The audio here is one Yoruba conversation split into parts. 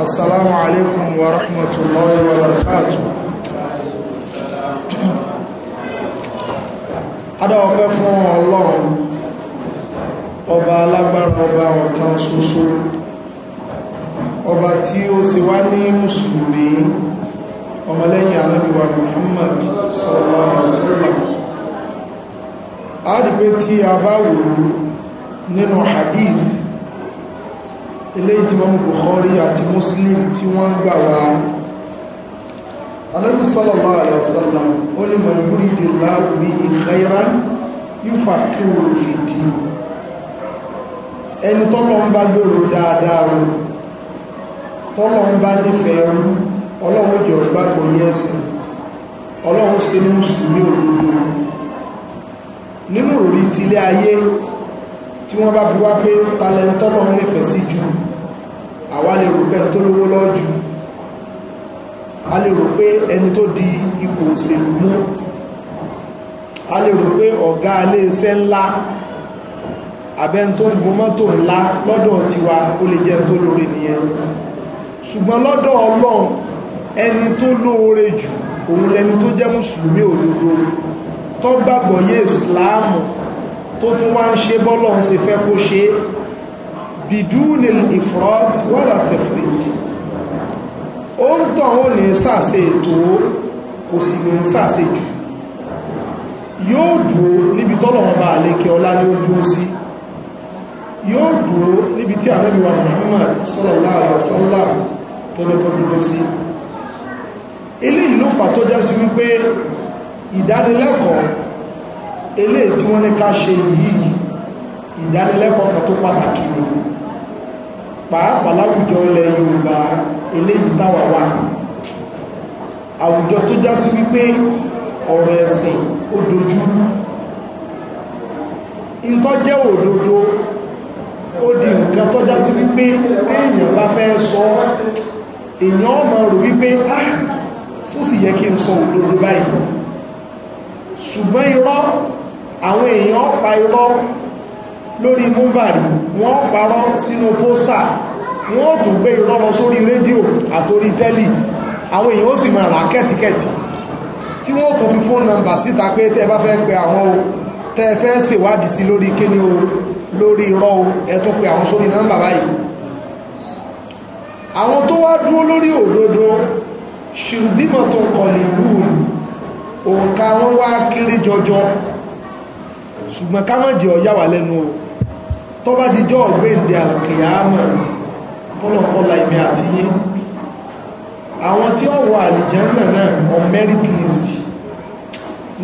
السلام عليكم ورحمة الله وبركاته adá ọpẹ́ fún ọlọ́run ọba alágbára ọba ọ̀kan ṣoṣo ọba tí ó sì wá ní mùsùlùmí ọmọlẹ́yìn alábíwá Muhammad sallallahu alaihi wasallam adìgbé tí a bá wò nínú hadith eléyìí tí mọ́mù Bukhari àti Muslim tí wọ́n gbà wá Ànábì sallallahu alaihi wasallam ó ní mọ̀ ìwúrí ìdìláàrù bí khayran yufaqihu fi din ẹni tọ́lọ ń bá gbòrò dáadáa rú tọ́lọ ń bá nífẹ̀ẹ́ rú ọlọ́run jẹ́ ọgbàgbọ́ yẹ́sìn ọlọ́run ṣe ní mùsùlùmí òdodo nínú òrí tilé ayé tí wọ́n bá bí wá pé talẹ́ntọ́lọ́run nífẹ̀ẹ́ sí jù àwa lè rò pé ẹni tó lówó lọ́jù a lè rò pé ẹni tó di ipò òṣèlú mú a lè rò pé ọ̀gá iléeṣẹ́ ńlá abẹ́ni tó ń gun mọ́tò ńlá lọ́dọ̀ tiwa ó lè jẹ́ tó lóore nìyẹn ṣùgbọ́n lọ́dọ̀ ọlọ́run ẹni tó lóore jù òun lẹni tó jẹ́ mùsùlùmí òdodo tó gbàgbọ́ yé ìsìláàmù tó tún wá ń ṣe bọ́lọ́run ṣe fẹ́ kó ṣe é bidúnì ìfrọ́t wọ́lá tẹ̀fìrìt ó ń tàn ó ní sàṣe ètò kò sì ní sàṣe jù yóò dúó níbi tọ́lọ̀wọ́n bá àlékẹ ọlá ní ó dúó sí yóò dúó níbi tí ànábíwà Muhammad sallallahu alaihi wasallam tó ní kó dúó sí ilé ìlú fà tó já sí wípé ìdánilẹ́kọ̀ọ́ eléyìí tí wọ́n ní ká ṣe yìí ìdánilẹ́kọ̀ọ́ kan tó pàtàkì nìyí pàápàá láwùjọ ilẹ̀ Yorùbá eléyìí táwa wà àwùjọ tó já sí wípé ọ̀rọ̀ ẹ̀sìn ó dojúrú nǹkan jẹ́ òdodo ó di nǹkan tó já sí wípé téèyàn bá fẹ́ sọ èèyàn ọmọ rò wípé ah fún sì yẹ kí n sọ òdodo báyìí ṣùgbọ́n irọ́ àwọn èèyàn pa irọ́ lórí múbàrí wọ́n parọ́ sínú póstà wọ́n tún gbé irọ́ lọ sórí rédíò àtorí tẹ́lì àwọn èèyàn ó sì máa rà kẹ́tìkẹ́tì tí wọ́n tún fi fóònù nàmbà síta pé tẹ́ bá fẹ́ pe àwọn o tẹ́ fẹ́ ṣèwádìí sí lórí kíní o lórí irọ́ o ẹ tún pe àwọn sórí nàmbà báyìí àwọn tó wá dúró lórí òdodo ṣùgbímọ̀ tó kọ̀lì lúùn òǹkà wọn wá kéré jọjọ ṣùgbọ́n ká má jẹ́ ọ̀yá wà lẹ́nu o tó bá dijọ́ ọ̀gbẹ́ǹdẹ̀ àlùkìyàmọ̀ kọ́lọ̀kọ́lá ìmẹ́ àti yí àwọn tí ó wọ àlìjẹ́nà náà on merit list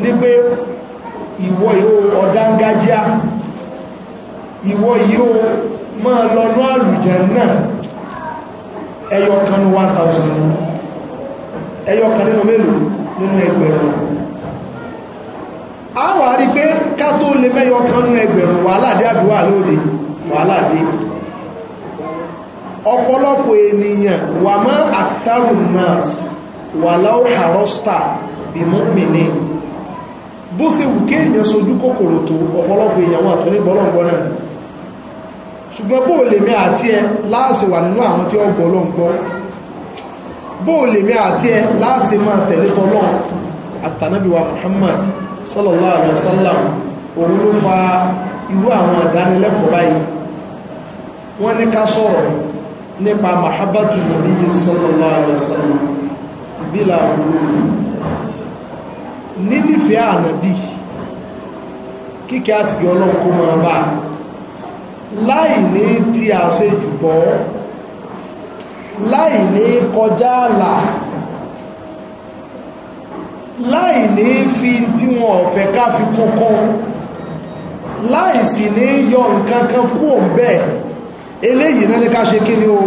ní pé ìwọ yóò ọ̀dángájá ìwọ yóò máa lọ́nà àlùjẹ́nà ẹyọkan 1000 ẹyọkan nínú mélòó nínú ẹgbẹ̀rún a wà rí pé ká tó lè mẹ́yọ kan nú ẹgbẹ̀rún wàhálà dé àbí wà lóde wàhálà dé ọ̀pọ̀lọpọ̀ ènìyàn wà mọ́ aktharun nas wà láó harọ́stà bí mọ́mìnì bó ṣe wù kí èèyàn sojú kòkòrò tó ọ̀pọ̀lọpọ̀ èèyàn wọn àtúní gbọ́lọ́ngbọ́ náà ṣùgbọ́n bóò lèmi àti ẹ láàṣì wà nínú àwọn tí ó gbọ́lọ́ngbọ́ bóò lèmi àti ẹ láti máa tẹ̀lé tọ́lọ́run àtànábíwa Muhammad sallallahu alaihi wasallam òun ló fa irú àwọn ìdánilẹ́kọ̀ọ́ báyìí wọ́n ní ká sọ̀rọ̀ nípa mahabbatu nabiyyi sallallahu alaihi wasallam bila ghuluwi nínífẹ̀ẹ́ ànàbí kíkẹ́ àti ọlọ́run kó máa bá láì ní tí a ṣe jùbọ́ láì ní kọjá àlà láì ní fi tí wọn ọ̀fẹ́ ká fi kókó láì sì ní yọ nǹkan kan kú òun bẹ́ẹ̀ eléyìí náà ní ká ṣe kí ni o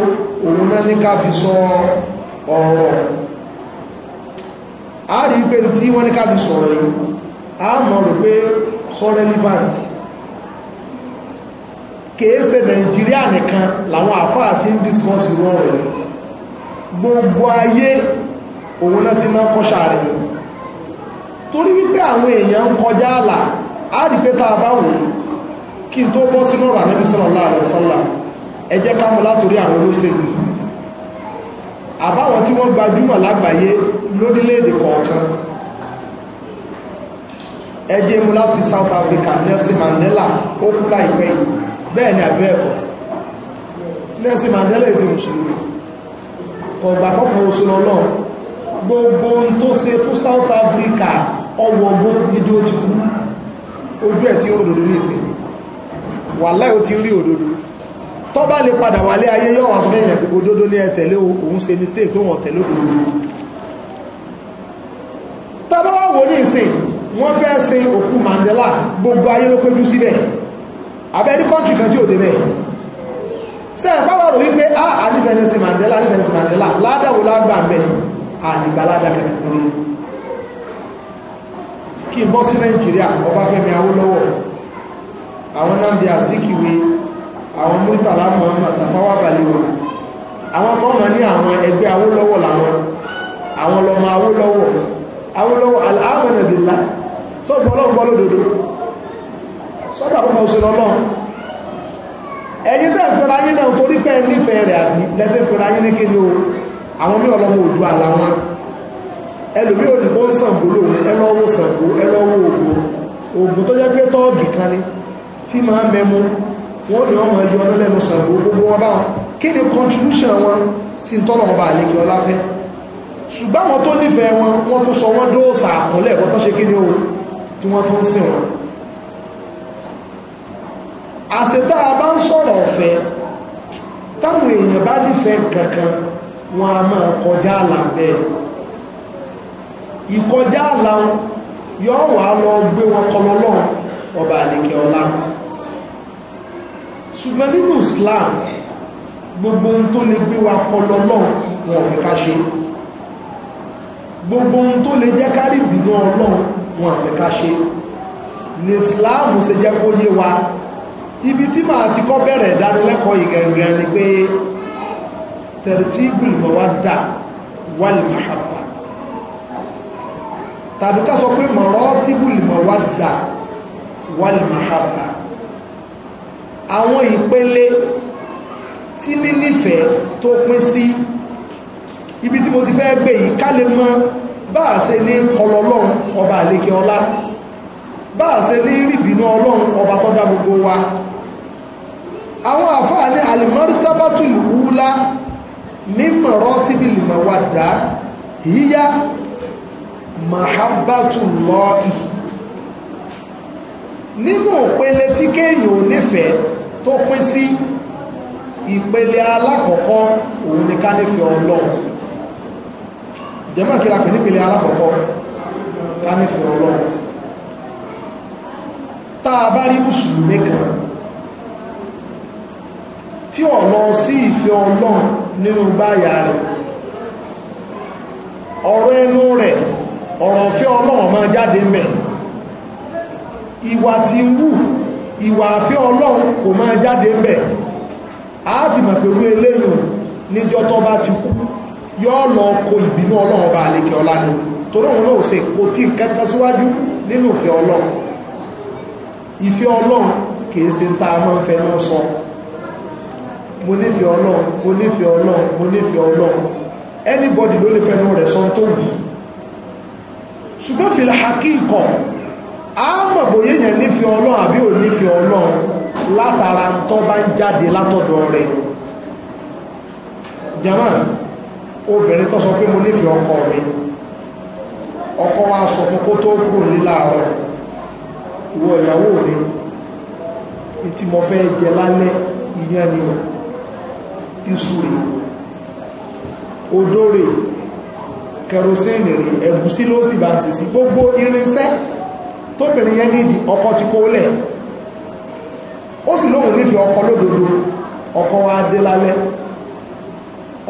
òun náà ní ká fi sọ ọ̀rọ̀ a rí pé tí wọ́n ní ká fi sọ̀rọ̀ yìí a mọ̀ rò pé sọ relevant kìí ṣe nàìjíríà nìkan làwọn àfáà tí ń discourse ìwọ̀n rẹ̀ gbogbo ayé òun náà ti náà kọ́ṣà rẹ̀ yìí torí wípé àwọn èèyàn ń kọjá àlà á rí pé tá a bá wò kí n tó bọ́ sínú ọ̀rọ̀ àníbi sallallahu alaihi wasallam ẹ jẹ́ ká mọ̀ látòrí àwọn olóṣèlú àbáwọn tí wọ́n gbajúmọ̀ lágbàáyé lórílẹ̀-èdè kọ̀ọ̀kan ẹ jẹ́ mú láti South Africa Nelson Mandela ó kú láìpẹ́ yìí bẹ́ẹ̀ ni àbẹ́ ẹ̀kọ́ Nelson Mandela èsì mùsùlùmí kọ̀ọ̀gbà kọ́kàn oṣù lọ́nà gbogbo ohun tó ṣe fún South Africa ọwọ́ ọgbọ́n níjó ti kú ojú ẹ̀ tí ó ròdòdó ní ìsìn wà láì ó ti rí òdodo tó bá lè padà wálé ayé yọ́ wà fún ẹ̀yẹ̀ òdodo ní ẹ̀tẹ̀lé òun ṣe mistake tó wọ́n tẹ̀lé òdodo tọ́bá wà wò ní ìsìn wọ́n fẹ́ sin òkú Mandela gbogbo ayé ló péjú síbẹ̀ abẹ́rí kọ́ntì kan tí ò débẹ̀ ṣe ẹ̀ pàwọ̀ rò wípé a àdìbẹ̀ẹ́sì Mandela àdìbẹ̀ẹ́sì Mandela ládàwò lágbà bẹ̀ àdìgbà ládàkẹ̀ lórí kí n bọ́ sí nàìjíríà ọbáfẹ́mi awólọ́wọ̀ àwọn nnamdi azikiwe àwọn murtala muhammad tafawa balewa àwọn kọ́mọ ní àwọn ẹgbẹ́ awólọ́wọ̀ làwọn àwọn lọ́mọ awólọ́wọ̀ awólọ́wọ̀ aláàmọ̀nàbìlá sọ́bọ̀ ọlọ́run bọ́ lódodo sọ́bọ̀ àpapọ̀ òṣèlú ọlọ́run ẹ̀yin bẹ́ẹ̀ pẹ̀lú ayé náà torí pé nífẹ̀ẹ́ rẹ̀ àbí lẹ́sẹ̀ pẹ̀lú ayé ní kéde o àwọn mí ọlọ́mọ òdú àlàwọn ẹlòmí òdìbò ń sàǹgbò lòun ẹlọ́wọ́ sàǹgbò ẹlọ́wọ́ ògbò ògbò tó jẹ́ pé tọ́ọ̀gì kan ni tí máa mẹ́mú wọ́n ní ọmọ ẹyọ ọdún lẹ́nu sàǹgbò gbogbo wọn báwọn kí ni contribution wọn sí tọ́lọ̀ ọba àlekè ọlá fẹ́ ṣùgbọ́n wọn tó nífẹ̀ẹ́ wọn wọ́n tún sọ wọ́n dóòsà àkọlẹ̀ wọ́n tó ṣe kí ni o tí wọ́n tún sìn wọn àṣetá a bá ń sọ̀rọ̀ ọ̀fẹ́ táwọn èèyàn bá nífẹ̀ẹ́ kankan wọn a máa kọjá àlàbẹ́ẹ̀ ìkọjá àlàun yọ́ wà lọ gbé wọn kọlọ́lọ́ ọba àlèkè ọlá ṣùgbọ́n nínú Islam gbogbo ohun tó lè gbé wa kọlọ́lọ́ wọn fi ká ṣe gbogbo ohun tó lè jẹ́ kárí ìbínú Ọlọ́run wọn fi ká ṣe ní Islam ṣe jẹ́ kó yé wa ibi tí màá ti kọ́ bẹ̀rẹ̀ ìdánilẹ́kọ̀ọ́ ìgẹ̀ngẹ̀ ni pé tẹ̀rẹ̀tí ìgbìmọ̀ wa dà wal mahabba tàbí ká sọ pé maratibul mawadda wal mahabba àwọn ìpele tí nínífẹ̀ẹ́ tó pín sí ibi tí mo ti fẹ́ gbé yìí ká lè mọ bá a ṣe ní kọlọlọ́run ọba àlékè ọlá bá a ṣe ní rìbìnú ọlọ́run ọba tó gbogbo wa àwọn àfáà ní alimọ́rítàbátùlù wúlá mímọ̀rọ́ tíbi lìmọ̀ wà dá yíyá mahabbatullahi nínú ìpele tí kéèyàn ò nífẹ̀ẹ́ tó pín sí ìpele alákọ̀ọ́kọ́ òun ni ká nífẹ̀ẹ́ ọlọ́run jẹ́mọ́ kí la pè nípele alákọ̀ọ́kọ́ ká nífẹ̀ẹ́ ọlọ́run tá a bá rí mùsùlùmí kan tí ó lọ sí ìfẹ́ ọlọ́run nínú báyà rẹ̀ ọ̀rọ̀ ẹnu rẹ̀ ọ̀rọ̀ ọ̀fẹ́ ọlọ́run máa jáde mẹ́ ìwà tí ń wù ìwà àfẹ́ ọlọ́run kò máa jáde mẹ́ a ti mọ̀ pẹ̀lú eléyìn níjọ́ tó bá ti kú yóò lọ kó ìbínú ọlọ́run bá lékè ọlá ni torí òun náà ṣe kò tí nǹkan kan síwájú nínú ìfẹ́ ọlọ́run ìfẹ́ ọlọ́run kìí ṣe tá a máa ń fẹ́ lọ sọ anybody ló lè fẹ́nu rẹ̀ sọ tó wù ṣùgbọ́n fìlà hakíkọ̀ a mọ̀ bóyá yẹn nífẹ̀ẹ́ ọlọ́run àbí ò nífẹ̀ẹ́ ọlọ́run látara tó bá ń jáde látọ̀dọ̀ rẹ̀ jama obìnrin tó sọ pé mo nífẹ̀ẹ́ ọkọ mi ọkọ wa sọ fún kó tó kúrò níláàárọ̀ ìwọ ìyàwó mi ìtí mo fẹ́ jẹ lálẹ́ ìyẹn ni iṣu rẹ̀ odó rẹ̀ kẹrosíìnì rí ẹ̀gúsí ló sì bá ń sì sí gbogbo irinṣẹ́ tóbìnrin yẹn nídi ọkọ ti kó lẹ̀ ó sì lóhun nífẹ̀ẹ́ ọkọ lódodo ọkọ wa dé lálẹ́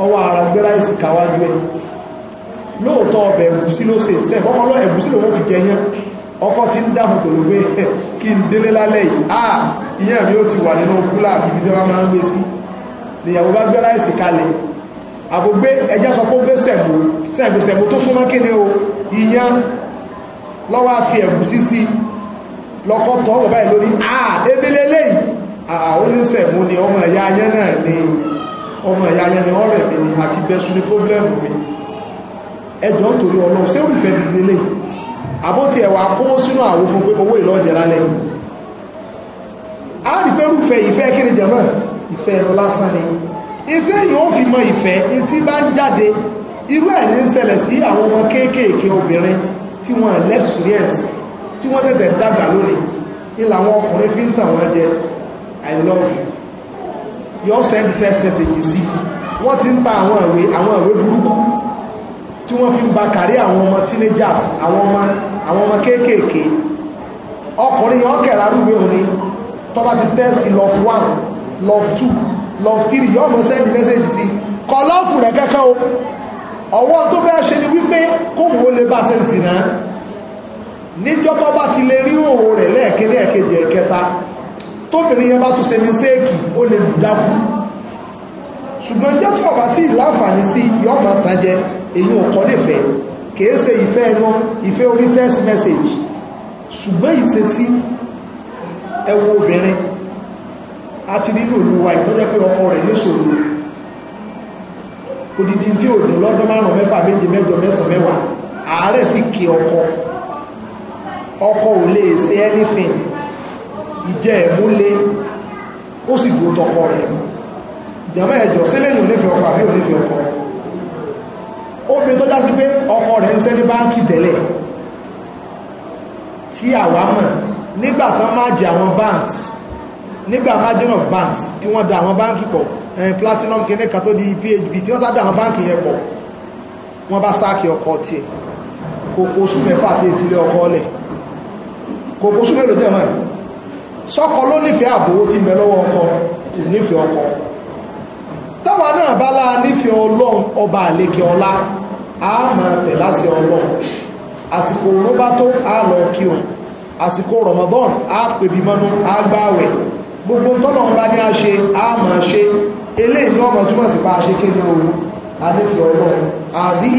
ọwọ́ ara gbéra ìsì káwájú ẹ lóòótọ́ ọbẹ̀ ẹ̀gúsí ló sè sẹ́ ọkọ lọ ẹ̀gúsí lòun fi jẹyán ọkọ ti ń dáhùn tó lówé kí n délé lálẹ́ yìí ah ìyẹn mi ó ti wà nínú kúlà ibi tí wọ́n máa ń gbé sí nìyàwó bá gbéra ìsì kalẹ̀ àbògbé ẹjá sọ pé ó gbé sẹ̀mù sẹ̀mù sẹ̀mù tó súnmọ́ kéde o ìyán lọ́wọ́ fi ẹ̀gúsí sí lọ́kọ́ tọ́ wọ̀ báyìí lórí àà ebele léyìí àà ó ní sẹ̀mù ni ọmọ ẹ̀yà ayẹ́ náà ni ọmọ ẹ̀yà ayẹ́ ni ọ̀rẹ́ mi ni àti bẹ́sù ni pọ́blẹ́mù mi ẹjọ́ ń torí ọlọ́run sí òrìfẹ́ mi nílé àbó ti ẹ̀wà kówó sínú àwo fún pé owó ìlọ́jẹ̀ lálẹ́ yìí a rí pẹ́rù ìfẹ́ ìfẹ́ kéde jẹ̀mọ́ ìfẹ́ ẹ̀rọ lásán ni ìdí èyàn ó fi mọ ìfẹ́ tí bá ń jáde irú ẹ̀ e ní ṣẹlẹ̀ sí àwọn ọmọ kéékèèké obìnrin tí wọ́n l'experience tí wọ́n tẹ̀tẹ̀ dàgbà lónìí ilà àwọn ọkùnrin fi ń tàn wọ́n jẹ i love you yóò send text message sí wọ́n ti ń ta àwọn ìwé àwọn ìwé burúkú tí wọ́n fi ń ba kàrí àwọn ọmọ teenagers àwọn ọmọ àwọn ọmọ kéékèèké ọkùnrin yọ kẹ̀rọ arúgbó òní tọ́ba ti test love one love two love three yọ́ mọ̀ sẹ́ndì mẹ́sẹ̀jì sí kọ́ lọ́ọ̀fù rẹ̀ kẹ́kẹ́ o ọwọ́ tó fẹ́ ṣe ni wípé kóhùn ó lè bá ṣe sì náà níjọ́ tó bá ti lè rí òwò rẹ̀ lẹ́ẹ̀kẹ́lẹ́ ẹ̀kejì ẹ̀kẹta tóbìnrin yẹn bá tún ṣe mistéèkì ó lè dákú ṣùgbọ́n jẹ́ tó ọ̀bá tí ìláǹfààní sí yọ́mọ̀ tàjẹ èyí ò kọ́ lè fẹ́ kìí ṣe ìfẹ́ ẹnu ìfẹ́ orí text message ṣùgbọ́n ìṣesí ẹ obìnrin àti nínú olúwa ìtọ́jẹ́ pé ọkọ rẹ̀ léṣòro odidi tí ò dùn lọ́dún márùn mẹ́fà méje mẹ́jọ mẹ́sàn mẹ́wàá ààrẹ sì kí ọkọ ọkọ ò lè ṣe anything ìjẹ́ ẹ̀múlé ó sì gbò tọkọ rẹ̀ ìjàmọ́ ẹ̀jọ̀ sílẹ̀ ní onífẹ́ ọkọ àbí onífẹ́ ọkọ obìnrin tó já sí pé ọkọ rẹ̀ ń ṣẹ́ ní báńkì tẹ́lẹ̀ tí àwa mọ̀ nígbà tán máa jẹ àwọn banks nígbà margin of banks tí wọ́n da àwọn báǹkì pọ̀ eh, platinum kìíní kan tó di phb tí wọ́n sá da àwọn báǹkì yẹn pọ̀ wọ́n bá sáàkì ọkọ̀ tiẹ̀ kòkó oṣù mẹ́fà tí ìfilẹ̀ ọkọ̀ lẹ̀ kòkó oṣù mẹ́lò tẹ̀mọ́ ẹ̀ sọ́kọ ló nífẹ̀ẹ́ àbòwó ti mẹ́ lọ́wọ́ ọkọ kò nífẹ̀ẹ́ ọkọ táwa náà bá láa nífẹ̀ẹ́ ọlọ́run ọba àlekè ọlá a tẹ̀ láṣẹ ọlọ́run àsìkò òun bá tó a kí o àsìkò ramadan a pèbí mọ́nú gbogbo tọ́nà ọba ní a ṣe a máa ṣe eléyìí ni ọmọ túmọ̀ sí pa a ṣe kéde ooru adéfẹ́ ọlọ́run àbí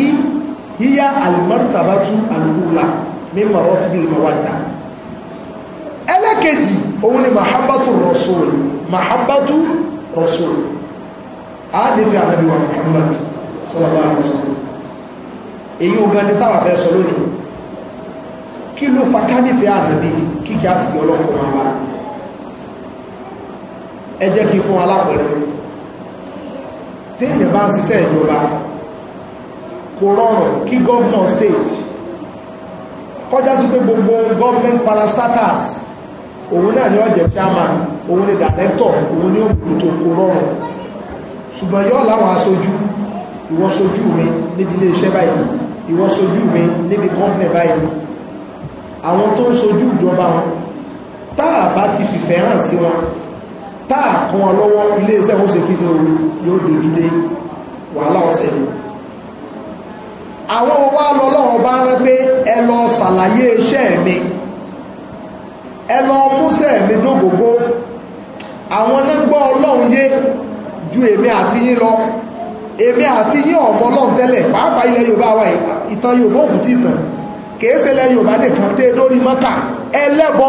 yíyá alimọ́tàbátú alùpùpùlà mímọ̀ ọtí bí ìmọ̀ wà dá ẹlẹ́kejì òun ni mahabbatu rasul mahabbatu rasul adéfẹ́ ànábì wa Muhammad sallallahu alaihi wasallam èyí ogan ní táwà fẹ́ sọ lónìí kí ló fa kánífẹ́ ànábì kíkẹ́ àti ọlọ́pọ̀ ẹ jẹ́ kí fún alápẹ̀rẹ̀ téèyàn bá ń ṣiṣẹ́ ìjọba kò rọrùn kí gọ́ọ̀nà state kọjá sí pé gbogbo government parastatals òun náà ni ó chairman òun ni director òun ni ó gbùtò kò rọrùn ṣùgbọ́n yóò láwọn aṣojú ìwọ ṣojú mi níbi ilé iṣẹ́ báyìí ìwọ ṣojú mi níbi company báyìí àwọn tó ń ṣojú ìjọba wọn táà bá ti fìfẹ́ hàn sí wọn táà kan wọn lọ́wọ́ ilé iṣẹ́ wọn ṣe kíni ooru yóò dojú dé wàhálà ọ̀sẹ̀ ni àwọn wa lọ lọ́wọ́ bá rán pé ẹ lọ ṣàlàyé iṣẹ́ mi ẹ lọ múṣẹ́ mi dógógó àwọn náà gbọ́ ọlọ́run yé ju èmi àti yín lọ èmi àti yín ọmọ ọlọ́run tẹ́lẹ̀ pàápàá ilẹ̀ yorùbá wa ìtàn yorùbá òkú ti tàn kèése ilẹ̀ yorùbá nìkan tẹ́ dórí mọ́ta ẹlẹ́bọ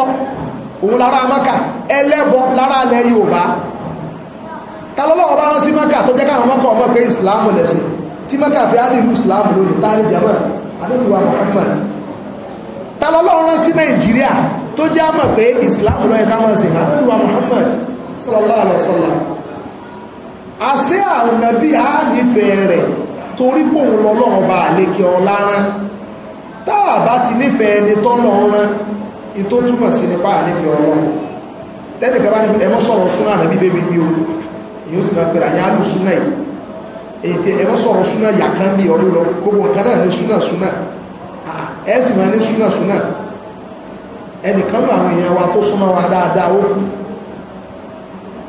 òun lára mọ́kà ẹlẹ́bọ lára alẹ́ Yorùbá ta lọ́lọ́wọ́ bá rán sí mọ́kà tó jẹ́ káwọn mọ́kà ọmọ pé ìsìláàmù lẹ̀sìn tí mọ́kà fi á ìsìláàmù lónìí tá ní jẹ́mọ́ àdéhùwà Muhammad ta lọ́lọ́wọ́ rán sí Nàìjíríà tó jẹ́ àmọ̀ pé ìsìláàmù lọ́yẹ káwọn sìn Muhammad sallallahu alaihi wasallam àṣẹ àwọn nàbí á nífẹ̀ẹ́ rẹ̀ torí pòun lọ́lọ́wọ́ bá àlékè ọlá rán ní tó túmọ̀ sí nípa ànífẹ́ ọlọ́run tẹ́nìkan bá ní ẹmọ́ sọ̀rọ̀ súnà rẹ̀ bíbé mi ní o èyí sì máa pèrè àyà lù súnà yìí èyí tẹ ẹmọ́ sọ̀rọ̀ súnà yà kan bí ọdún lọ gbogbo nǹkan náà ní súnà súnà ẹ sì máa ní súnà súnà ẹnìkan náà àwọn èèyàn wa tó súnmọ́ wa dáadáa ó kú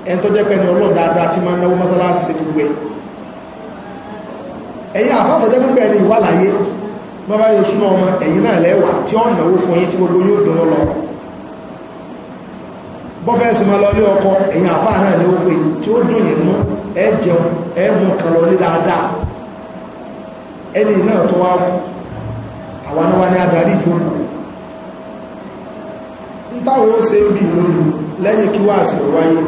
ẹni tó jẹ́ pẹ́ni ọlọ́run dáadáa ti máa náwó mọ́sálásí bàbá yóò súnmọ́ ọmọ ẹ̀yìn náà lẹ́wà tí ó nàwó fún yí tí gbogbo yóò dúnrọ́ lọ bọ́fẹ́ sí ma lọ ọkọ ẹ̀yìn àfáà náà ní ó tí ó dùn yìí mú ẹ jẹun ẹ ní dáadáa ẹni náà tó àwọn náà wá ní adarí ń táwọn ó ṣe bí lẹ́yìn kí wá sí wáyé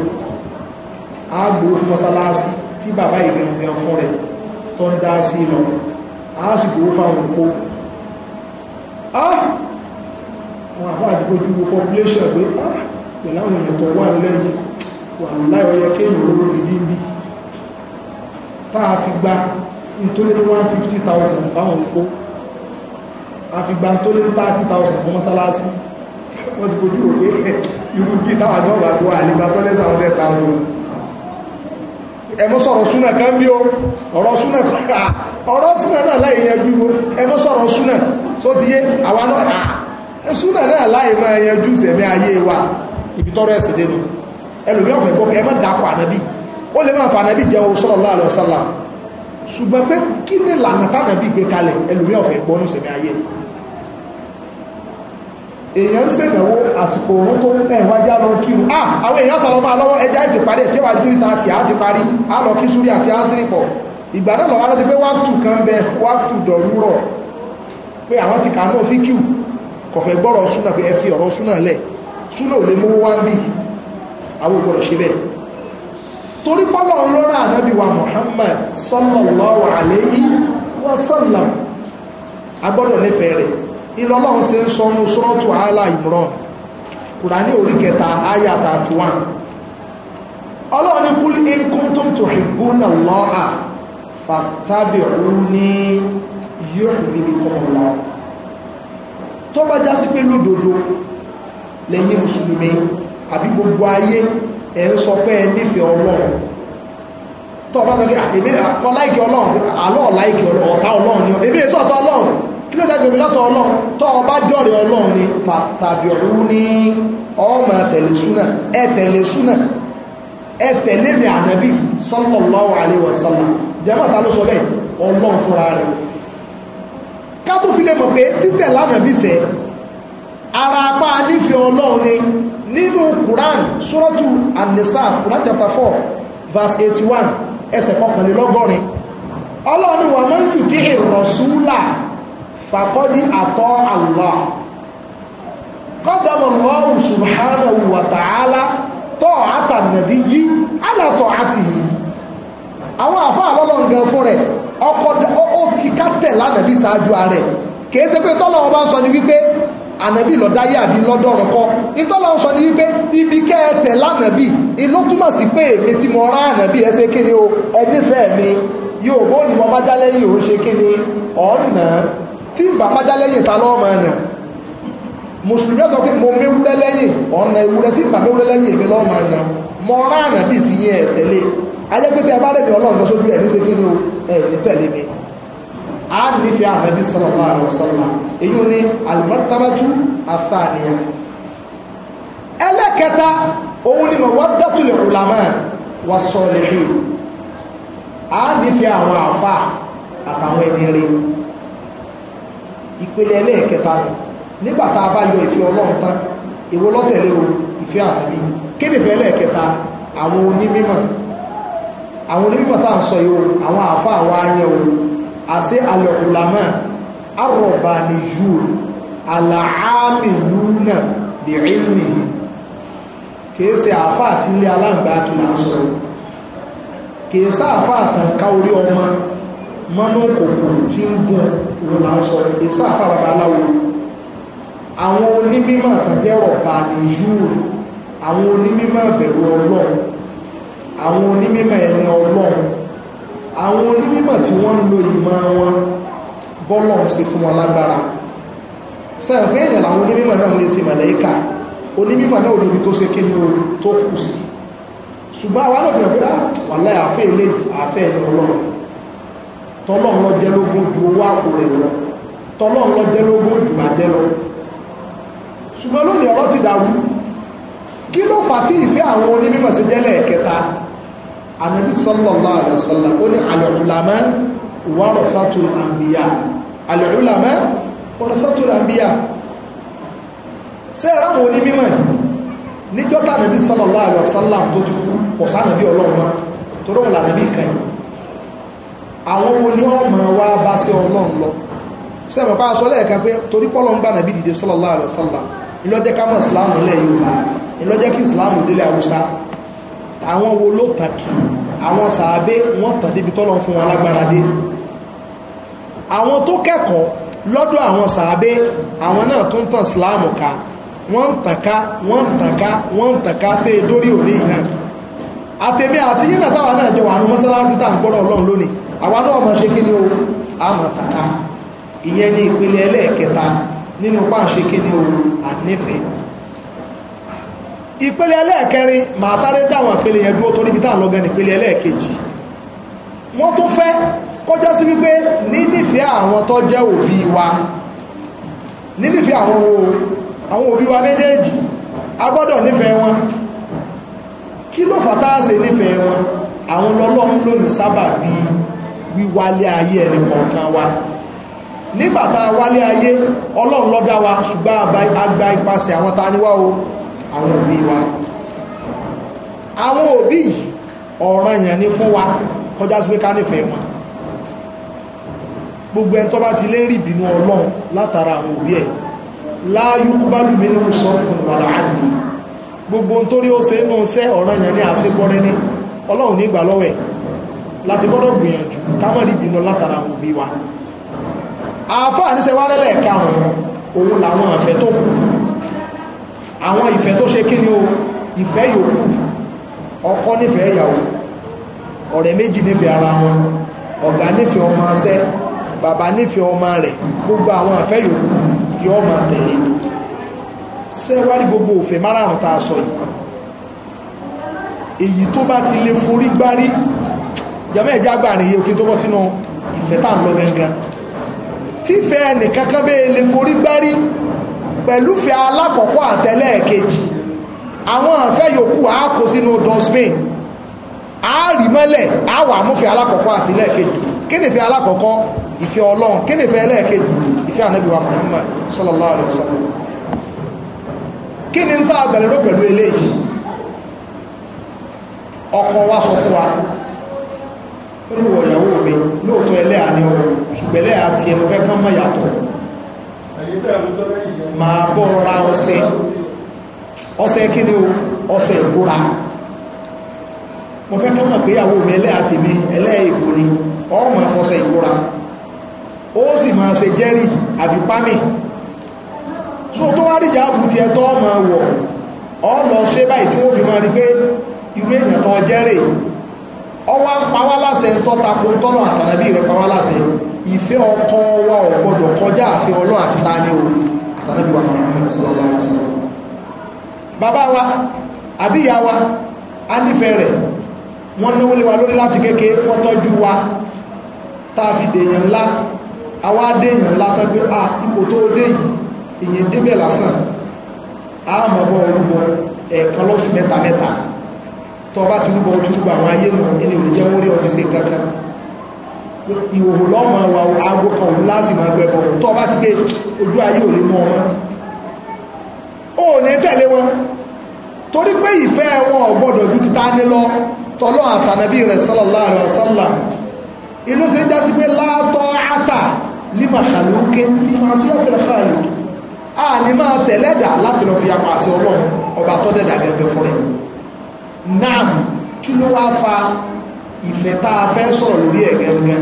àásìkò ó fáwọn òpó ah! àwọn àfáà ti population pé ah! pẹ̀lú àwọn èèyàn tó wà lẹ́yìn wà láyọ̀ yẹ kéèyàn olóró lè bí bí táà fi gba nítorí 150,000 fáwọn òpó a fi gba tó lé 30,000 fún mọ́sálásí wọ́n ti fojú wo pé eh, irú bí táwọn àjọ wà tó kan bí o ọ̀rọ̀ súnà kan ah! ọ̀rọ̀ súnà náà láì yanjú wo ẹgbẹ́ sọ̀rọ̀ súnà tó ti yé àwa náà súnà náà láì máa yanjú sẹ̀mí ayé wa ibi tọ́rọ ẹ̀sìn dénú ẹlòmí ọ̀fẹ́ gbọ́ ẹ má dàpọ̀ ànábì ó lè máa fa ànábì jẹ́ o sallallahu alaihi wasallam ṣùgbọ́n pé kí ni lànà tánàbì gbé kalẹ̀ ẹlòmí ọ̀fẹ́ gbọ́ ní sẹ̀mí ayé èèyàn ń sèdánwó àsìkò òun tó ẹ̀wájá lọ kí o ah àwọn èèyàn sàlọ́ máa lọ́wọ́ ẹjá ìtìparí ẹ̀ tí wàá dírí ta tì á ti parí á lọ kí súrí àti á sí ìgbà náà lọ́wọ́ láti pé wákùtù kan bẹ wákùtù dọ̀rúrọ̀ pé àwọn ti kàánú fíkìú kò fẹ́ gbọ́rọ̀ súnà pé ẹ fi ọ̀rọ̀ súnà lẹ̀ súnà ò lè mú wá ń àwọn ògbọ́dọ̀ ṣe bẹ́ẹ̀ torí pọ́lọ̀ lọ́rọ̀ ànábì wa Muhammad sallallahu alayhi wa sallam agbọ́dọ̀ nífẹ̀ẹ́ rẹ̀ ìlọ́lọ́run ṣe ń sọnù Imran kùránì orí kẹta àyà 31 ọlọ́run ní kúlí in kuntum tuhibbuna fattabi'uni yuhbibkumullah tó bá já sí pé lódodo lẹ́yìn mùsùlùmí àbí gbogbo ayé ẹ̀ ń sọ pé ẹ nífẹ̀ẹ́ ọlọ́run tó bá tọ́lé àtẹ̀mí àkọ́ láìkì ọlọ́run àlọ́ láìkì ọ̀tá ọlọ́run ni èmi èso ọ̀tá ọlọ́run kí ló dájú mi lọ́tọ̀ ọlọ́run tó ẹ tẹ̀lé mi ànábì sallallahu alaihi wasallam jẹ́mọ̀ta ló sọ bẹ́ẹ̀ ọlọ́run fúnra rẹ̀ ká tó fi lè mọ̀ pé títẹ̀ lánàbì sẹ́ ara apá nífẹ̀ẹ́ ọlọ́run ni nínú Quran suratu An-Nisa Quran chapter 4 verse 81 ẹsẹ̀ kọkànlélọ́gọ́rin ọlọ́run wà man yuti'ir rasula fàkọ́dí àtọ́ Allah qadama tọ́ àtànàbí yí alàtọ̀ àti yìí àwọn àfáà lọ́lọ́ngan fún rẹ̀ ọkọ̀ ó ti kátẹ̀ lánàbí ṣáájú ààrẹ kìí ṣe pé tọ́lọ́wọ́ bá ń sọ ní wípé ànàbí lọ́dáyé àbí lọ́dọ̀rọ̀ kọ́ ìtọ́lọ́wọ́ sọ ní wípé ibi kẹ́ẹ̀tẹ̀ lánàbí ìlú túmọ̀ sí pé èmi tí mo rán ànàbí ẹ ṣe kí ni o ẹnífẹ̀ẹ́ mi yóò bó ni mo bá jálẹ́yìn òun ṣe kí ni ọ̀nà tí ń bá bá jálẹ́yìn ta lọ́mọ náà mùsùlùmí ọ̀sán pé mo méwúrẹ́ lẹ́yìn ọ̀nà ewúrẹ́ tí bàbá ewúrẹ́ lẹ́yìn èmi lọ́wọ́ máa yan mọ ráànà bí sí yẹn ẹ̀tẹ̀lé ajẹ́pẹ́tẹ́ bá rẹ̀ mi ọlọ́run lọ sójú ẹ̀ ní ṣe kí ni ẹ̀ẹ́dì tẹ̀lé mi a nífẹ̀ẹ́ ànábì sallallahu alaihi àwọn ìpele ẹlẹ́kẹta nù nígbà tá a bá yọ ìfẹ́ ọlọ́run tán èwo lọ́tẹ̀lé o ìfẹ́ ànábì kéde fẹ́ lẹ́ẹ̀kẹta àwọn onímímọ̀ àwọn onímímọ̀ tá à ń sọ yìí o àwọn àfa àwọn ayẹ o àṣẹ alẹ́ ulama arọ̀bàníyù àlàámìlúnà bìrìmì kìí ṣe àfa àti ilé aláǹgbá kí là ń sọ kìí ṣe àfa àtànká orí ọmọ mọ́nà kòkò tí ń gùn òun là ń sọ kìí ṣe àfa babaláwo àwọn onímímọ̀ àtàjẹ́ ọ̀bà ní yúù àwọn onímímọ̀ bẹ̀rù ọlọ́run àwọn onímímọ̀ ẹni ọlọ́run àwọn onímímọ̀ tí wọ́n ń lo ìmọ̀ wọn bọ́lọ̀ sí fún wọn lágbára sẹ́ẹ̀fẹ́ èèyàn làwọn onímímọ̀ náà lè ṣe màlẹ́kà onímímọ̀ náà olóbi tó ṣe kíni o tó kù sí ṣùgbọ́n àwọn alọ́gbìn ọ̀gbìn ah, wà láì àfẹ́ ilé àfẹ́ ẹni ọlọ́run tọ́lọ́run lọ jẹ́ lógún ju owó àpò rẹ̀ lọ tọ́lọ́run lọ jẹ́ lógún jù àjẹ́ ṣùgbọ́n lónìí ọ̀rọ̀ ti dàrú kí ló fà tí ìfẹ́ àwọn onímọ̀ sí jẹ́lẹ̀ kẹta anabi sallallahu alaihi wasallam ó ní al-ulama warathatul anbiya al-ulama warathatul anbiya ṣé ẹ̀rọ àwọn onímọ̀ níjọ́ tá anabi sallallahu alaihi wasallam tó ti kú kò sánàbí ọlọ́run náà tó rọ̀ lànàbí kan yìí àwọn wo ni wọ́n mọ̀ wá bá sí ọlọ́run lọ sẹ́wọ̀n bá sọ lẹ́ẹ̀kan pé torí ń gbà nàbí dìde sallallahu alaihi ìlọ́jẹ́ kámọ̀ ìsìláàmù ilẹ̀ Yorùbá ìlọ́jẹ́ kí ìsìláàmù délé Haúsá àwọn wo ló tàkì àwọn sàábé wọ́n tàn débi tọ́lọ̀ fún wọn lágbára dé àwọn tó kẹ́kọ̀ọ́ lọ́dọ̀ àwọn sàábé àwọn náà tó ń tàn ìsìláàmù ká wọ́n ń tànká wọ́n ń tànká wọ́n ń tànká tẹ́ dórí òní ìhàn àtẹ̀mí àti yínà táwa náà jọ wà mọ́sálásí tá à ń gbọ́dọ̀ Ọlọ́run lónìí àwa náà mọ̀ ṣe kí ni o a mọ̀ tànká ìyẹn ni ìpele ẹlẹ́ẹ̀kẹta nínú páàṣẹ kíni o ànífẹ́ ìpele ẹlẹ́ẹ̀kẹrin màá sáré dáwọn ìpele yẹn dúró torí bí táà lọ́gán ìpele ẹlẹ́ẹ̀kejì wọ́n tó fẹ́ kọjọ́ sí wípé nínífẹ́ àwọn tó jẹ́ òbí wa nínífẹ́ àwọn wo àwọn òbí wa méjèèjì a gbọ́dọ̀ nífẹ̀ẹ́ wọn kí ló fàtáàsì nífẹ̀ẹ́ wọn àwọn lọ́lọ́run lónìí sábà bíi wíwálé ayé ẹni kọ̀ọ̀kan wa. Wa nígbà tá a wálé ayé ọlọ́run ló dá wa ṣùgbọ́n àgbà ipasẹ̀ àwọn ta ni wá o àwọn òbí wa àwọn òbí yìí ọ̀ranyàn ni fún wa kọjá sí pé ká nífẹ̀ẹ́ wọn gbogbo ẹni tó bá ti lé rí ìbínú ọlọ́run látara àwọn òbí ẹ̀ láàyú kúbálùmí ní sọ fún wàlá àdùn gbogbo nítorí ó ṣe inú iṣẹ́ ọ̀ranyàn ní àṣepọ́rẹ́ ní ọlọ́run ní ìgbàlọ́wẹ̀ láti gbọ́dọ̀ gbìyànjú ká má rí ìbínú látara àwọn òbí wa àáfàá ní sẹ́wá lẹ́lẹ́ẹ̀ka òun làwọn ìfẹ́ tó kù àwọn ìfẹ́ tó ṣe kí ni o ìfẹ́ yòókù ọkọ nífẹ̀ẹ́ ìyàwó ọ̀rẹ́ méjì nífẹ̀ẹ́ ara wọn ọ̀gá nífẹ̀ẹ́ ọmọ ṣẹ́ bàbá nífẹ̀ẹ́ ọmọ rẹ̀ gbogbo àwọn ìfẹ́ yòókù kí ọmọ tẹ̀lé sẹ́wárí gbogbo òfẹ́ márààrún tá a sọ yìí èyí tó bá ti lè forí gbárí jẹ́mẹ́ẹ̀já gbàrin yìí òkè tó bọ́ sínú ìfẹ́ tá à ń lọ gangan tífẹ́ ẹnìkankan bẹ́ẹ̀ lè forí gbárí pẹ̀lúfẹ́ alákọ̀ọ́kọ́ àtẹlẹ́ẹ̀kejì àwọn àfẹ́ yòókù á kó sínú dustbin á rí mọ́lẹ̀ á wà múfẹ́ alákọ̀ọ́kọ́ àtẹlẹ́ẹ̀kejì kí nìfẹ́ alákọ̀ọ́kọ́ ìfẹ́ ọlọ́run kí nìfẹ́ ẹlẹ́ẹ̀kejì ìfẹ́ ànábì wa Muhammad sallallahu alaihi wasallam kí ni ń tá àgbẹ̀lẹ́rọ pẹ̀lú eléyìí ọkọ̀ wa sọ fún wa olúwọ̀ ìyàwó mi lóòtọ́ ẹlẹ́à ní ọrọ̀ ṣùgbẹ́ ẹlẹ́à ti ẹmọ fẹ́ kán mọ́yàtọ̀ máa bọ́ ra ọṣẹ ọṣẹ kí ni o ọṣẹ ìgbóra mo fẹ́ kán mọ̀ pé ìyàwó mi ẹlẹ́à ti mi ẹlẹ́à ìgbò ni ọmọ ẹfọṣẹ ìgbóra ó sì máa ṣe jẹ́rì àbí pámì tó tó wá ríjà àbùtì ẹ̀tọ́ ọmọ wọ̀ ọ lọ ṣe báyìí tí wọ́n fi máa rí pé irú èèyàn tó jẹ́rì ọwọ́ pàwá láṣẹ tọ́tako tọ́nà àtànàbí rẹ̀ pàwá láṣẹ ìfẹ́ ọkọ wa ò gbọdọ̀ kọjá àfẹ́ ọlọ́ àti tani o àtànàbí wa bàbá wa àbí ìyá wa a nífẹ̀ẹ́ rẹ̀ wọ́n náwó lé wa lórí láti kéke wọ́n tọ́jú wa tá a fi dèèyàn ńlá àwa dèèyàn ńlá tán pé a ipò tó dé yìí èyàn débẹ̀ lásán a mọ̀ bọ́ orúbọ ẹ̀ẹ̀kan lọ́sùn mẹ́ta mẹ́ta tọba túnúbọ̀ túnúbọ̀ àwọn ayé mọ̀ ilé òrìjẹ́ wórí ọ̀fíṣẹ́ kankan ìhòhò lọ́mọ wa aago kan òun láti máa gbẹ̀bọ̀ tọba ti gbé ojú ayé ò lè mọ́ ọmọ ó ní tẹ̀lé wọn torí pé ìfẹ́ wọn ò gbọ́dọ̀ ju ti tání lọ tọ́lọ́ àtànàbí rẹ̀ sallallahu alaihi wasallam inú sí já sí pé látọ́ átà ní màkàlókè ní máa sí ọ̀tẹ̀lẹ̀ káàlì a ní máa tẹ̀lẹ́dà láti lọ fi apàṣẹ ọlọ́run ọba tọ́dẹ̀dà gẹ́gẹ́ fún rẹ̀ náà kí ló wá fa ìfẹ́ tá a fẹ́ sọ̀rọ̀ lórí ẹ̀ gẹ́gẹ́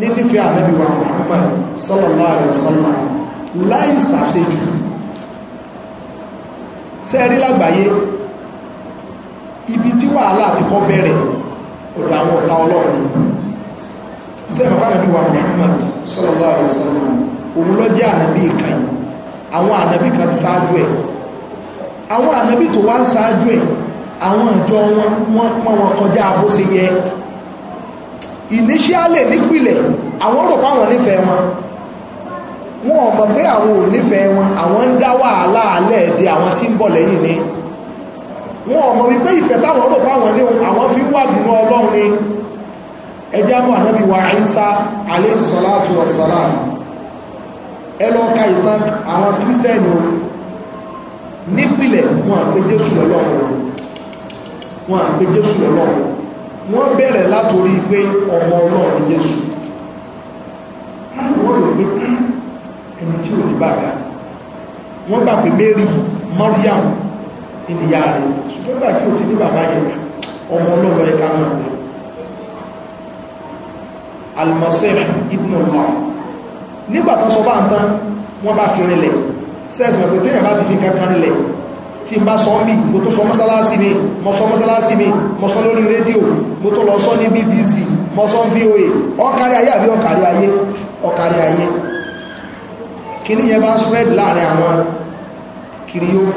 nínífẹ́ ànábì wa Muhammad sallallahu alaihi wasallam láì sàṣejù sẹ́ẹ̀rí lágbàáyé ibi tí wàhálà ti kọ́ bẹ̀rẹ̀ ọ̀dọ̀ àwọn ọ̀tá ọlọ́run sẹ́ẹ̀mọ̀ká ànábì wa Muhammad sallallahu alaihi wasallam òun ló jẹ́ ànábì ìkànnì àwọn ànábì kan ti ṣáájú ẹ̀ àwọn ànábì tó wá ń ṣáájú ẹ̀ àwọn ìjọ wọn wọ́n pọ́n wọn kọjá bó ṣe yẹ ìníṣíálẹ̀ nípìlẹ̀ àwọn rò páwọn nífẹ̀ẹ́ wọn wọn ò mọ̀ pé àwọn ò nífẹ̀ẹ́ wọn àwọn ń dá wàhálà lẹ́ẹ̀dẹ̀ àwọn tí ń bọ̀ lẹ́yìn ni wọn ò mọ̀ wípé ìfẹ́ táwọn rò páwọn ní àwọn fi wà bínú ọlọ́run ni ẹjẹ́ mọ́ ànábì wa Ìsá alayhi salatu wassalam ẹ lọ ka ìtàn àwọn kírísítẹ́nì nípìlẹ̀ wọn àpé Jésù lọ́lọ́run wọn àgbé jésù ọlọ́run wọ́n bẹ̀rẹ̀ látorí pé ọmọ ọlọ́run jésù wọ́n rò pé ẹni tí ò ní bàbá wọ́n gbà pé mary mariam ènìyàn rẹ̀ ṣùgbọ́n gbà tí ò ti ní bàbá yẹn ọmọ ọlọ́run ẹ̀ka náà rẹ̀ almasir ibn allah nígbà tán sọ bá ń tán wọ́n bá fi rinlẹ̀ sẹ́ẹ̀sì mọ̀ pé téèyàn bá ti fi kankan rinlẹ̀ tí n bá sọ mí mo tó sọ mọ́sálásí mi mo sọ mọ́sálásí mi mo sọ lórí rédíò mo tó lọ sọ ní BBC mo sọ VOA ọkàrí ayé àbí ọkàrí ayé ọkàrí ayé kí ní yẹn bá spread láàrin àwọn kiri yóò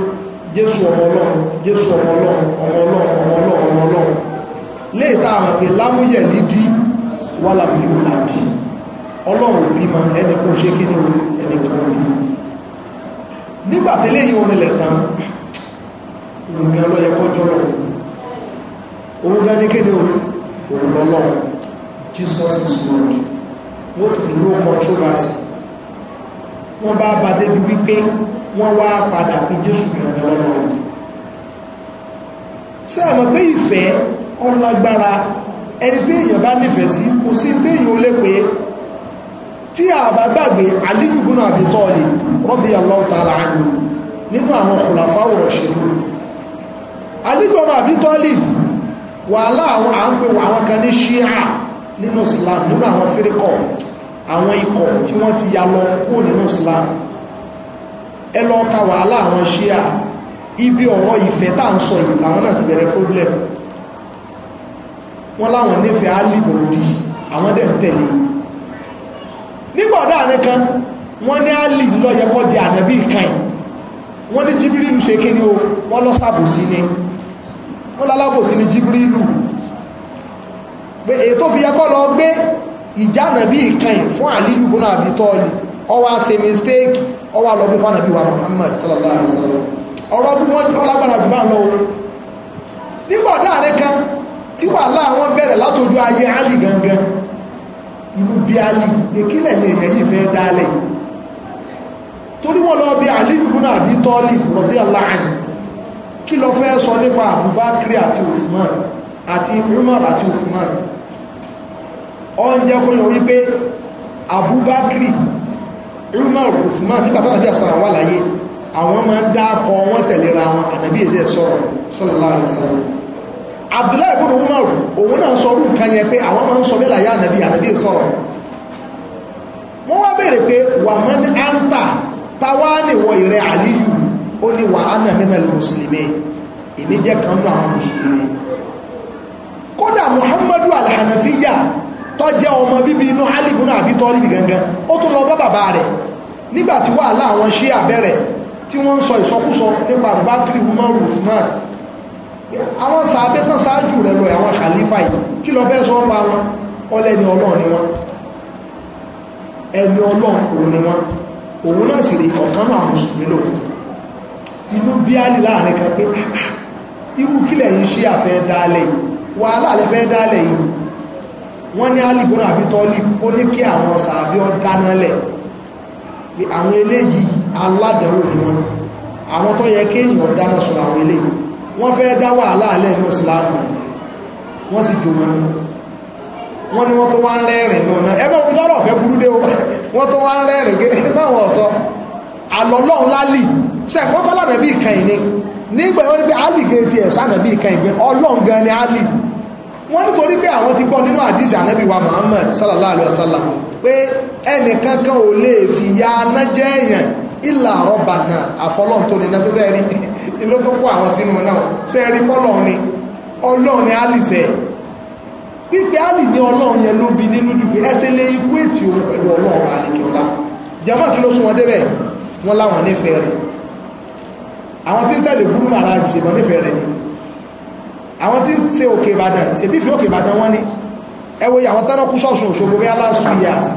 jésù ọmọ ọlọ́run jésù ọmọ ọlọ́run ọmọ ọlọ́run ọmọ ọlọ́run ọmọ ọlọ́run léèta àwọn pé lámúyẹ̀ nídí wà lábí òlàbí ọlọ́run bí ma ẹni kó ṣe kí ní ẹni kó rí nígbàtẹ́lẹ́yìn orin lẹ̀tàn òun ni ọlọ́yẹ kọjọ́ lọ òun gá ní kéde òun lọ́lọ́ Jesus is Lord wọ́n tó ló controversy wọ́n bá bá débi wípé wọ́n wá padà pé Jésù kẹ̀kẹ́ lọ́lọ́ sáàmọ̀ pé ìfẹ́ ọlágbára ẹni pé èèyàn bá nífẹ̀ẹ́ sí kò sí pé èèyàn ó lè pé tí a bá gbàgbé alíyùgbónà àbítọ́ọ̀lì rọ́bí Allah ta'ala anhu nínú àwọn khulafa ar-rashidun alígbọ́mọ̀ àbí tọ́lì wàhálà àwọn à ń pè àwọn kan ní ṣíà nínú islam nínú àwọn fíríkọ̀ àwọn ikọ̀ tí wọ́n ti ya lọ kó nínú islam ẹ ka wàhálà àwọn ṣíà ibi ọ̀rọ̀ ìfẹ́ tá ń sọ yìí làwọn náà ti bẹ̀rẹ̀ problem wọ́n láwọn nífẹ̀ẹ́ alìbòròdì àwọn dẹ̀ ń tẹ̀lé nígbàdá àrẹ kan wọ́n ní alì lọ́yẹ̀kọ́ di ànábì kan wọ́n ní jíbírìlù ṣe kí o wọ́n lọ́sàbòsí ni wọ́n lálábòsí ni Jíbírílù pé èyí tó fi yẹpọ́ lọ gbé ìjánà bí ìkan fún àlíyù bọ́nà àbí tọ́ọ̀lì ọwá ṣe mistake ọwá lọ bí fánàbí wa Muhammad sallallahu alaihi wasallam ọ̀rọ̀ bí wọ́n ọlágbára jù bá ń lọ nígbà dáàrẹ kan tí wà láwọn bẹ̀rẹ̀ látojú ayé alì gangan ìlú bí alì lèkílẹ̀ lè yẹ̀ yìí fẹ́ dálẹ̀ torí wọ́n lọ bí àlíyù bọ́nà àbí tọ́ọ̀lì radiyallahu anhu kí lọ fẹ́ sọ nípa Abubakar àti Uthman àti Umar àti Uthman oúnjẹ kó yọ wípé Abubakar Umar Uthman nígbàtà nàbí àsàrà wà láyé àwọn máa ń dákọ wọn tẹ̀lera wọn àtàbí èdè sọ̀rọ̀ sallallahu alaihi wasallam Abdullahi ibn Umar òun náà sọ orú nǹkan yẹn pé àwọn máa ń sọ bẹ́ẹ̀ láyé ànàbí ànàbí sọ̀rọ̀ wọ́n wá ó ní wà á nà mẹ́nà mùsùlùmí èmi jẹ́ kan nú àwọn mùsùlùmí kódà muhammadu alhanafiya tó jẹ́ ọmọ bíbí inú alìbùnà àbí tọ́lìbì gangan ó tún lọ bá bàbá rẹ̀ nígbàtí wàhálà àwọn ṣí àbẹ̀rẹ̀ tí wọ́n ń sọ ìsọkúsọ nípa àbúbákiri umaru usman àwọn sàábẹ́ tán sáájú rẹ̀ lọ àwọn khalifa yìí kí lọ fẹ́ sọ pa wọn ọlẹ́ni ọlọ́run ni wọn ẹni ọlọ́run òun ni wọn òun náà sì rí ọ̀kan náà mùsùlùmí lòun inú bí á lè láàrin kan pé ah, ah, irú kílẹ̀ yìí ṣe àfẹ́ dálẹ̀ yìí wàhálà lè fẹ́ dálẹ̀ yìí wọ́n ní alìbọ́nà àbí tọ́lì ó ní kí àwọn sàbí ọ dánálẹ̀ pé àwọn eléyìí aládẹ̀wò ni wọ́n àwọn tó yẹ kéèyàn dáná sọ̀rọ̀ àwọn eléyìí wọ́n fẹ́ dá wàhálà alẹ́ ní ìsìláàmù wọ́n sì jò wọn wọ́n ní wọ́n tó wá ń rẹ́rìn náà ẹgbẹ́ òkú tọ́rọ̀ fẹ́ burú dé wọ́n tó wá ń rẹ́rìn gẹ́gẹ́ sáwọn ọ̀sọ́ àlọ́lọ́run lálì sẹ́kọ̀ fọ́lànà bí ìkẹyìn ni nígbà wọ́n ní pé Ali gé ti ẹ̀sán ànàbí ìkẹyìn pé ọlọ́run gan ni Ali wọ́n nítorí pé àwọn ti gbọ́ nínú àdìsí ànábì wa Muhammad sallallahu alayhi wa sallam pé ẹnìkankan ò lè fi ya aná jẹ́ èèyàn ìlà rọ́bà náà àfọlọ́n tó nínú pé sẹ́ẹ̀rí ló tó kó àwọn sínú náà sẹ́ẹ̀rí pọ́lọ́run ni ọlọ́run ni Ali sẹ́ pípẹ́ Ali ní ọlọ́run yẹn ló bi nínú dùgbé ẹsẹ̀ lé ikú ètì òun pẹ̀lú ọlọ́run àlèkè ọ̀la jàmọ́ kí ló sún wọn débẹ̀ wọ́n láwọn nífẹ̀ẹ́ rẹ̀ àwọn tí ń tẹ̀lé gúrú màrá ìṣègbọ́n nífẹ̀ẹ́ rẹ̀ ni àwọn tí ń ṣe òkè ìbàdàn ṣèbí fi òkè ìbàdàn wọ́n ni ẹ wo àwọn tọ́rọ kú ṣọ̀ṣun Òṣogbo bí last two years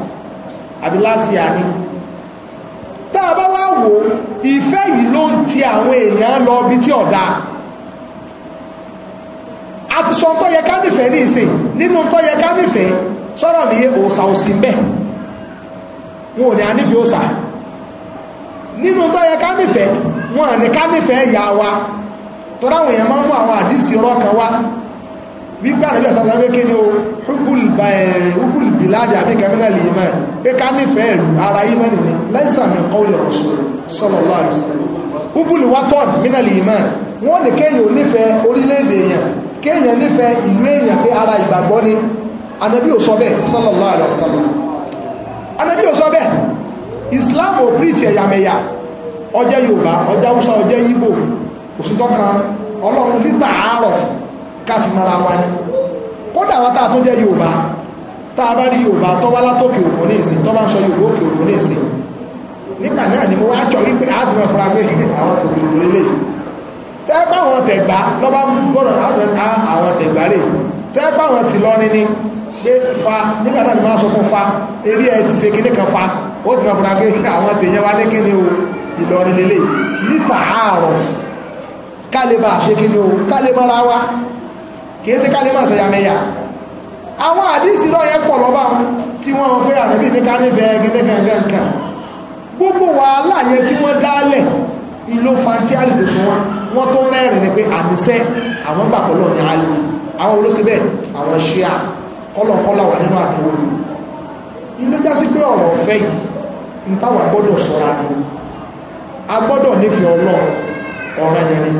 àbí last year ni tá a bá wá wò ìfẹ́ yìí ló ń ti àwọn èèyàn lọ bí tí a àti sọ tó yẹ ká nífẹ̀ẹ́ ní ìsìn nínú tó yẹ ká nífẹ̀ẹ́ sọ̀rọ̀ mi òòsà òsì ń bẹ̀ wọn ò ní a nífẹ̀ẹ́ òòsà nínú tó yẹ ká nífẹ̀ẹ́ wọn ní ká nífẹ̀ẹ́ ìyá wa tọ́lá àwọn èèyàn máa ń mú àwọn àdísì ọ̀rọ̀ kan wá wípé àrẹ́bí ọ̀sán pé kéde o hukul biladi àbí kẹmílẹ̀ lè mẹ́ pé ká nífẹ̀ẹ́ ìlú ara yí mẹ́rin ni lẹ́sàn mi kọ́ lè rọ̀ṣù sallallahu alaihi wasallam hukul watan mínà lè mẹ́ wọ́n ní kéèyàn nífẹ̀ẹ́ orílẹ̀-èdè èèyàn kéèyàn nífẹ̀ẹ́ ìlú èèyàn pé ara ìgbàgbọ́ ni ànábì ò sọ bẹ́ẹ̀ Islam ò bíríìtì ẹ̀yàmẹ̀yà ọjẹ́ Yorùbá ọjẹ́ Haúsá ọjẹ́ Ìgbò òsùntọ́kan ọlọ́run lítà àárọ̀ káfí mara wa ni kódà wọn táà tó jẹ́ Yorùbá táà bá rí Yorùbá tó wá látòkè òkun ní ìsìn tó bá ń sọ Yorùbá òkè òkun ní ìsìn nígbà náà ni mo wá jọ wípé láti mọ̀ fúnra pé àwọn tòkè òkun lélẹ̀ tẹ́ bá àwọn tẹ̀gbá lọ́bá gbọ́dọ̀ àwọn tẹ̀gbá rè tẹ́ bá àwọn tìlọrin ni pé fa nígbà náà ni wọ́n sọ fún fa eré ẹ ti ṣe kíní kan fa ó ti máa fura pé àwọn tèèyàn wá ní kíni o Ìlọrin lélẹ̀ níta àárọ̀ kálíbà ṣe kíni o kálíbára wa kìí ṣe kálíbà sọ̀yàmẹ̀yà àwọn àdísì náà yẹ pọ̀ lọ́bà tí wọ́n mọ̀ pé ànábì ní ká nífẹ̀ẹ́ gẹ́gẹ́gẹ́gẹ́gẹ́ gbogbo wàhálà yẹn tí wọ́n dálẹ̀ ìlò fantialisi tí wọ́n wọ́n tó mẹ́rin ni pé àníṣẹ́ àwọn gbàpọ̀lọ́ ní alì àwọn olóṣèbẹ̀ àwọn ṣíà kọ́lọ̀kọ́lọ̀ wà nínú àdúgbò ilé jásí pé ọ̀rọ̀ ọ̀fẹ́ yìí ń táwà gbọ́dọ̀ sọ́ra ní a gbọ́dọ̀ nífẹ̀ẹ́ ọlọ́run ọ̀ràn yẹn ni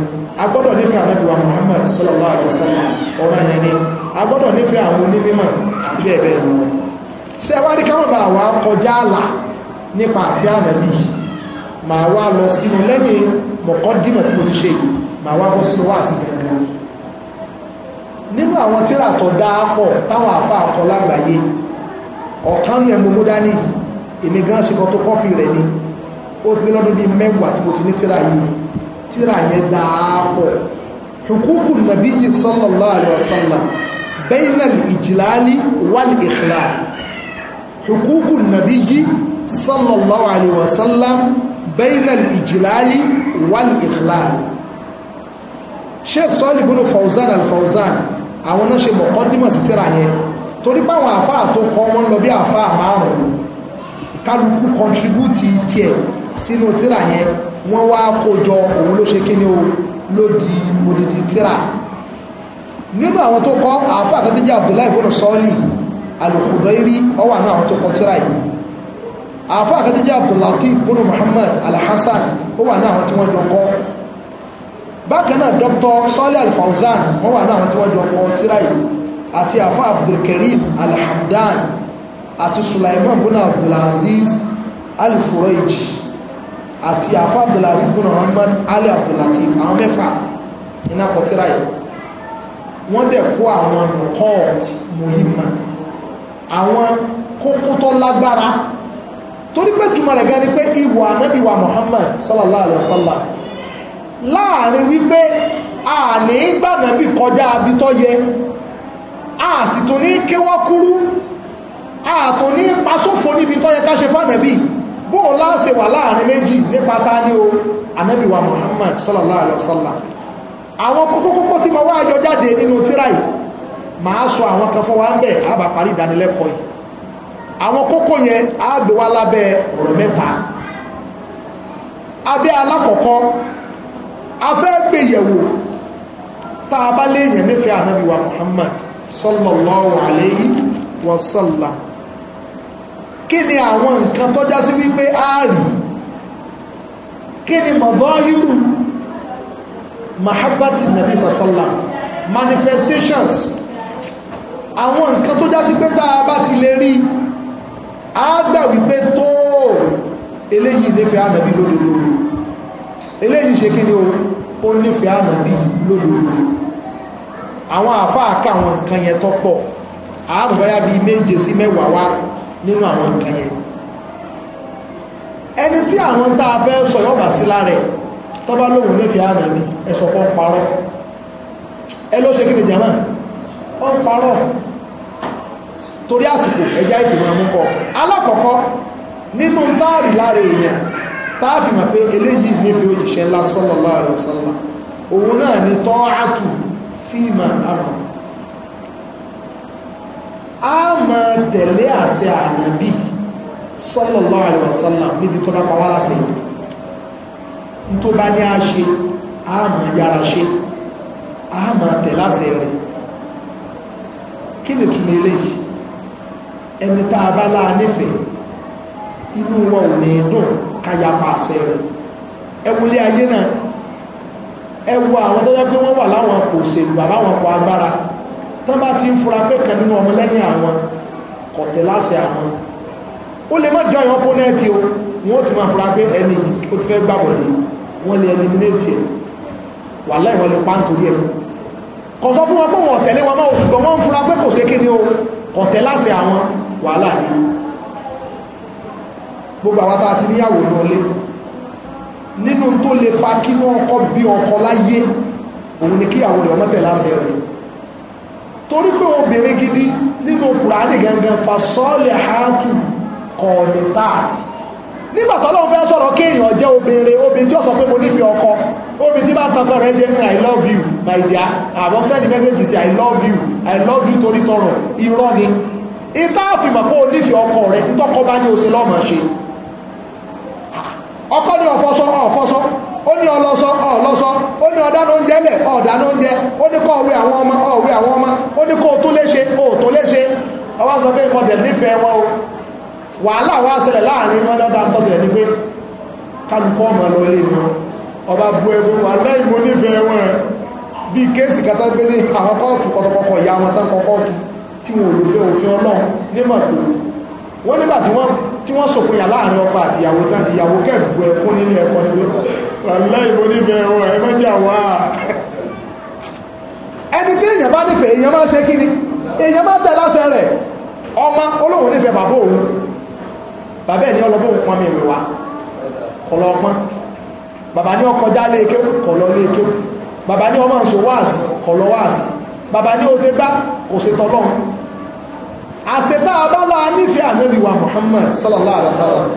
a gbọ́dọ̀ nífẹ̀ẹ́ ànábìwá Muhammad sallallahu alaihi wasallam ọ̀ràn yẹn ni a gbọ́dọ̀ nífẹ̀ẹ́ àwọn onímọ̀ àti bẹ́ẹ̀ bẹ́ẹ̀ lọ ṣe wá rí káwọn bá wà kọjá àlà nípa àfíà ànábì màá wá lọ sínú lẹ́yìn mọ̀kọ́dímọ̀ tí mo ti ṣe yìí màá wá bọ́ sínú wá sí nínú àwọn tíra tó dáa pọ̀ táwọn àfa àkọ lágbàáyé ọ̀kan ní ẹmu mú dání èmi gan ṣe kan tó kọ́pì rẹ̀ ni ó ti lọ́dún bíi mẹ́wàá tí mo ti ní tíra yìí tíra yẹn dáàpọ̀ hukuku nàbí yìí sallallahu alaihi wasallam bainal ijlali wal ikhlal hukuku nàbí yìí sallallahu alaihi wasallam bainal ijlali wal ikhlal sheikh sọ́ọ̀lì bínú Fawzan al-Fawzan àwọn náà ṣe mọ̀kọ́dímọ̀ sí tíra yẹn torí pé àfáà tó kọ́ wọn lọ bí àfáà márùn-ún kálukú kọntribútì tiẹ̀ sínú tíra yẹn wọ́n wá kójọ òun ló ṣe kíni o ló di odidi tíra nínú àwọn tó kọ àáfà tó Abdullahi ibn Sọ́ọ̀lì Al-Khudairi ó wà náà àwọn tó kọ tíra yìí àáfà tó Abdullahi ibn Muhammad Al-Hasan ó wà náà àwọn tí wọ́n jọ kọ bákan náà Dr. Sọ́ọ̀lì Al-Fawzan wọ́n wà náà àwọn tí wọ́n jọ kọ tíra yìí àti àáfà Abdulkarim Al-Hamdan àti Sulaiman bùnà Abdulaziz Al-Furayji àti afa Abdulaziz bùnà Muhammad Ali Abdulatif àwọn mẹ́fà iná kọtíra yìí wọ́n dẹ̀ kó àwọn kọ́ọ̀tì mọ̀hímà àwọn kókó tó lágbára torí pé túmọ̀ rẹ̀ gan ni pé ìwà anábìwà Muhammad sallallahu alaihi wasallam láàrin wípé a ní gbàgbà bí kọjá abitọ́ yẹ a sì tún ní kéwọ́ kúrú ààtò ní pasófo níbi tó yẹ ká ṣe fánàbí bóò láàṣẹ wà láàrin méjì nípa ta ní o ànábì Muhammad sallallahu alaihi wasallam àwọn kókókókó tí mo wá yọ jáde nínú tíra yìí màá sọ àwọn kan fún wa ń bẹ àbá parí ìdánilẹ́kọ̀ọ́ yìí àwọn kókó yẹn á gbé wá lábẹ́ ọ̀rọ̀ mẹ́ta abẹ́ alákọ̀ọ́kọ́ afẹ́ gbèyẹ̀wò tá a bá wa Muhammad kí ni àwọn nǹkan tó já sí wípé ààrì kí ni mọ̀bọ́yúrù mahabbati nabi sasọ́lá manifestations àwọn nǹkan tó já sí pé tá a bá ti lè rí a gbà wípé tó eléyìí nífẹ̀ẹ́ ànàbí lódodo eléyìí ṣe kí ni ó nífẹ̀ẹ́ ànàbí lódodo àwọn àfáà ká àwọn nǹkan yẹn tọ́pọ̀ àárùbáyá bíi méje sí mẹ́wàá wá nínú àwọn nǹkan yẹn ẹni tí àwọn tá a fẹ́ sọ yọ́bà sí lára ẹ̀ tó bá lóhun nífẹ̀ẹ́ ànàbí ẹ̀sọ̀ pọ́ parọ́ ẹ ló ṣe kí ni jẹ́mà ọ ń parọ́ torí àsìkò ẹjá ìtìmọ̀ àmúkọ́ alákọ̀ọ́kọ́ nínú táàrí lára èèyàn táàfì mà pé eléyìí nífẹ̀ẹ́ òjìṣẹ́ ńlá sallallahu alaihi wasallam òun náà ni tọ́ àtù fíìmà àmọ̀ a máa tẹ̀lé àṣẹ ànábì sallallahu alaihi wasallam níbi tó dápa wá láṣẹ tó bá ní a ṣe a máa yára ṣe a máa tẹ̀lé àṣẹ rẹ̀ kí ni túnmọ̀ eléyìí ẹni tá a bá láà nífẹ̀ẹ́ inú wọn ò dùn káyà pa àṣẹ rẹ̀ ẹ ayé náà ẹ àwọn tó yẹ pé wọ́n wà láwọn kò ṣèlú àbáwọn kò agbára tán bá ti ń fura pé kan nínú ọmọ lẹ́yìn àwọn kọ̀tẹ̀ láṣẹ àwọn ó lè má jọ ìwọ́n pónẹ́ẹ̀tì o wọ́n ti máa fura pé ẹni ó ti fẹ́ gbàwọ̀lẹ̀ wọ́n lè eliminate ẹ̀ wà láì wọ́n lè pa nítorí ẹ̀ kọ̀ sọ fún wọn pé wọn ọ̀tẹ̀lé wọn máa oṣù gbọ́n wọ́n ń fura pé kò sé kí ni o kọ̀tẹ̀ láṣẹ àwọn wàhálà ni gbogbo àwọn tá a ti níyàwó náà lé nínú tó lè fa kí wọ́n kọ́ bí ọkọ láyé torí pé obìnrin gidi nínú kùránì gangan fa sọ́ọ̀lẹ̀ hátù kọ̀ọ̀lẹ̀ táàtì nígbàtọ́lọ́wọ́ fẹ́ sọ̀rọ̀ kéèyàn jẹ́ obìnrin obìnrin tí ó sọ pé mo nífẹ̀ẹ́ ọkọ obìnrin tí bá tọ́kọ rẹ̀ jẹ́ i love you my dear àbọ̀ sẹ́ni mẹ́sẹ̀jì sí i love you i love you torí tọrọ irọ́ ni ìta àfihàn pé o nífẹ̀ẹ́ ọkọ rẹ̀ tọ́kọ bá ní o ṣe lọ́mọ ṣe ọkọ ní ọ̀fọ́sọ́ ọ̀fọ́sọ́ ó ní ọlọ́sọ ọlọ́sọ ó ní ọ̀dánú oúnjẹ lẹ̀ ọ̀dánú oúnjẹ ó ní kọ́ òwe àwọn ọmọ ọ̀wé àwọn ọmọ o léṣe o léṣe ọwọ́ sọ pé nífẹ̀ẹ́ o wàhálà wá ṣẹlẹ̀ láàrin pé kálukọ́ ọmọ lọ ọba bu ẹgbẹ́ wọn aláì nífẹ̀ẹ́ wọn bí kéèsì gbé ní àwọn kọ́ọ̀tù kọ́tọ́kọ́kọ́ ìyá wọn tán tí wọn ò wọ́n nígbà tí wọ́n sòpin yà láàrin ọkọ àti ìyàwó tán ìyàwó kẹ́ẹ̀bù ẹkún nínú ẹ̀kọ́ ni pé wàlá ìbò nífẹ̀ẹ́ ẹ̀wọ̀ ẹ mọ́jà wá ẹni tí èèyàn bá nífẹ̀ẹ́ èèyàn máa ṣe kí ni èèyàn máa tẹ̀ láṣẹ rẹ̀ ọmọ olóhùn nífẹ̀ẹ́ bàbá òun bàbá ẹ̀ ní ọlọ́gbọ́n pọn mi wà ọlọ́gbọ́n bàbá ní ọkọjá léèké kọ̀lọ́ léèké bàbá ní ọmọ ìṣòwáàsì kọ̀lọ́ wáàsì bàbá ní ó ṣe gbá kò ṣe tọ́lọ́run àṣetá abala nífẹ̀ẹ́ ànábì wa Muhammad sallallahu alaihi wasallam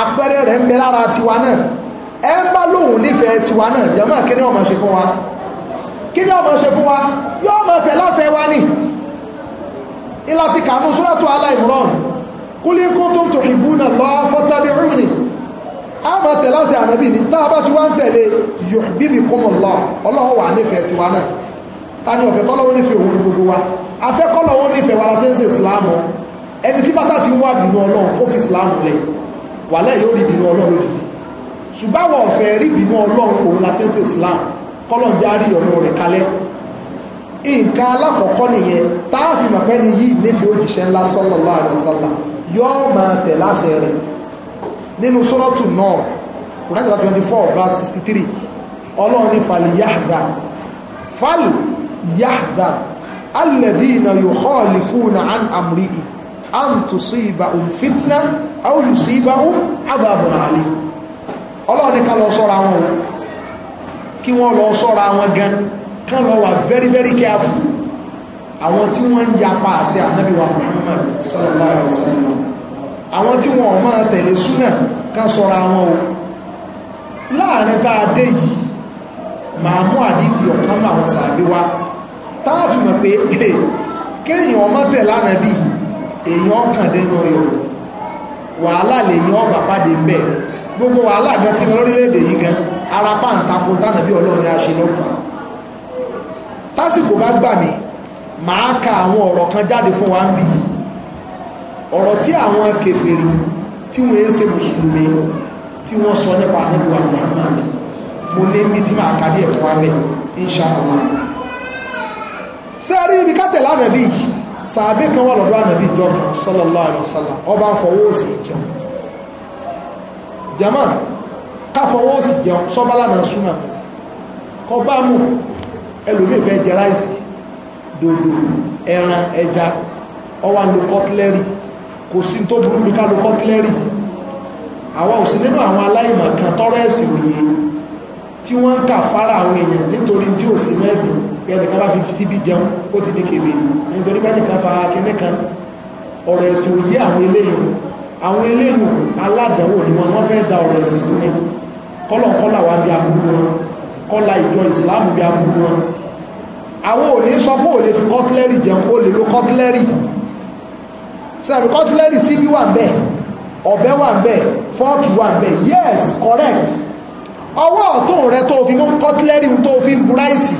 àpẹẹrẹ rẹ̀ ń bẹ lára tiwa náà ẹ ń bá lóhùn nífẹ̀ẹ́ tiwa náà jẹ́mọ́ kí ni ó máa ṣe fún wa kí ni ó máa ṣe fún wa yóò máa tẹ̀ láṣẹ wa ni ilá ti kàánú suratu Ala Imran qul in kuntum tuhibbuna Allaha fattabi'uni a máa tẹ̀ ànábì ni tá bá ti wá ń tẹ̀lé yuhbibkumullah ọlọ́run wà nífẹ̀ẹ́ tiwa náà ta ni ọ̀fẹ́ tọ́lọ́wọ́ nífẹ̀ẹ́ òun ní gbogbo wa afẹ́kọ́lọ́wọ́ nífẹ̀ẹ́ wa lásẹ́sẹ̀ ìsìláàmù ẹni tí bá sá ti wà bínú ọlọ́run kó fi ìsìláàmù lẹ̀ wà lẹ́yìn ó rí bínú ọlọ́run lòdì ṣùgbáwọ̀ ọ̀fẹ́ rí bínú ọlọ́run òun lásẹ́sẹ̀ ìsìláàmù kọ́lọ́n já rí ọ̀nà rẹ̀ kalẹ̀ nǹkan alákọ̀ọ́kọ́ nìyẹn táàfì mọ̀pẹ́ ni yìí nífẹ̀ẹ́ òjìṣẹ́ ńlá sallallahu alaihi wasallam yóò máa tẹ̀ láṣẹ rẹ̀ nínú sọ́rọ́tù náà kùrẹ́tà 24 verse 63 ọlọ́run ní fàlìyàgbà fàlì yahdar alladhina yukhalifuna an amrihi an tusibahum fitna aw yusibahum adhabun alim ọlọ́run ní ká lọ sọ́ra wọn o kí wọ́n lọ sọ́ra wọn gan kán lọ wà very very careful àwọn tí wọ́n ń yapa àṣẹ ànábì wa Muhammad sallallahu alaihi wasallam àwọn tí wọ́n máa tẹ̀lé súnà kán sọ́ra wọn o láàrin tá a dé yìí màá mú àdífi ọ̀kan láwọn sàbí wa táàfì mọ̀ pé kéèyàn ọmọ tẹ̀ lánàá bí èèyàn kàn dẹnu ọyọ wàhálà lèyàn ọgbà pàdé ń bẹ gbogbo wàhálà gan ti lórílẹ̀-èdè yìí gan ara pàǹtàkùn tánàbí ọlọ́run a ṣe lọ́fà tásìkò bá gbà mí màá ka àwọn ọ̀rọ̀ kan jáde fún wa ń bí ọ̀rọ̀ tí àwọn kèfèrí tí wọ́n ṣe mùsùlùmí tí wọ́n sọ nípa àníbùwà Muhammad mo ní bí tí máa kàdí ẹ̀fọ́ wa bẹ́ẹ̀ insha sẹ́rí ibi kátẹ̀lá ànàbí yìí sàábé kan wà lọ́dọ̀ ànàbí ìjọba sallallahu alaihi wasallam ọba fọwọ́ òsì jẹun jama ká fọwọ́ òsì jẹun sọ́bálà náà súnmà ọba mú ẹlòmíì fẹ́ jẹ ráìsì dòdò ẹran ẹja ọwà lo kọtlẹ́rì kò sí tó burú bí ká lo kọtlẹ́rì àwa ò sí nínú àwọn aláìmọ̀ kan tọ́rọ ẹ̀sìn òye tí wọ́n ń kà fara àwọn èèyàn nítorí tí ò sí mẹ́sìn ẹnìkan bá fi síbí jẹun ó ti di kèfèrè nítorí bá nìkan fa kíní kan ọ̀rọ̀ ẹ̀sìn òye àwọn eléyìn àwọn eléyìn aládàáwò ni wọn wọ́n fẹ́ da ọ̀rọ̀ ẹ̀sìn ní kọ́lọ̀kọ́là wà bí aburú wọn kọ́lá ìjọ ìsìláàmù bí aburú wọn àwọn ò ní sọ pé ò lè fi kọ́tlẹ́rì jẹun ó lè lo kọ́tlẹ́rì sẹ́ẹ̀rì kọ́tlẹ́rì síbí wà bẹ́ẹ̀ ọ̀bẹ wà bẹ́ẹ̀ fọ́ọ̀kì wà bẹ́ẹ̀ yes correct ọwọ́ ọ̀tún rẹ tó fi mú kọ́tlẹ́rì tó fi ń buráìsì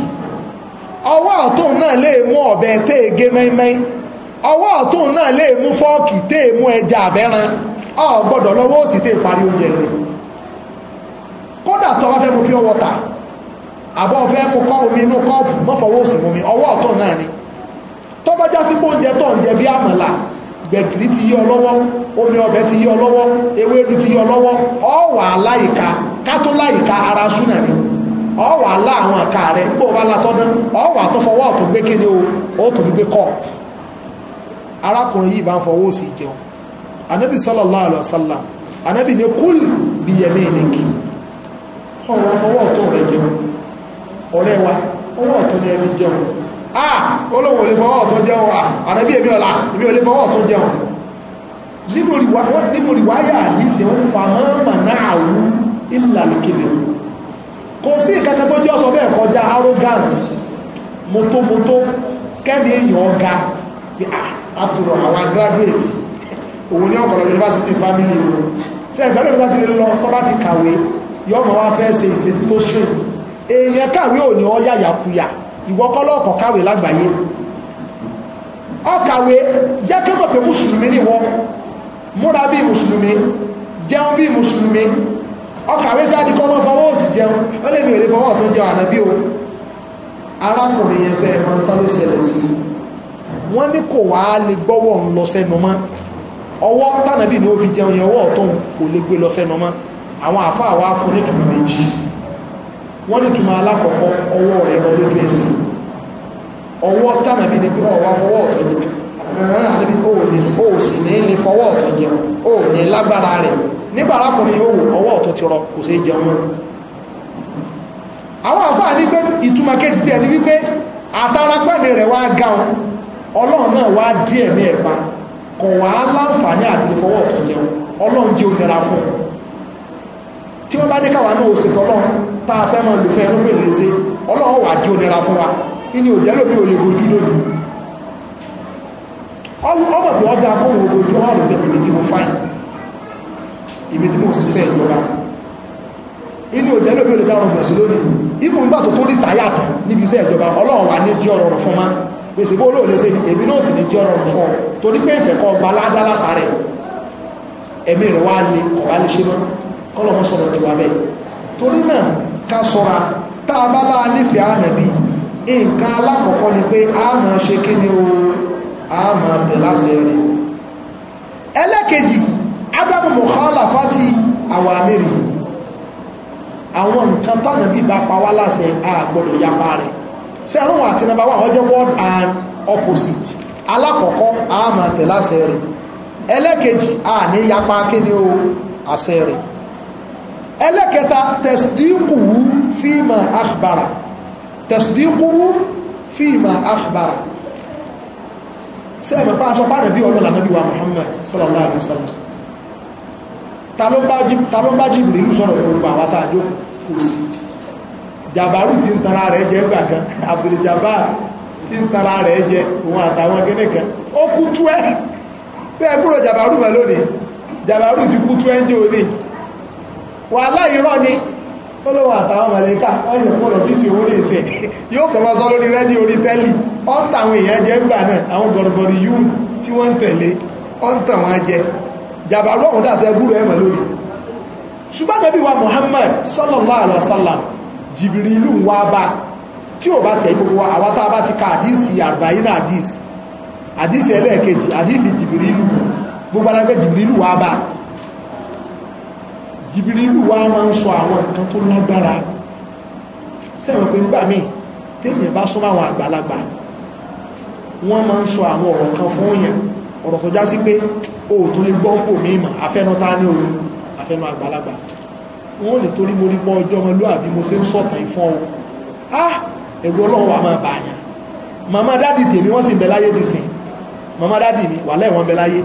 ọwọ́ ọ̀tún náà lè mú ọ̀bẹ tẹ́ ẹ mẹ́mẹ́ ọwọ́ ọ̀tún náà lè mú fọ́ọ̀kì tẹ́ mú ẹja àbẹ́ran ọ gbọ́dọ̀ lọ́wọ́ òsì tẹ́ parí oúnjẹ rẹ̀ tó pure water àbọ̀ fẹ́ omi inú kọ́ọ̀pù mọ́fọwọ́ mú mi ni tó bá já sí pé ti lọ́wọ́ omi ti lọ́wọ́ ti lọ́wọ́ ara ni ọwà alá àwọn àká rẹ̀ gbọ́ wà látọ́dán ọwà tó fọwọ́ gbé kí ni o ó tó gbé kọ́ arákùnrin yìí bá ń fọwọ́ sí jẹun anábì sallallahu ni nínú kò sí ìkẹta tó jẹ́ ọ̀sọ̀ bẹ́ẹ̀ kọjá arrogant mọ́tòmọ́tò kẹ́mi èèyàn ọ̀gá àtùrọ̀ àwọn graduate òun ní ọ̀pọ̀lọ̀ university family o ṣe ìfẹ́ lóòótọ́ kí lè lọ tó bá ti kàwé yọmọ wá fẹ́ ṣe ìṣesí tó straight èèyàn kàwé ò ní ọyà yàkuyà ìwọ kọ́lọ́ ọ̀kọ̀ kàwé lágbàáyé ọkàwé jẹ́ kẹ́kọ̀ọ́ pé mùsùlùmí nìwọ múra bí mùsùlùmí jẹun bí mùsùlùmí ọkàwé sí adìkọ́ náà fọwọ́ òsì jẹun ó lè mi ò lè fọwọ́ ọ̀tún jẹun ànábí o arákùnrin yẹn sẹ́ ẹ̀mọ́ tán ló ṣẹlẹ̀ sí wọ́n ní kò wá lè gbọ́wọ́ ń lọ sẹ́nu mọ́ ọwọ́ tànàbí ni ó fi jẹun yẹn ọwọ́ ọ̀tún kò lè gbé lọ sẹ́nu mọ́ àwọn àfáà wá fún nítumọ̀ méjì wọ́n nítumọ̀ alákọ̀ọ́kọ́ ọwọ́ rẹ̀ lọ lójú ẹsẹ̀ ọwọ́ tànàbí ni pé ọwọ́ fọwọ́ ọ̀tún jẹun ó sì ní fọwọ́ ọ̀tún jẹun ó ní lágbára rẹ̀ nígbà arákùnrin yóò wò ọwọ́ ọ̀tún ti rọ kò sí jẹun mọ́ àwọn àfáà ní pé ìtumọ̀ kejì tí ẹni wípé àtàrà pẹ̀lẹ̀ rẹ̀ wá ga ọlọ́run náà wá díẹ̀ ní ẹ̀pa kọ̀ wá láǹfààní àti ìfọwọ́ ọ̀tún jẹun ọlọ́run jẹ́ onira fún tí wọ́n bá ní káwà náà òsì tọ́lọ́run tá a fẹ́ mọ́ lùfẹ́ ló pè léṣe ọlọ́run wà jẹ́ onira fún wa inú òjẹ́ lómi ò lè gojú lónìí ọmọ bí wọ́n dá fóònù ojú ọ̀rọ̀ pẹ̀lú ibi tí mo fáyìn ibi tí mo ṣiṣẹ́ ìjọba inú òjẹ́ lóbi olè dáràn gbọ̀nsí lónìí ibùn gbà tó tó rí tàyàtọ̀ níbi iṣẹ́ ìjọba ọlọ́run wà ní jí ọ̀rọ̀ fún ma pèsè bó lóòlé sí èmi náà sì ní jí ọ̀rọ̀ fún torí pé ìfẹ́ kọ́ gba ládá látàrẹ̀ ẹ̀mí rẹ̀ wá ní kọ̀wá lè ṣe mọ́ kọ́lọ́mọ́ sọ̀rọ̀ jù wá bẹ́ẹ̀ torí náà ká sọ́ra a bá láà nífẹ̀ẹ́ ànàbí nǹkan alákọ̀ọ́kọ́ ni pé a máa ṣe kí ni o a máa bẹ̀ adamu mọ̀hálà fáti àwọn amẹ́rì àwọn nǹkan tánàbí bá pa wá láṣẹ àgbọ̀dọ̀ yapa rẹ̀ sí àrùn àti nàbà wà wọ́n jẹ́ word and opposite alákọ̀ọ́kọ́ àmà tẹ̀láṣẹ rẹ̀ ẹlẹ́kejì àní yapa kíni o àṣẹ rẹ̀ ẹlẹ́kẹta tẹ̀sídíkùú fíìmà àkbàrà tẹ̀sídíkùú fíìmà àkbàrà sẹ́ẹ̀mẹ̀ pàṣọ pàdàbí ọlọ́lá nàbí wa Muhammad sallallahu alaihi wasallam ta ló bá jìbìrì ìlú sọ̀rọ̀ gbogbo àwọn àtàjò kò sí jàbárù tí ń tara rẹ̀ jẹ́ gbà kan àbìrìjàbá tí ń tara rẹ̀ jẹ́ òun àtàwọn gẹ́gẹ́ kan ó kú tú ẹ́ bẹ́ẹ̀ kúrò jàbárù mẹ́ lónìí jàbárù ti kú tú ẹ́ ń jẹ́ òní wà láìrọ́ ni ó lọ́wọ́ àtàwọn mẹ́lẹ́ká ẹ̀yẹ̀ kúrò bí sí owó lè ṣe yóò kẹfà sọ lórí rẹ́dí orí tẹ́lì ọ́ntàwọn èèyàn jẹ́ gbà náà àwọn gọ̀rọ̀gọ̀rọ̀ yìí tí wọ́n ń tẹ̀lé ọ́ntàwọn jẹ́ jàbàrú ọ̀hún dàṣẹ gúrò ẹ̀mọ̀ lórí ṣùgbọ́n wa Muhammad sallallahu alaihi wasallam Jibrilu wá bá tí ò bá tẹ̀ gbogbo àwọn tá a bá ti ka àdíìsì àrùbáyínà àdíìsì àdíìsì ẹlẹ́ẹ̀kejì àdíìsì Jibrilu gbogbo alágbé Jibrilu wá bá Jibrilu wá máa ń sọ àwọn nǹkan tó lágbára sẹ́wọ̀n pé nígbà míì téèyàn bá súnmọ́ àwọn àgbàlagbà ọ̀rọ̀ tó já sí pé o tún lè gbọ́ pò mí ìmọ̀ afẹ́nà tá ní orí afẹ́nà àgbàlagbà wọ́n lè torí mo rí pọ́ ọjọ́ ọmọ lóàbí mo ṣe ń sọ̀tàn ìfọ́n o ah ẹ̀rù ọlọ́run àmọ́ bàyàn màmá dádì tèmi wọ́n sì ń bẹ láyé nìsín màmá dádì mi wà lẹ́wọ̀n bẹ láyé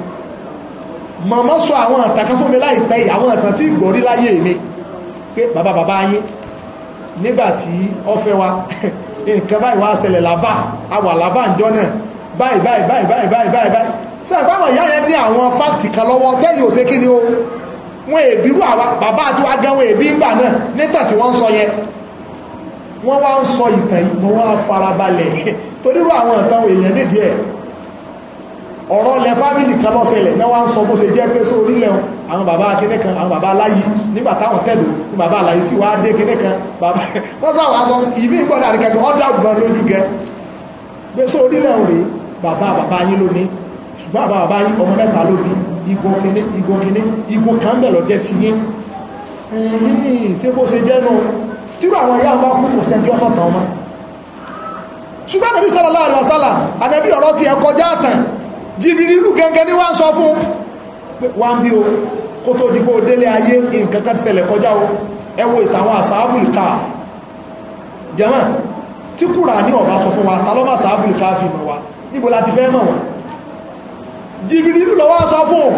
màmá sọ àwọn àtàkà fún mi láìpẹ́ yìí àwọn àtàn tí ìgbọ́rí láyé mi pé bàbá bàbá yín nígbà tí ó fẹ́ wa nǹkan báyìí wá ṣẹlẹ̀ lábà a wà lábà ǹjọ́ náà báyìí báyìí báyìí báyìí báyìí báyìí sàgbàmọ̀ ìyá yẹn ní àwọn fáàtì kan lọ́wọ́ tẹ́lẹ̀ òsè kí ni o wọn èbí rú àwa bàbá àti wa gan wọn èbí ńgbà náà nítàn tí wọ́n ń sọ yẹn wọ́n wá ń sọ ìtàn ìgbọ́n wá farabalẹ̀ torí rú àwọn ìtàn èèyàn nídìí ẹ̀ ọ̀rọ̀ lẹ fámílì kan lọ́sẹ̀lẹ̀ náà wá ń bàbá kan àwọn bàbá aláyí nígbà táwọn tẹ̀lú ní bàbá aláyí sí wá dé kẹ́lẹ́ kan bàbá wọ́n sáwọn aṣọ ìbí ìgbọ́dà rẹ̀ kẹ́kẹ́ ọ́dà gbọ́n lójú gẹ gbé só orílẹ̀ rèé bàbá lónìí ṣùgbọ́n àbá àbá yí ọmọ mẹ́ta ló bí igbó kíní igbó kíní igbó kàmbẹ̀ lọ jẹ́ ti yín ẹ̀yìn ṣe bó ṣe jẹ́ náà tíró àwọn ìyá ọmọ kú kò sẹ́jọ́ sọ̀tàn ọmọ ṣùgbọ́n nàbí sallallahu alaihi wasallam àdàbí ọ̀rọ̀ ti ẹ̀kọ́ jáàtàn jìbìrìlù gẹ́gẹ́ ní wá ń sọ fún wá ń bí o kó tó dìbò délé ayé o ẹ wo ìtàwọn àsáàbùlì káàf jẹ́mọ̀ tí kùrà ní ọ̀bá sọ fún wa ta ló jìbìrìlù lọ́wọ́ sọ fún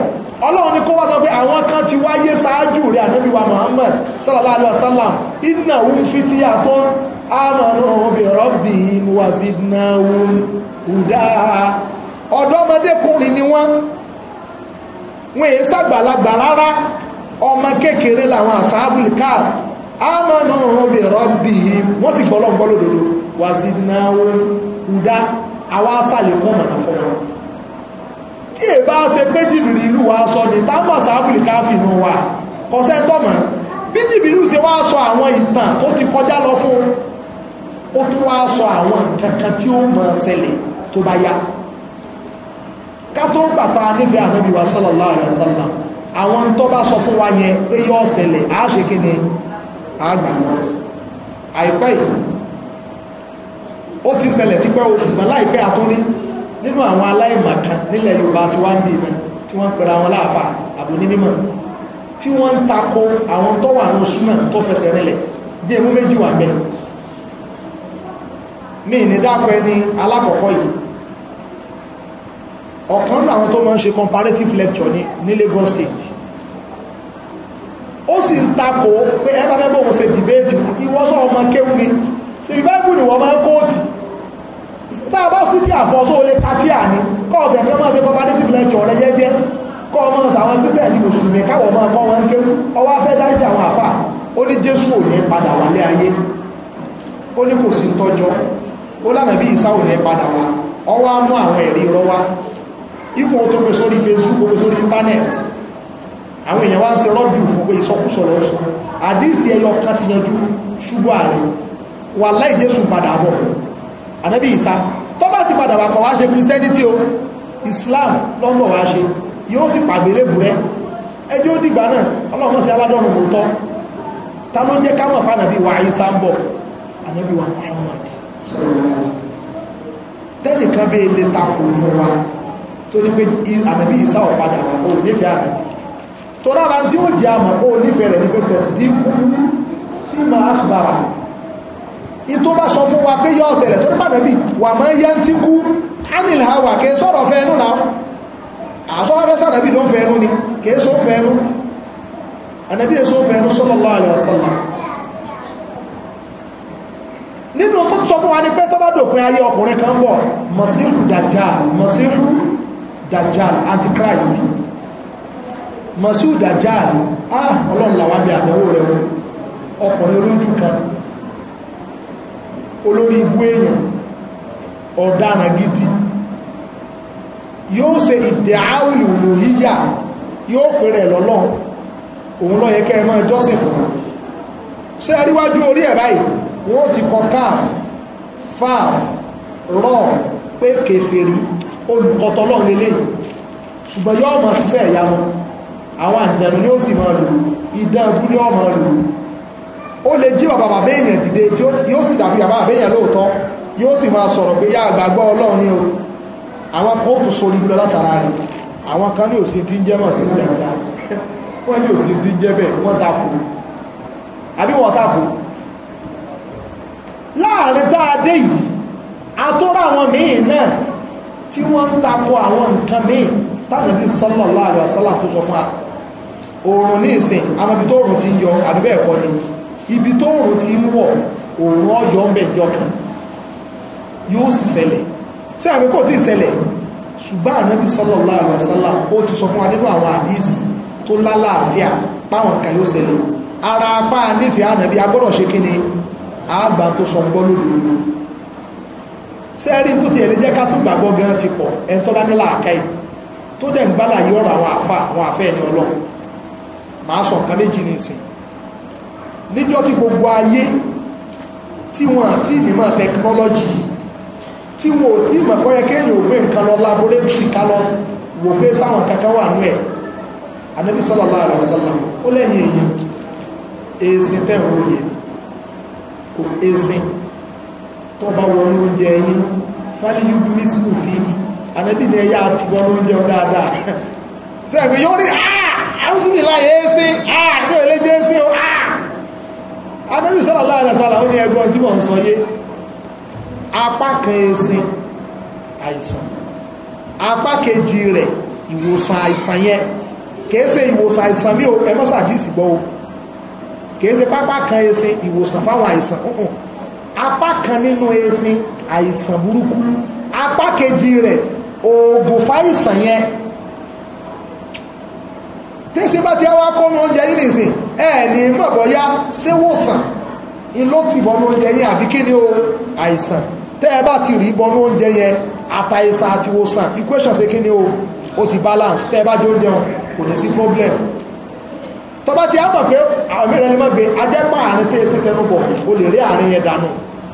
ọlọ́run ní kó wá sọ pé àwọn kan ti wáyé ṣáájú rẹ̀ ànábì wa Muhammad sallallahu alaihi wasallam innahum fityatun amanu bi rabbihim wa zidnahum huda ọ̀dọ́mọdékùnrin ni wọ́n wọ́n èé ṣàgbàlagbà rárá ọmọ kékeré làwọn àsáàbùl káf amanu bi rabbihim wọ́n sì gbọ́lọ́gbọ́lódodo wa zidnahum huda àwọn asàlẹ̀kùn mọ̀nà fún wọn tí è bá ṣe pé jìbìrì ìlú wa sọ ní támọ̀ sáfìlì káfì nù wa kọsẹ́ tọ́mọ̀ bí jìbìrì ìlú ṣe wá sọ àwọn ìtàn tó ti kọjá lọ fún ó tún wá sọ àwọn nǹkan kan tí ó mọ̀ ṣẹlẹ̀ tó bá yá ká tó ń pàpà nífẹ̀ẹ́ ànábì wa sallallahu alaihi wasallam àwọn tó bá sọ fún wa yẹn pé yọ́ ṣẹlẹ̀ á ṣe kí ni àgbàmọ́ àìpẹ́ yìí ó ti ṣẹlẹ̀ tipẹ́ oṣù mọ́ láìpẹ́ àtúnrí nínú àwọn aláìmọ̀kan nílẹ̀ Yorùbá tí wọ́n ń bí iná tí wọ́n ń pẹ̀rẹ̀ àwọn láàfà àbò ní mímọ̀ tí wọ́n ń takò àwọn tó wà ní súnà tó fẹsẹ̀ rinlẹ̀ jẹ́ mú méjì wà bẹ́ẹ̀ ní ìnídàpẹ́ ní alákọ̀ọ́kọ́ yìí ọ̀kan náà àwọn tó máa ń ṣe comparative lecture ní ní Lagos State ó sì ń takò pé ẹgbẹ́ bẹ́ẹ̀ bọ́ tá a bá sí bí àfọ́só olè pàtí àní kọ́ ọ̀bẹ̀ ní ọmọ ṣe bọ́bá ní tìbílẹ̀ jọ rẹ jẹ́jẹ́ kọ́ ọmọ sàwọn kristian ní mùsùlùmí káwọ̀ ọmọ ọmọ wọn kéwú ọwọ́ afẹ́ dáìsí àwọn àfà ó ní jésù ò ní padà wálé ayé ó ní kò sí tọ́jọ́ ó lànà bí ìsá ò ní padà wá ọwọ́ á mú àwọn ẹ̀rí rọwá ipò tó gbé sórí facebook gbé sórí internet àwọn èèyàn wá ń ṣe rọ́dù fún pé ìsọkúsọ lọ sọ àdíìsí ẹyọ kan ti yanjú ṣubú ààrẹ wà láì jésù padà bọ̀ ànábì ìsá tó bá sì padà wà kọ̀ wá ṣe christianity o islam lọ́mọ̀ wá ṣe yóò sì pàgbélé búrẹ́ ẹjọ́ dìgbà náà ọlọ́mọ sí aládọ́rùn mọ́tọ́ ta ló jẹ́ kámọ̀ pa ànábì wa ìsá ń bọ̀ ànábì wa muhammad tẹ́nìkan bẹ́ẹ̀ lè takò ní wa tó ní pé ànábì ìsá ò padà wà ó nífẹ̀ẹ́ ànábì tó rárá tí ó jẹ́ àmọ̀ ó nífẹ̀ẹ́ rẹ̀ ní pé tẹ̀sídìí kú fí máa àkùbára ìtò bá sọ fún wa pé yọ ọ̀sẹ̀lẹ̀ tó nípa nàbí wà máa yá ń tí kú ánìlà wà kí sọ̀rọ̀ fẹ́ ẹnu náà àsọ́wọ́fẹ́ sànàbí ló ń fẹ́ ẹnu ni kì í sọ ń fẹ́ ẹnu ànàbí èso ń fẹ́ ẹnu sallallahu alaihi wasallam nínú tó sọ fún wa ní pé tó bá dòpin ayé ọkùnrin kan bọ̀ masihu dajjal masihu dajjal antichrist masihu dajjal ah ọlọ́run làwọn àbí àdánwò rẹ̀ ọkùnrin olójú kan olórí ibú èèyàn ọ̀daràn gidi yóò ṣe ìdẹ̀áwìlì olóhíyà yóò pèrè lọ́lọ́n òun ló yẹ kẹ́ ẹ máa jọ́sìn fún ṣe àríwájú orí ẹ̀ báyìí wọ́n ti kọ káf fáf rọ̀ pé kèfèrí olùkọ́tọ́lọ́ lélẹ̀ ṣùgbọ́n yóò máa ṣiṣẹ́ ìyá wọn àwọn àjẹ̀nù yóò sì máa lò ìdán abúlé ọmọ lò ó lè jí bàbá bàbá èèyàn dìde tí yóò sì dàbí bàbá bàbá èèyàn lóòótọ́ yóò sì máa sọ̀rọ̀ pé yá àgbàgbọ́ ọlọ́run ni o àwọn kan ó tún so nígbó látara rẹ̀ àwọn kan ní òsì tí ń jẹ́ mọ̀ sí ìjàmbá wọ́n ní òsì tí ń jẹ́ bẹ́ẹ̀ wọ́n takò àbí wọ́n takò láàrin dáadé yìí àtọ́rọ àwọn míì náà tí wọ́n ń takò àwọn nǹkan míì tánàbí sallallahu alaihi wasallam tó sọ fún a oòrùn ní ìsìn amẹ́bí tó oòrùn ti yọ àbí bẹ́ẹ̀ ni ibi tó òrùn ti ń wọ̀ òrùn ọjọ́ ń bẹ̀ jọkàn yóò sì ṣẹlẹ̀ sí àmì kò tí ì ṣẹlẹ̀ ṣùgbọ́n ànábì sallallahu alaihi wasallam ó ti sọ fún wa nínú àwọn àdíìsì tó lálàáfíà páwọn kan ló ṣẹlẹ̀ ara apá nífẹ̀ẹ́ ànábì agbọ́dọ̀ ṣe kí ni àgbà tó sọ gbọ́ lódodo sẹ́ẹ̀rí tó ti ẹ̀rí jẹ́ ká tún gbàgbọ́ gan ti pọ̀ ẹni tó bá ní làákàyè tó dẹ̀ ń gbálàyé ọ̀rọ̀ àwọn àfà àwọn àfẹ́ ẹni ọlọ́run màá sọ nǹkan méjì ní ìsìn níjọ́ tí gbogbo ayé tí wọ́n àti ìmọ̀ tẹkinọ́lọ́jì tí wọ́n ò tí ìmọ̀ kọ́ yẹ kéèyàn ò gbé nǹkan lọ laboratory ká lọ wò pé sáwọn kankan wà nú ẹ̀ anabi sallallahu alaihi wasallam ó lẹ́yìn èèyàn èsìn tẹ́wọ̀n òye kò èsìn tó bá wọnú oúnjẹ yín fáyíyú mísìlù fi anabi yóò rí àà àwọn sì ní láyé èsìn àà kí ó jẹ́ èsìn ó àà anábì sallallahu alaihi wasallam ó ní ẹgbọ́n tí mò ń sọ yé apá kan ẹ̀sìn àìsàn apá kejì rẹ̀ ìwòsàn àìsàn yẹn kèése ìwòsàn àìsàn mí o ẹmọ́sà àdísì gbọ́ o kèése pápá kan ẹ̀sìn ìwòsàn fáwọn àìsàn ọ̀hún apá kan nínú ẹ̀sìn àìsàn burúkú apá kejì rẹ̀ oògùn fáìsàn yẹn tẹ́sí bá ti wá kọ́nu oúnjẹ yìí nìsín ẹ̀ẹ̀ni mọ̀bọ̀yá síwòsàn iló ti bọnú oúnjẹ yẹn àbí kí ni o àìsàn tẹ́ ẹ bá ti rí bọnú oúnjẹ yẹn àtàìsàn àti wòsàn equation ṣe kí ni o ó ti balance tẹ́ ẹ bá jẹ oúnjẹ wọn kò ní sí problem tó bá ti á mọ̀ pé àwọn mẹ́rin lè mọ̀ pé ajẹ́pà àárín tẹ́ sí tẹnubọ̀ o lè rí àárín yẹn dànù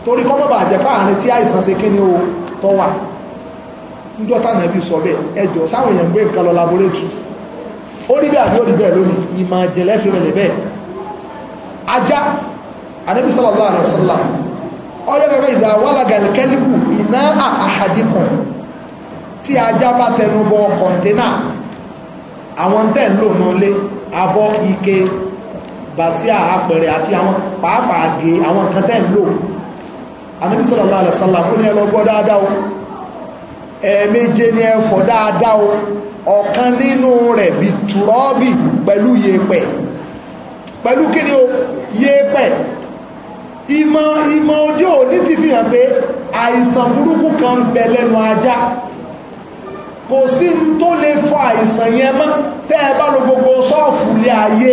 torí kọ́ mọ̀bà àjẹ́pà àárín tí àìsàn ṣe kí ni o tọ́ wà níjọ́ tánà bí sọ bẹ́ẹ̀ ẹjọ́ sáwọn èèyàn gbé nǹkan lọ laboratory ó rí bẹ́ẹ̀ àbí ó rí bẹ́ẹ̀ lónìí ìmọ̀ àjẹ̀lẹ́ fi rẹ̀lẹ̀ bẹ́ẹ̀ ajá anábì sallallahu alaihi wasallam ọjọ́ kẹfẹ́ ìdá wàlágà kẹ́líkù iná àhàdìkùn tí ajá bá tẹnu bọ kọ̀ǹténà àwọn tẹ̀ ń lò náà lé abọ́ ike bàṣíà apẹ̀rẹ̀ àti àwọn pàápàá gé àwọn kan tẹ́ ń lò anábì sallallahu alaihi wasallam ó ní ẹlọgbọ́ dáadáa o ẹ̀ẹ̀méje ni ẹ̀fọ́ dáadáa ọ̀kan nínú rẹ̀ bí tùrọ́bì pẹ̀lú yẹ̀pẹ̀ pẹ̀lú kí ni o yẹ̀pẹ̀ ìmọ̀ ìmọ̀ ojú ò ní ti fi hàn pé àìsàn burúkú kan bẹ lẹ́nu ajá kò sí tó lè fọ àìsàn yẹn mọ́ tẹ́ ẹ bá lo gbogbo sọ́ọ̀fù lé ayé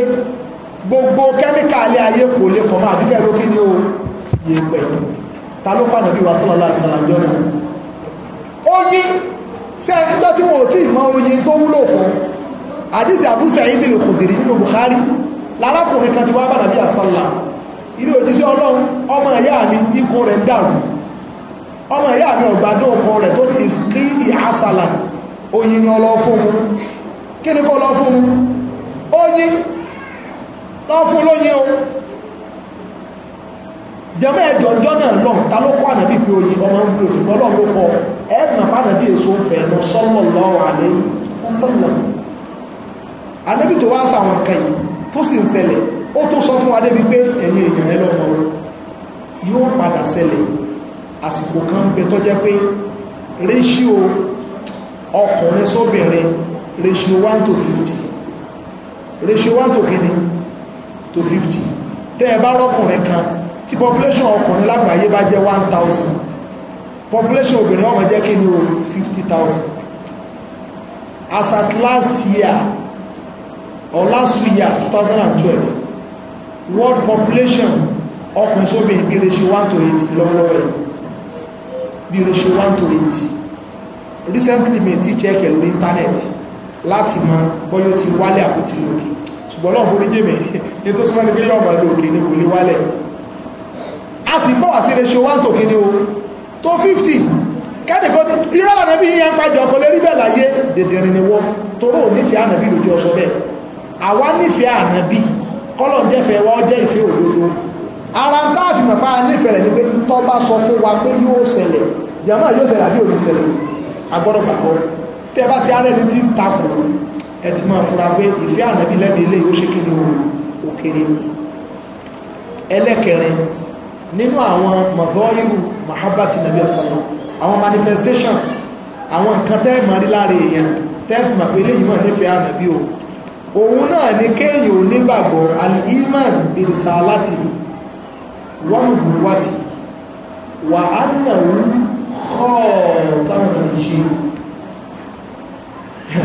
gbogbo kẹ́míkà lé ayé kò lè fọ̀mọ́ àbíkẹ́ ló kí ní o yẹ̀pẹ̀ ta ló pàdé bí wàásù ìsàlàjọ́ náà ó yí ṣé ẹ nígbà tí wọn ò tí ì mọ oyin tó wúlò fún àdìsí àbúṣe ayé dìlò kò nínú Bukhari lárákùnrin kan ti wá bàdàbí àsálà ilé òjíṣẹ́ Ọlọ́run ọmọ ìyá mi ikùn rẹ̀ dàrú ọmọ ìyá mi ọ̀gbádùn ọkọ rẹ̀ tó ní ìsìlí ìhásàlà oyin ni ọlọ́ fún un kí ni kọ́ lọ fún un oyin lọ fún lóyin o jẹmọ́ ẹjọ́ ọjọ́ náà lọ ta ló kọ́ ànàbí pé oyin ọmọ ń gbúrò ṣùgbọ́n lọ́n ló kọ ẹ̀ẹ́dùn àpánàbí èso ń fẹ̀ẹ́nu sọ́lọ̀ lọ́wọ́ àlẹ́ sọ́lọ̀ ànàbí tó wá sàwọn nǹkan yìí tó sì ń ṣẹlẹ̀ ó tún sọ fún adébí pé ẹ̀yin èèyàn ẹ lọ́mọ yóò padà ṣẹlẹ̀ àsìkò kan bẹ tó jẹ́ pé ratio ọkùnrin sóbìnrin ratio one to fifty ratio one to kìíní to fifty tẹ́ ẹ bá rọ́kùnrin kan tí population ọkùnrin lágbàáyé bá jẹ́ 1000 population obìnrin ọmọ jẹ́ kí ni o 50,000 as at last year or last two years 2012 world population ọkùnrin sóbìnrin bí ratio 1 to 8 lọ́wọ́lọ́wọ́ bí ratio 1 to 8 recently mi ti check lórí internet láti mọ bọ́yọ́ ti wálẹ̀ àpótí lókè ṣùgbọ́n lọ́n forí jẹ́ mi ní tó súnmọ́ ní bí yọ́ ọmọ lókè ní kò ní wálẹ̀ a sì bọ́ wá sí ratio one to kíni o tó fifty kẹ́nìkan irọ́ lànà bí yẹn ń pàjọ kò lè rí bẹ́ẹ̀ láyé dèdèrìn ni wọ́n toró nífẹ̀ẹ́ ànàbí lójú ọsọ bẹ́ẹ̀ àwa nífẹ̀ẹ́ ànàbí kọ́lọ̀ ń jẹ́fẹ̀ẹ́ wa jẹ́ ìfẹ́ òdodo ara ń bá àfihàn pa nífẹ̀ẹ́ rẹ̀ ni pé tọ́ bá sọ fún wa pé yóò ṣẹlẹ̀ jàmá yóò ṣẹlẹ̀ àbí òní ṣẹlẹ̀ agbọ́dọ̀ gbàgbọ́ tẹ́ bá ti arẹ́ni ti ń takò ẹ ti máa fura pé ìfẹ́ ànàbí lẹ́nu ilé yóò ṣe kí ni òkèrè ẹlẹ́kẹrin nínú àwọn mọ̀gọ́rìrù mahabati nabi ọ̀sánlọ́ àwọn manifestations àwọn nǹkan tẹ́ẹ̀mà rí lára èèyàn tẹ́ẹ̀fìmà pé lè yímọ̀ nífẹ̀ẹ́ ànàbí o òun náà ní kéèyàn onígbàgbọ́ al-iman birisalati wọ́nùbùwátì wà á nàrú ọ̀ọ̀tàwọn ìṣe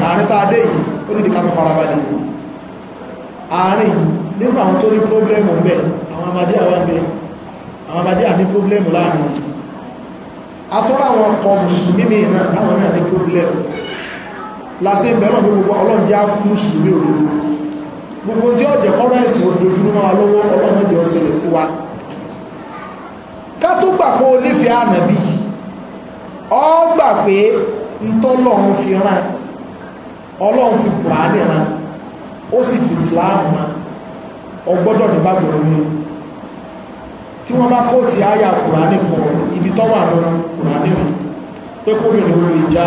àárín tá a dé yìí ó ní ìdíkà tó farabalẹ̀ àárín nínú àwọn àwọn bàdí àní pọ́blẹ́mù láàrin atọ́rọ àwọn ọkọ̀ mùsùlùmí mìíràn táwọn náà ní pọ́blẹ́mù lásí ìbẹ̀rọ̀ bí gbogbo ọlọ́run jẹ́ mùsùlùmí òdodo gbogbo tí ó jẹ́ kọ́rọ̀ ẹ̀sìn òdòdó máa lọ́wọ́ ọlọ́run jẹ́ ọ̀sẹ̀lẹ̀ sí wa ká tó gbà pé o nífẹ̀ẹ́ ànàbí ọ gbà pé ń tọ́lọ́run fi rán ọlọ́run fi kùránì rán ó sì fi ìsìláàmù rán ọgbọ́dọ̀ nígbàgbọ́ nínú tí wọ́n bá kó ti àyà kùránì fún ibi tó wà lọ kùránì rẹ̀ pé kóbìnrin olè já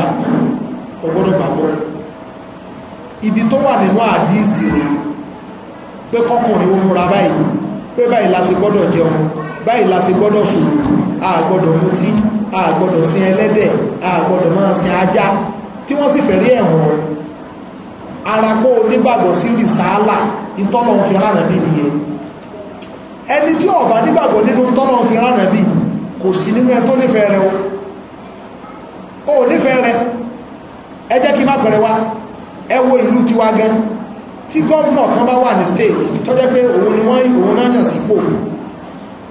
ọgbọ́dọ̀ gbàgbọ́ ibi tó wà nínú àdíìsì rẹ̀ pé kọkùnrin ó múra báyìí pé báyìí la ṣe gbọ́dọ̀ jẹun báyìí la ṣe gbọ́dọ̀ sùn a gbọ́dọ̀ mutí a gbọ́dọ̀ sin ẹlẹ́dẹ̀ a gbọ́dọ̀ máa sin ajá tí wọ́n sì fẹ̀rí ẹ̀wọ̀n ara kó onígbàgbọ́ sí rìsáálà ìtọ́lọ̀ fi ránà bí nìyẹn ẹni tí ọ̀bá nígbàgbọ́ nínú tọ́lọ̀ fi ránà bí kò sí nínú ẹ tó nífẹ̀ẹ́ rẹ o ò nífẹ̀ẹ́ rẹ ẹ jẹ́ kí má pẹ̀rẹ̀ wá ẹ wo ìlú tiwa gan tí gọ́ọ̀nà kan bá wà ní state tó jẹ́ pé òun ni wọ́n òun náà yàn sípò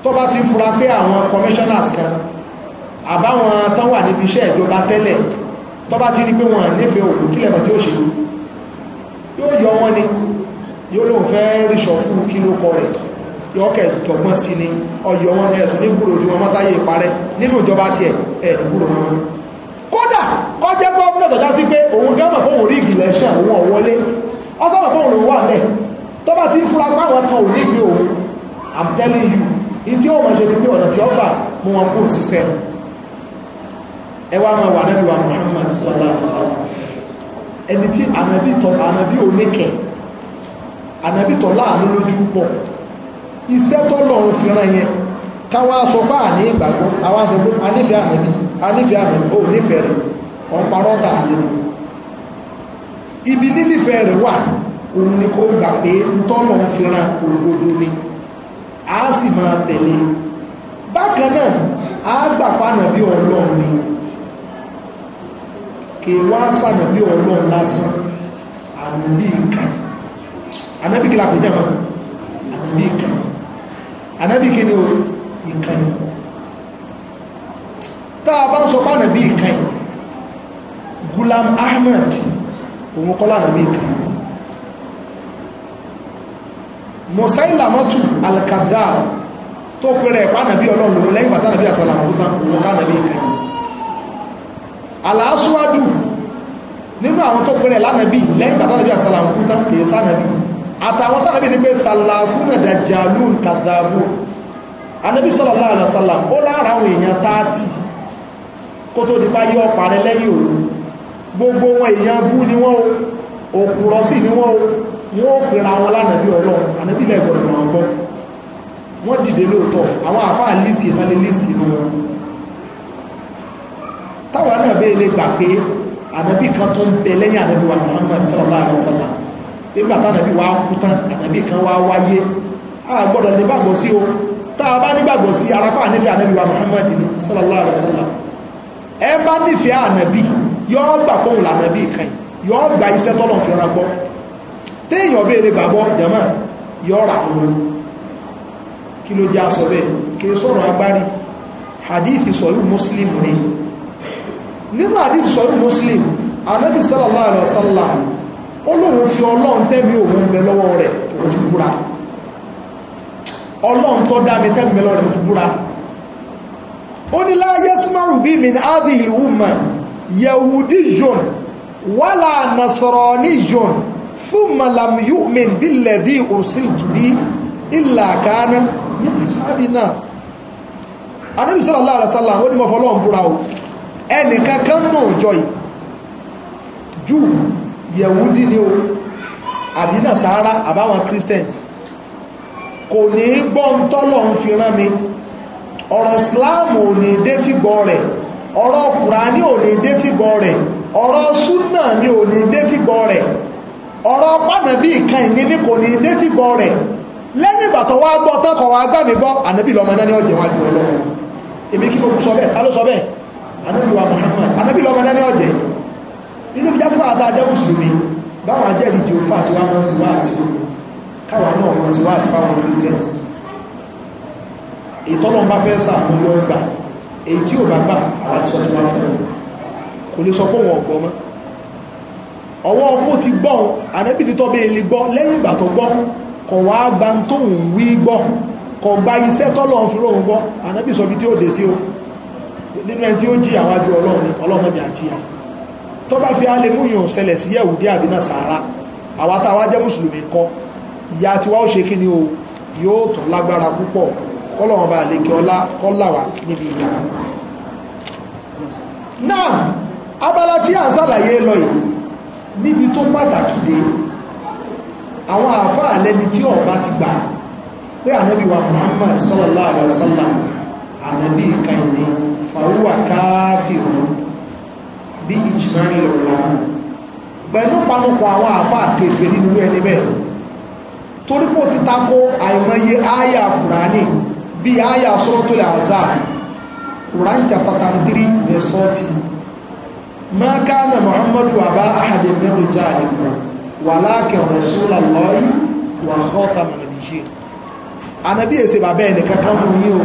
tó bá ti fura pé àwọn commissioners kan àbáwọn tán wà níbi iṣẹ́ ìjọba tẹ́lẹ̀ tó bá ti rí pé wọ́n nífẹ̀ẹ́ òkú kílẹ̀ mọ̀ tí ó ṣe yóò yọ wọ́n ni yóò lóun fẹ́ ríṣọ̀ fún kí ló kọ rẹ̀ yọ́kẹ̀ tọ̀gbọ́n sí ni ọyọ̀ wọn ẹ̀tún ní gbúrò tí wọ́n mọ́táyé ìparẹ́ nínú ìjọba ti ẹ̀ ẹ̀tún gbúrò wọn kódà kọ́ jẹ́ gọ́ọ̀mọ̀ tọ́já sí pé òun gẹ́mọ̀ fún orí ìgìlẹ̀ ṣàn òun ọ̀wọ́lé ọ́sọ́mọ̀ fún òun wà lẹ̀ tó bá ti ń fura páwọn kan ò nífi òun i'm telling you in tí ó mọ̀ ṣe ni pé ọ̀nà tí ó gbà mú wọn kó sísẹ́ ẹ wá máa wà nẹ́bí wa Muhammad sallallahu alaihi wasallam ẹni tí ànàbí tọ́ ànàbí oníkẹ̀ ànàbí tọ́ láàánú lójú pọ̀ iṣẹ́ tọ́lọ̀ ń fi ràn yẹn káwá sọ pé àní ìgbàgbọ́ àwọn sọ pé anífẹ́ àmì anífẹ́ àmì ò nífẹ̀ẹ́ rẹ̀ ọ̀parọ́ tà yẹn ibi nínífẹ̀ẹ́ rẹ̀ wà òun ni kó gbà pé tọ́lọ̀ ń fi ràn òdodo ni a sì máa tẹ̀lé bákan náà a gbà pànà bí ọlọ́run ni kì í wá sànà bí ọlọ́run lásán àmì bí nǹkan ànábì kí la pè jẹ́ mọ́ ànábì kan ànábì kí ni o ìkànnì tá a bá ń sọ pàánà bí ìkànnì Gulam Ahmed òun kọ́ lànà bí ìkànnì Musailamatu al-Kadhdhab tó pẹ̀rẹ̀ pàánà bí ọlọ́run lòun lẹ́yìn pàtàkì àsàlà àkútà òun lànà bí ìkànnì Al-Aswadu nínú àwọn tó pẹ̀rẹ̀ lánàbí lẹ́yìn pàtàkì àsàlà àkútà kìí sánàbí àtàwọn tánàbí ní pé fàlàfún ẹ̀dàjàlú kàdàbù anábí sallallahu alaihi wasallam ó lára àwọn èèyàn táàtì kó tó di báyé ọ̀pá rẹ lẹ́yìn òun gbogbo wọn èèyàn bú ni wọ́n òkúrọ̀ sí ni wọ́n wọ́n ó pèrà wọn lánàbí ọlọ́run anábí lẹ́gbọ̀rọ̀ wọn gbọ́ wọ́n dìde lóòótọ́ àwọn àfáà líìsì ìfẹ́lẹ́ líìsì inú wọn táwọn náà bẹ́ẹ̀ lè gbà pé anábí kan tó ń bẹ lẹ́yìn anábí wa Muhammad sallallahu alaihi wasallam nígbà tánàbí wa kú tán ànàbí kan wá wáyé a gbọ́dọ̀ ní gbàgbọ́ sí o tá a bá nígbàgbọ́ sí arápá nífẹ̀ẹ́ ànàbí wa Muhammad ni sallallahu alaihi wasallam ẹ bá nífẹ̀ẹ́ ànàbí yóò gbà fóun lànàbí kan yóò gba iṣẹ́ tọ́lọ̀ fi ran gbọ́ téèyàn béèrè gbàgbọ́ jẹ̀mọ́ yóò rà wọn kí ló jẹ́ aṣọ bẹ́ẹ̀ kí sọ̀rọ̀ agbárí hadithi sọ̀rọ̀ muslim ni nínú hadithi sọ̀rọ̀ muslim anabi sallallahu alaihi ó lóun fi ọlọ́run tẹ́mi òun bẹ lọ́wọ́ rẹ̀ òun fi búra ọlọ́run tó dá mi tẹ́mi lọ́wọ́ rẹ̀ òun fi búra ó ní láyé símárù bí mi ní áàdì ìlú mọ̀ yẹ̀wùdí yòn wàlà nàṣọ̀rọ̀ ní yòn fún màlàmù yóò mìn bí lẹ́dí òsì ìtùbí ìlà kánà ní ìsáàbì náà anábì sallallahu ó ní mọ̀ búra o ẹnìkan náà jọ yìí yẹ̀wúdí ni o àbí nàṣàárá àbáwọn christians kò ní gbọ́n tọ́lọ̀ ń fi rán mi ọ̀rọ̀ islam ò ní détí gbọ́ rẹ̀ ọ̀rọ̀ kùránì ò ní détí gbọ́ rẹ̀ ọ̀rọ̀ súnà ni ò ní détí gbọ́ rẹ̀ ọ̀rọ̀ pànàbí ìkan ìní kò ní détí gbọ́ rẹ̀ lẹ́yìn ìgbà tó wá gbọ́ tán kọ̀ wá gbà mí gbọ́ ànábì lọ́mọ náà ní ọ̀jẹ̀ wá jù ọlọ́run èmi kí mo kú sọ bẹ́ẹ̀ ta ló sọ bẹ́ẹ̀ Muhammad ànábì lọ́mọ náà ní ọ̀jẹ̀ inú bí jásíwá àtà jẹ́ mùsùlùmí báwọn ajẹ́rì jù fà síwá mọ́ síwá síwá káwà náà mọ́ síwá síwá wọn christians ìtọ́nà bá fẹ́ sàmú yọ gbà èyí tí ò bá gbà àwọn ti sọ tí wọ́n fún un kò lè sọ pé wọn ọ̀gbọ́n mọ́ ọwọ́ ọgbó ti gbọ́n àdẹ́bìdì tó bẹ́ẹ̀ lè gbọ́ lẹ́yìn ìgbà tó gbọ́ kọ̀ wá gba tóun wí gbọ́ kọ̀ gba iṣẹ́ tọ́lọ́run fi róhun gbọ́ àdẹ́bì sọ bí tí ó dé sí o nínú ẹni tí ó jí àwájú ọlọ́run ọlọ́mọdé àjíyà tó bá fi alẹ́ mú yàn ṣẹlẹ̀ sí yẹ̀wùdí àbí Nasara àwa tá a wá jẹ́ mùsùlùmí kọ́ ìyá tiwa ó ṣe kí ni o yóò tún lágbára púpọ̀ kọ́lọ̀wọ́n bá lè kí ọlá kọ́láwà níbi ìyá náà abala tí a sàlàyé lọ yìí níbi tó pàtàkì dé àwọn àfáà lẹ́ni tí ọba ti gbà pé ànábì wa Muhammad sallallahu alaihi wasallam ànábì ìkàyìn ni fàrúwà káfíìrún bí ìjìmáàrin lọ́lọ́mù pẹ̀lú panupọ̀ àwọn àfá àkẹfẹ́ nínú ẹni bẹ́ẹ̀ torípò ti takó àìmọye àyà kùránì bí àyà suratul azab kùránì chapter 3 verse 40 ma kana muhammadu aba ahadin min rijalikum walakin rasulallahi wa khatama nabiyyin anabi ese baba ẹni kankan mú yín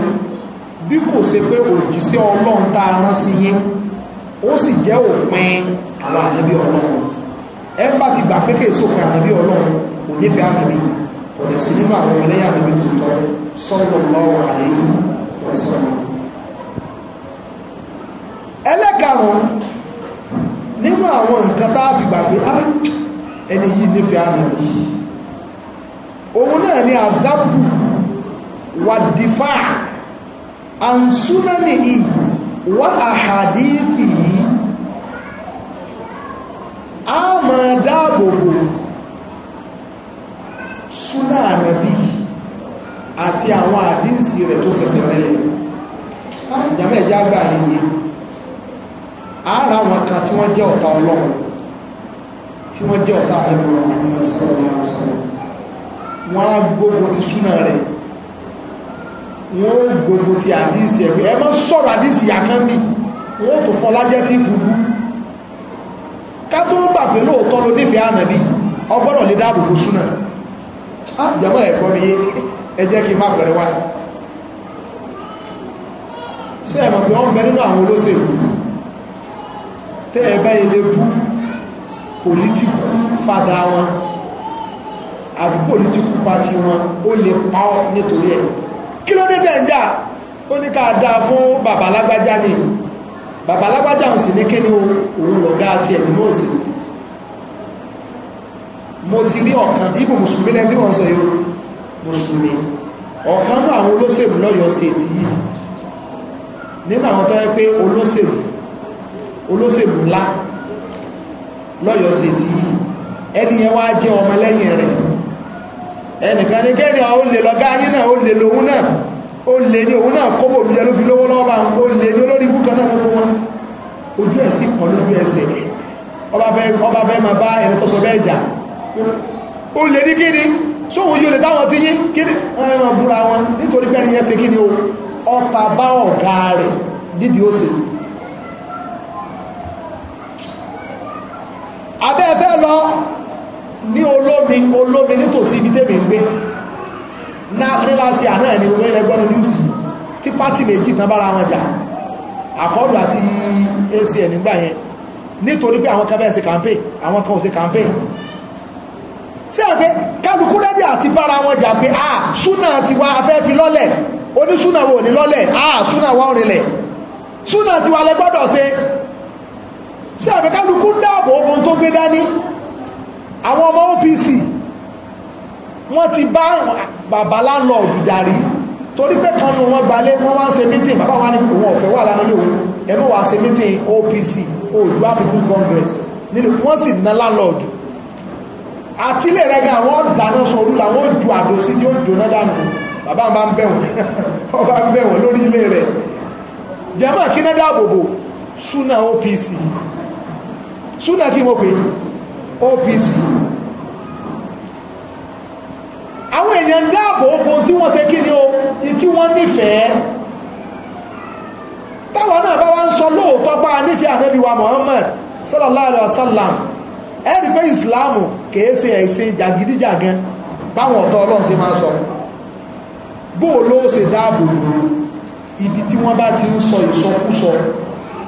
bí kò ṣe pé òjíṣẹ́ Ọlọ́run rán sí yín ó sì jẹ́ òpin àwọn ànábí ọlọ́run ẹ bá ti gbà pé kèèso òpin ànábí ọlọ́run kò nífẹ̀ẹ́ ànábí kò lè sí nínú àwọn ọlẹ́yà ànábí tó tọ́ sallallahu alayhi wa sallam ẹlẹ́karùn-ún nínú àwọn nǹkan tá a fi gbà pé ah, ẹni yìí nífẹ̀ẹ́ ànábí òun náà ni àzábù wàdìfà àǹsúnáni ì wà àhàdífì a máa dáàbòbò súnà ànábì àti àwọn àdínsì rẹ̀ tó fẹsẹ̀ rẹ̀lẹ̀ ìjàmẹ́ ìjà gbà níye ara àwọn kan tí wọ́n jẹ́ ọ̀tá ọlọ́run tí wọ́n jẹ́ ọ̀tá ànábì Muhammad sallallahu alaihi wasallam wọ́n á gbogbo ti súnà rẹ̀ wọ́n gbogbo ti àdínsì ẹ̀gbẹ́ ká tó gbà pé lóòótọ́ ló nífẹ̀ẹ́ ànàbí ọgbọ́dọ̀ lè dáàbòbò súnà ah, jẹ́mọ́ ẹ̀kọ́ ni ẹ jẹ́ kí n má fẹ̀rẹ̀ wá sí ẹ̀mọ̀ pé wọ́n bẹ nínú àwọn olóṣèlú tẹ́ ẹ bá ilé bú pòlítíkù fada wọn àbí pòlítíkù pati wọn ó lè pa ọ́ nítorí ẹ̀ kí ló dé dẹ̀ ń ó ní ká dáa fún bàbá lágbájá nìyí bàbá alágbájá òsì ní ni òun lọ̀gá àti ẹ̀mí náà sí mo ti rí ọ̀kan ibù mùsùlùmí lẹ́yìn tí wọ́n sọ yóò mùsùlùmí ọ̀kan náà àwọn olóṣèlú lọ́yọ̀ stéètì yìí nínú àwọn tó yẹ pé olóṣèlú olóṣèlú ńlá lọ́yọ̀ stéètì yìí ẹni yẹn wá jẹ́ ọmọ lẹ́yìn rẹ̀ ẹnìkan ní kẹ́ni àwọn olè lọ́gá yín náà olè lòun náà ó lè ní òun náà kọ́bọ̀ olùjẹ́ ló fi lówó lọ́wọ́ ó lè ní olórí ibú kan náà gbogbo wọn ojú ẹ̀ sí pọ̀ lójú ẹsẹ̀ ọba fẹ́ máa bá ẹni tó sọ bẹ́ẹ̀ jà ó lè ní kíni sóhun yóò lè táwọn ti yín kíni wọ́n ẹ̀rọ búra wọn nítorí pẹ́ni yẹn ṣe kíni o ọta bá ọ̀gá rẹ̀ dídì ó sì abẹ́ẹ̀fẹ́ lọ ní olómi olómi nítòsí ibi tẹ́mi ń gbé ní láti àná ẹni gbogbo ilẹ̀ gbọ́nà níwùsì tí pátì méjì tán bára wọn jà àkọọ́dù àti acn nígbà yẹn nítorí pé àwọn kan fẹ́ ṣe campaign àwọn kan ò ṣe campaign sí àpé kálukú rẹ́dí àti bára wọn jà pé ah súnà tiwa afẹ́ fi lọ́lẹ̀ onísúnà wo ní lọ́lẹ̀ ah súnà wa òrìnlẹ̀ súnà tiwa lẹ gbọ́dọ̀ ṣe sí àpé kálukú dáàbò ogun tó gbé dání àwọn ọmọ OPC wọ́n ti bá bàbá láńlọ́ọ̀dù jàrí torí pé kan ní wọ́n gbalé wọ́n wá ń ṣe mítìn bàbá wa ní òun ọ̀fẹ́ wà lánà ní òun ẹ̀mọ́ wà ṣe mítìn OPC Oòduà People Congress nínú wọ́n sì ná láńlọ́ọ̀dù àti ilé rẹ̀ gan àwọn dáná sun olú làwọn ju àdó sí tí ó jóná dànù bàbá bá ń bẹ̀ wọ́n ọba ń bẹ̀ wọ́n lórí ilé rẹ̀ jẹ́mọ̀ kí náà dáàbòbò súnà OPC súnà kí wọ́n pè OPC àwọn èèyàn dáàbò ogun tí wọ́n ṣe kí ni o tí wọ́n nífẹ̀ẹ́ táwọn náà bá wá ń sọ lóòótọ́ bá nífẹ̀ẹ́ ànábì wa Muhammad sallallahu alaihi wasallam ẹ̀rí pé ìsìláàmù kìí ṣe ẹ̀sìn jàgídíjàgan báwọn ọ̀tọ́ ọlọ́run ṣe máa sọ bóò ló ṣe dáàbò ibi tí wọ́n bá ti ń sọ ìsọkúsọ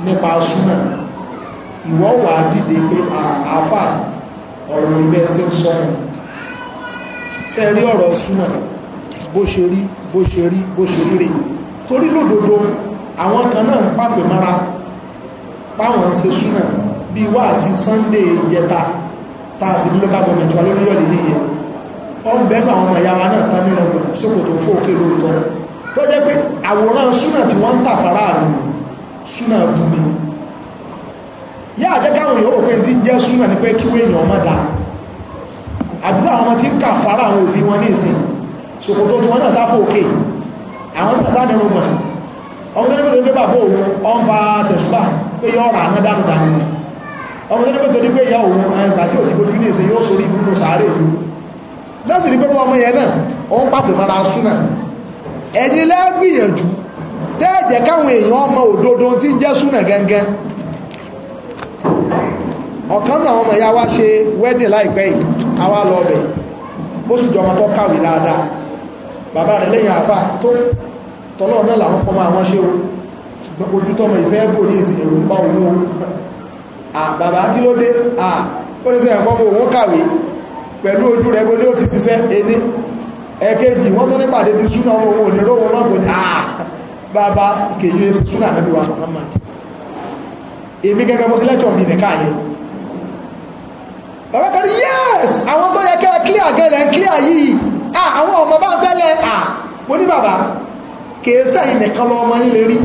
nípa súnà ìwọ́ wà dìde pé àáfà ọ̀rọ̀ ìbẹ́sẹ̀ sọ́nà tẹ́ rí ọ̀rọ̀ súnà bó ṣe rí bó ṣe rí bó ṣe rí rè torí lódodo àwọn kan náà ń pàpè mára páwọn ṣe súnà bí wá sí sunday ìjẹta tá a sì ní local government wà lórí ọ̀lẹ́ nìyẹn wọ́n bẹ́ẹ̀ náà àwọn ọmọ ìyá wa náà tán nínú ọgbọ̀n sókòtò fóòkè lóòótọ́ tó jẹ́ pé àwòrán súnà tí wọ́n ń tà faraàlú súnà bùnmi yá àjẹ́káwọn èèyàn rò pé tí ń jẹ́ súnà ní pé kíwé èèyàn ọmọ dáa àdúrà àwọn ọmọ tí ń kà fara àwọn òbí wọn ní ìsìn ṣòkòtò tí wọ́n náà sáfò òkè àwọn náà sáà nínú gbọ̀n ọmọ tó ní pẹ̀lú pépà fún òun ọm fa tẹ̀sùpà pé yọ ọ̀rà àná dánù dánù ọmọ tó ní pẹ̀lú ní pé ìyá òun àgbà tí òjì gbójú ní ìsìn yóò sórí ìlú sàárè ìlú lọ́sì ní pẹ̀lú ọmọ yẹn náà òun pàpè mara súnà ẹ̀yin lẹ́gbìyànjú ọ̀kan náà ọmọ ìyá wa ṣe wedding láìpẹ́ yìí àwa lọ bẹ̀ bó sì jọmọ tó kàwé dáadáa bàbá rẹ̀ lẹ́yìn àfà tó tọ́lọ́ náà làwọn fọmọ àwọn ṣe o ṣùgbọ́n ojú tọ́mọ ìfẹ́ bò ìsìn èrò òun o bàbá kí ló dé à ó ní sẹ́yìn fọ́mọ òun kàwé pẹ̀lú ojú rẹ̀ bó ní ó ti ṣiṣẹ́ ẹni ẹ̀kejì wọ́n tó nípàdé ti súnà ọmọ òun òní lóhun náà kò ní àà bàbá kèyí súnà náà bí wà Muhammad èmi gẹ́gẹ́ bó sí lẹ́tọ̀ mi nìkan yẹn bàbá kan yes àwọn tó yẹ kẹ́ ẹ clear gẹ́lẹ̀ ń clear yìí àwọn ọmọ bá ń fẹ́lẹ̀ à mo ní bàbá kèé sẹ́yìn nìkan lọ ọmọ yín lè rí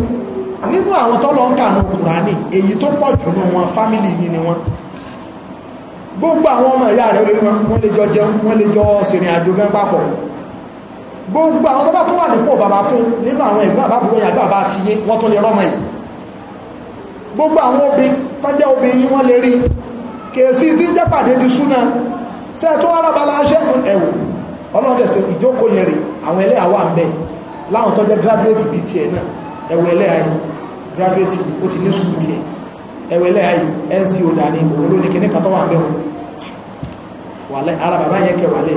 nínú àwọn tọ́lọ ń kànú kùránì èyí tó pọ̀ jù nù wọn fámìlì yìí ni wọn gbogbo àwọn ọmọ ìyá rẹ̀ orí wọn wọ́n lè jọ jẹun wọ́n lè jọ sìnrìn àjò gan papọ̀ gbogbo àwọn tó bá tó wà nípò bàbá fún nínú àwọn ìgbà bàbá búrò yàgbà bá ti yé wọ́n tó lè rọ́mọ yìí gbogbo àwọn obìnrin tọ́jẹ́ obìnrin wọ́n lè rí kèsí tí ń jẹ́pàdé di súná araba tó wá rábàlá ṣẹ́kùn ẹ̀wù ọlọ́dẹ̀sẹ̀ ìjókòó yẹn rè àwọn ẹlẹ́yà wà ń bẹ láwọn tó jẹ́ graduate bíi tiẹ̀ náà ẹlẹ́yà yìí graduate ó ti ní sùkúù tiẹ̀ ẹ̀wù ẹlẹ́yà yìí nco dání òun ló ní kíní kan tó wà ń bẹ wọn wàlẹ́ ara bàbá yẹn kẹ wàlẹ́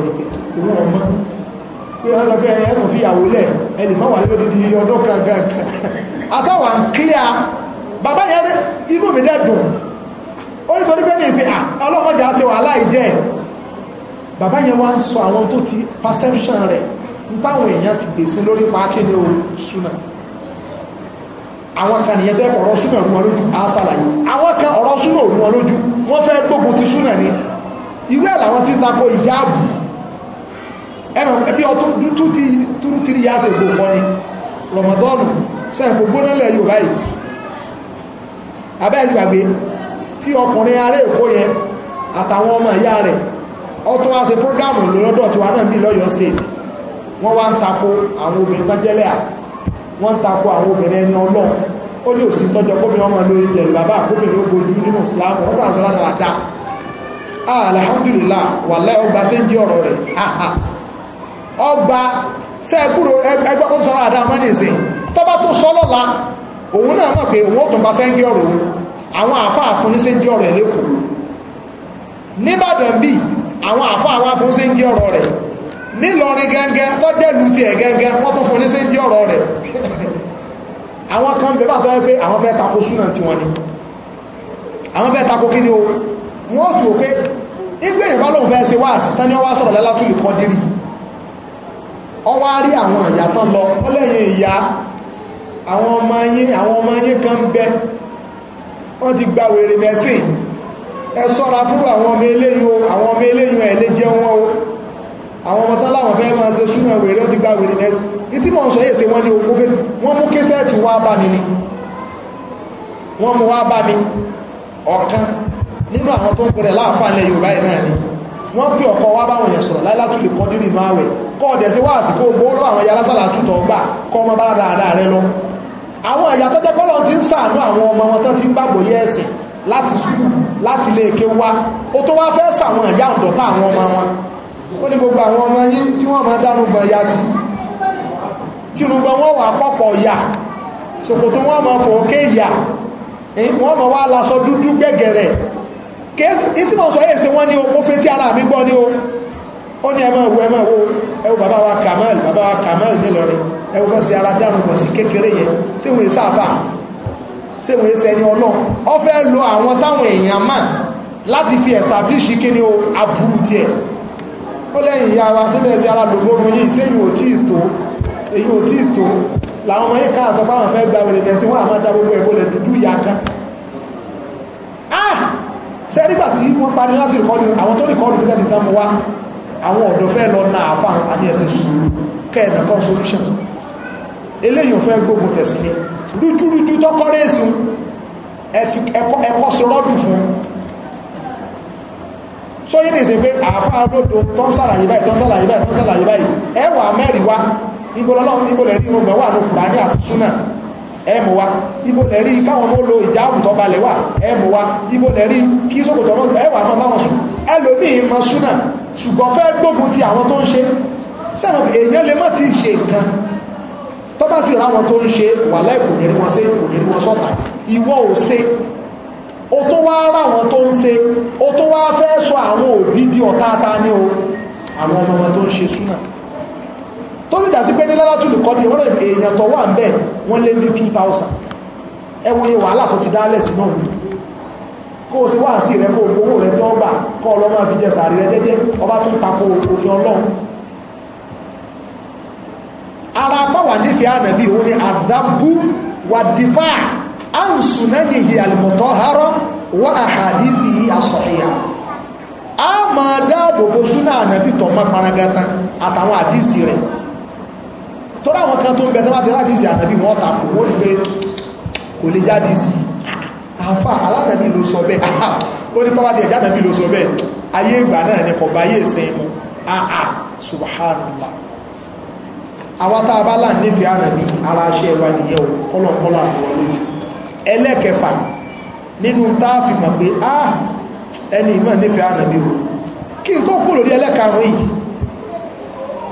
pé ọmọ pé lọ ó ní torí pé ní ìsìn ọlọ́mọjà ṣe wàhálà ìjẹ́ bàbá yẹn wá ń sọ àwọn tó ti perception rẹ̀ ń táwọn èèyàn ti gbèsè lórí pàákéde o súnà àwọn kan nìyẹn tẹ́ ọ̀rọ̀ súnà òun lójú àṣàlàyé àwọn kan ọ̀rọ̀ súnà òun lójú wọ́n fẹ́ gbógun ti súnà ní irú ẹ̀ làwọn ti tako ìjáàbù ẹ̀rọ ẹbí ọtún dúdú ti túrú tìrí yá sí ìgbò kọ́ni rọmọdọ́nù sẹ́yìn gbogbo nílẹ̀ Yorùbá yìí abẹ́ẹ̀lú àgbẹ̀ tí ọkùnrin ará èkó yẹn àtàwọn ọmọ ìyá rẹ̀ ọtún wá ṣe prógámù lọ́dọ̀ tiwa náà bí lọ́yọ̀ state wọ́n wá ń tako àwọn obìnrin bá à wọ́n ń tako àwọn obìnrin ẹni ọlọ́ ó ní òsì tọ́jọ ọmọ lórí bàbá ó gbojú nínú wọ́n ọgbà sí ah, ń jí ọ̀rọ̀ rẹ̀ ọgbà ẹgbẹ́ kó nìsín tó àwọn àfáà fún ní sí ń jẹ́ ọ̀rọ̀ ẹ̀ lẹ́kọ̀ọ́ nìbàdàn bíi àwọn àfáà wá fún sí ń jẹ́ ọ̀rọ̀ rẹ̀ nílọrin gẹ́gẹ́ tó jẹ́lu tiẹ̀ gẹ́gẹ́ wọ́n tún fún ní sí ń jẹ́ ọ̀rọ̀ rẹ̀ àwọn kan bẹ̀bà tó yẹ pé àwọn fẹ́ tako súnà tí wọ́n ni àwọn fẹ́ tako kí ni o wọ́n tù ó pé igbé ìbá lóun fẹ́ ṣe wáàsí tán ni ó wá sọ̀rọ̀ lẹ́látùlù kọ́ dírì ọ wá rí àwọn ìyá tán lọ ó lẹ́yìn ìyá àwọn wọ́n ti gba wèrè mẹ́sìn ẹ sọ́ra fún àwọn ọmọ eléyìn o àwọn ọmọ eléyìn ẹ̀ lè jẹun wọn o àwọn ọmọ táláwọn fẹ́ máa ṣe súnmọ̀ wèrè ó ti gba wèrè mẹ́sìn ní tí mọ̀ ń sọ yẹ́ ṣe wọ́n ní ogún fẹ́ wọ́n mú késẹ́ẹ̀tì wá bá mi ni wọ́n mú wá bá mi ọ̀kan nínú àwọn tó ń pẹ̀rẹ̀ láàfáàlẹ̀ Yorùbá ẹ̀ náà ni wọ́n pè ọ̀kọ́ wá báwọn èèyàn sọ̀rọ̀ láìlátù lè kọ́ dínì máa wẹ̀ kọ́ ọ̀dẹ̀ sí wáàsí kó gbó lọ́wọ́ àwọn yàrá sàlátù tọ́ gbà kọ́ àwọn ẹ̀yà tó jẹ́ kọ́lọ̀ ti ń sàánú àwọn ọmọ wọn tán ti ń gbàgbọ́ yẹ́ ẹ̀sìn láti sùúrù láti lè ké wá ó tó wá fẹ́ sàwọn ẹ̀yà ọ̀dọ̀tá àwọn ọmọ wọn ó ní gbogbo àwọn ọmọ yín tí wọ́n máa dánú gbọ̀n ya sí tí rúgbọ́n wọ́n wà pọ̀pọ̀ ya ṣòkòtò wọ́n máa fò ókè ya wọ́n máa wá láṣọ dúdú gbẹ̀gẹ̀rẹ̀ kí mọ̀ sọ yẹ́ sí wọ́n ní o mo fẹ́ tí ara mi gbọ́ ní o ó ní ẹmọ ìwọ ẹmọ ìwọ ẹwọ bàbá wa Kamal bàbá wa Kamal nílọrin ẹgbẹ́ sí ara dànù pọ̀ sí kékeré yẹn tí wọ́n sáfà tí wọ́n sẹni ọlọ́run ọ fẹ́ lo àwọn táwọn èèyàn mà láti fi establish kí ni o aburú tiẹ̀ ó lẹ́yìn ìyá wa síbẹ̀ sí ara lògbòrò yìí sẹ́yìn ò tí ì tó èyí ò tí ì tó làwọn ọmọ yìí ká sọ pé àwọn fẹ́ gba wèrè jẹ sí wọn àmọ́ da gbogbo ẹ̀kọ́ lẹ̀ dúdú ìyá kan ah ṣe nígbà tí wọ́n parí láti rìkọ́dù àwọn tó rìkọ́dù pé tẹ́tì tán mu wá àwọn ọ̀dọ́ fẹ́ lọ na àáfà àní ẹ̀sẹ̀ sùúrù kẹ́ẹ̀dẹ̀kọ́ solutions eléyìn fẹ́ gbógun tẹ̀sí ni rújúrújú tọ́kọ́ rẹ́ẹ̀sì ẹ̀kọ́ sọ́rọ́fù fún so yìí nìsẹ̀ pé àáfà lódo tọ́ sàlàyé báyìí tọ́ sàlàyé báyìí tọ́ sàlàyé báyìí ẹwà mẹ́rin wá ìbọ̀lọ́lọ́run ìbọ̀lẹ̀ rí gbogbo wà ní Kùránì àti súnà ẹmù wa ibo lẹ̀ rí káwọn mọ́ lo ìjáàbù tó balẹ̀ wà ẹmù wa ibo lẹ̀ rí kí sókòtò ọmọ ẹwà náà bá wọn sùn ẹlòmíì mọ súnà ṣùgbọ́n fẹ́ gbógun ti àwọn tó ń ṣe sẹ́wọ̀n èèyàn lè má ti ṣe nǹkan tó bá sì ráwọn tó ń ṣe wàhálà kò ní rí wọn ṣe kò ní rí wọn sọ́tà ìwọ ò ṣe o tó wá ráwọn tó ń ṣe o tó wá fẹ́ sọ àwọn òbí di ọ̀tá ta ní o àwọn ọmọ wọn tó ń ṣe súnà tó sì jásí pé ní lálátùlù kọ́ ni wọ́n èèyàn tó wà ń bẹ̀ wọ́n lé ní 2000 ẹ wo iye wàhálà tó ti dálẹ̀ sí náà kó o sì wá sí rẹ kó o gbowó rẹ tí wọ́n gbà kọ́ ọ lọ́ máa fi jẹ sàárì rẹ jẹ́jẹ́ ọba tó ń tako òfin ọlọ́run ara pàwà nífẹ̀ẹ́ ànàbí òun ni àdábú wà dìfà àǹsùnẹ́nìyí àlùmọ̀tọ́ harọ́ wà àhàdífì àsọ̀ríyà a máa dáàbòbò súnà ànàbí tọ̀ mọ́ paragata àtàwọn àdíìsì rẹ̀ tó ráwọn kan tó ń bẹ̀tẹ́ láti rádìísì ànàbí wọ́n àwátá abálà nífẹ̀ẹ́ ànàbí ara ṣe ẹwà nìyẹn o kọ́lọ̀kọ́lọ̀ àbúwà lójú ẹlẹ́kẹfà nínú táàfì mọ̀ pé á ah, ẹni ìmọ̀ nífẹ̀ẹ́ ànàbí o kí n tó kú lórí ẹlẹ́karùn yìí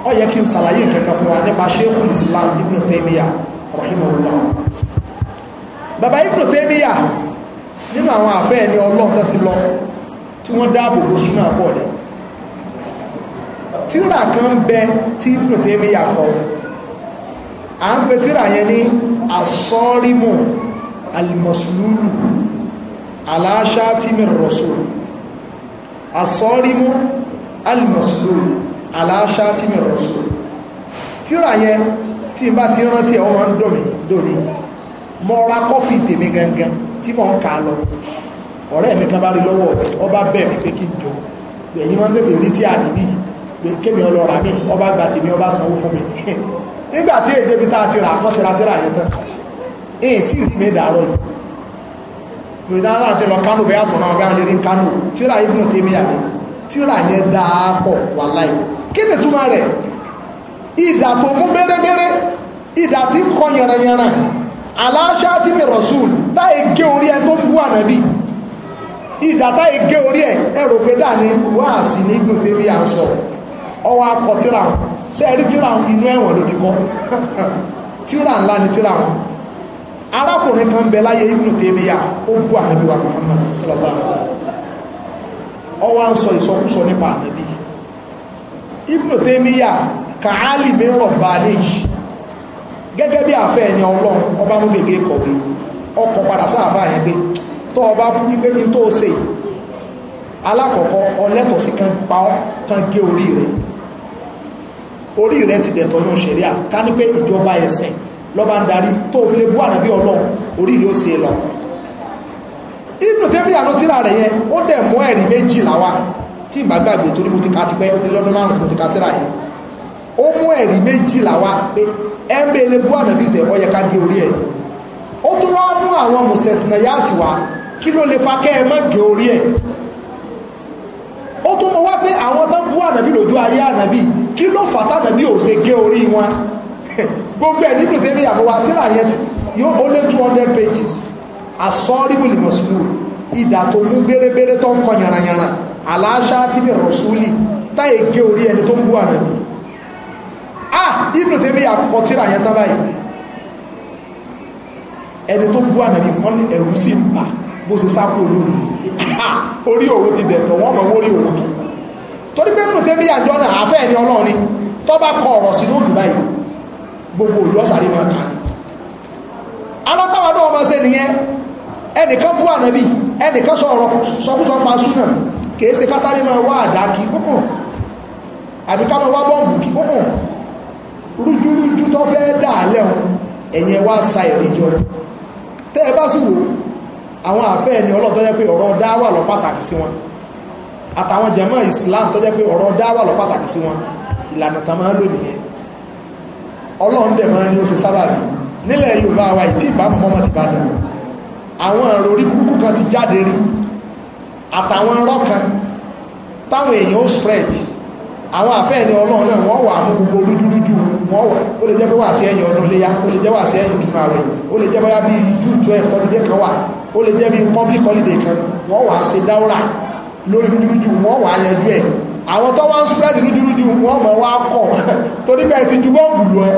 ó yẹ kí n sàlàyé ìkẹ́kẹ́ fún wa nípa Sheikhul Islam Ibn Taymiyyah rahimahullah bàbá Ibn Taymiyyah nínú àwọn àfẹ́ ẹni ọlọ́ọ̀tọ́ ti lọ tí wọ́n dáàbò bó súnmọ́ àpọ̀ rẹ̀ tíra kan bẹ tí Ibn Taymiyyah kọ à ń pe tíra yẹn ní asọ́rímù almaslulu aláṣátìmì rasul asọ́rímù almaslulu aláṣátìmì rasul tíra yẹn tí n bá ti rántí ẹ̀ wọ́n máa ń dòmí dòní mọ́ ra kọ́pì tèmi gangan tí mò ń kà lọ ọ̀rẹ́ mi kan bá rí lọ́wọ́ ọba bẹ́ẹ̀ mi pé kí n jọ ẹ̀yìn máa ń tètè rí tí àdìbí kémi ọlọ́ra mi ọba gba tèmi ọba sanwó fún mi nígbà tí èdè bí táà ti rà kọ́ tira tira yẹn tán èyí tí ìrìn mi dàrọ́ yìí lòdà náà ti lọ kánò bẹ́ẹ̀ àtọ̀ náà gbára lérí kánò tírà ibùn tèmi àlẹ́ tírà yẹn dáa pọ̀ wà láì kí ni túmọ̀ rẹ̀ ìdà tó mú bẹ́rẹ́bẹ́rẹ́ ìdà tí kọ yànnayànna aláṣà tí mi rọ̀sùl táyé gé orí ẹ tó ń bú ànábì ìdà táyé gé orí ẹ ẹ rò pé dà ní wáàsí ní ibùn tèmi à ń sọ ọwọ́ akọ tírà wọn ṣe ẹ̀rí tíra inú ẹ̀wọ̀n ló ti kọ́ tíra ńlá ni tíra wọn arákùnrin kan bẹ láyé tèmíyà ó kú ọwá ń sọ ìsọkúsọ nípa ànábì ibùdó tèmíyà kàálì mi rọ̀ bá léyìí gẹ́gẹ́ bí àfẹ́ ẹni ọlọ́run ọba mú gègé kọ̀wé ọkọ̀ padà sáàfà yẹn gbé tó ọba tó ṣe alákọ̀ọ́kọ́ ọlẹ́tọ̀ọ́sí kan pa ọ́ kan orí rẹ̀ ti dẹ̀tọ̀ ní ṣẹ̀ríà ká ní pé ìjọba ẹ̀sìn lọ́ba ń darí tó fi lè bú ànábí ọlọ́run orí rẹ̀ ó sì lọ ibùdó tẹ́bí àlọ́ tíra rẹ̀ yẹn ó dẹ̀ mọ́ ẹ̀rí méjì láwá tí ìgbà gbàgbé torí mo ti ka ti pẹ́ ó ti lọ́dún márùn mo ti ka tíra yẹn ó mú ẹ̀rí méjì láwá pé ẹ ń bẹ lè bú ànábí ìṣẹ̀ ó ká di orí ẹ̀ ni ó tún wá mú àwọn mùsẹ̀tìnàyàtì wá kí kí ló fà tàbí bí ò ṣe gé orí wọn gbogbo ẹ̀ nínú tẹ́lẹ̀ àbúwá tíra yẹn yóò ó lé 200 pages asọ́ríbùlì mọ̀sùlù ìdà tó mú bérebére tó ń kọ yànràyànrà aláṣá tí mi rọ̀súlì táyé gé orí ẹni tó ń bú àrẹ̀ mi ah ibùdó tẹ́lẹ̀ àkọ́ tíra yẹn tán báyìí ẹni tó bú ànàbí wọ́n ní ẹ̀rù sí ń bà bó ṣe sápò lórí orí òun ti dẹ̀tọ̀ wọ́n mọ̀ wórí òun tó torí pé nínú tẹ́mí àjọ náà àfẹ́ ẹni ọlọ́run ni tó bá kọ ọ̀rọ̀ sí lóòlù báyìí gbogbo òlú ọ̀sàrí máa kà ní alátàwà náà máa ṣe nìyẹn ẹnìkan bú ànábì ẹnìkan sọ ọ̀rọ̀ sọkúsọ pa súnà kìí ṣe kásáré máa wá àdá kí kókò àbí ká máa wá bọ́ọ̀mù kí kókò rújúrújú tó fẹ́ dà lẹ́hùn ẹ̀yẹ wá sa ìrìnjọ tẹ́ ẹ bá sì wò àwọn àfẹ́ ẹni ọlọ́tọ́ jẹ́ pé ọ̀rọ̀ dá wà lọ pàtàkì sí wọn àtàwọn jẹ̀mọ́ Islam tó jẹ́ pé ọ̀rọ̀ dáwà lọ pàtàkì sí wọn ìlànà tàn máa ń lò nìyẹn ọlọ́run dẹ̀ máa ń ní ó ṣe sábàbí nílẹ̀ Yorùbá wa ìtí ìbámu mọ́mọ́ ti bá dà àwọn ọ̀rọ̀ orí burúkú kan ti jáde rí àtàwọn ọ̀rọ̀ kan táwọn èèyàn ó spread àwọn àfẹ́ẹ̀ni ọlọ́run náà wọ́n wà mú gbogbo olúdúdúdú wọ́n wà ó lè jẹ́ pé wà sí ẹ̀yìn ọdún léyá ó lè jẹ́ wà sí ẹ̀yìn ìtumà rẹ̀ ó lè jẹ́ bóyá bí júùtù ẹ̀kọ́ lóde kan wà ó lè jẹ́ bí public holiday kan wọ́n wà á ṣe dáúrà lórí rúdurúdu wọ́n wà yẹjú ẹ̀ àwọn tó wá ń spread rúdurúdu wọ́n mọ̀ wá kọ̀ torí bẹ́ẹ̀ ti ju bọ́ọ̀bù lọ ẹ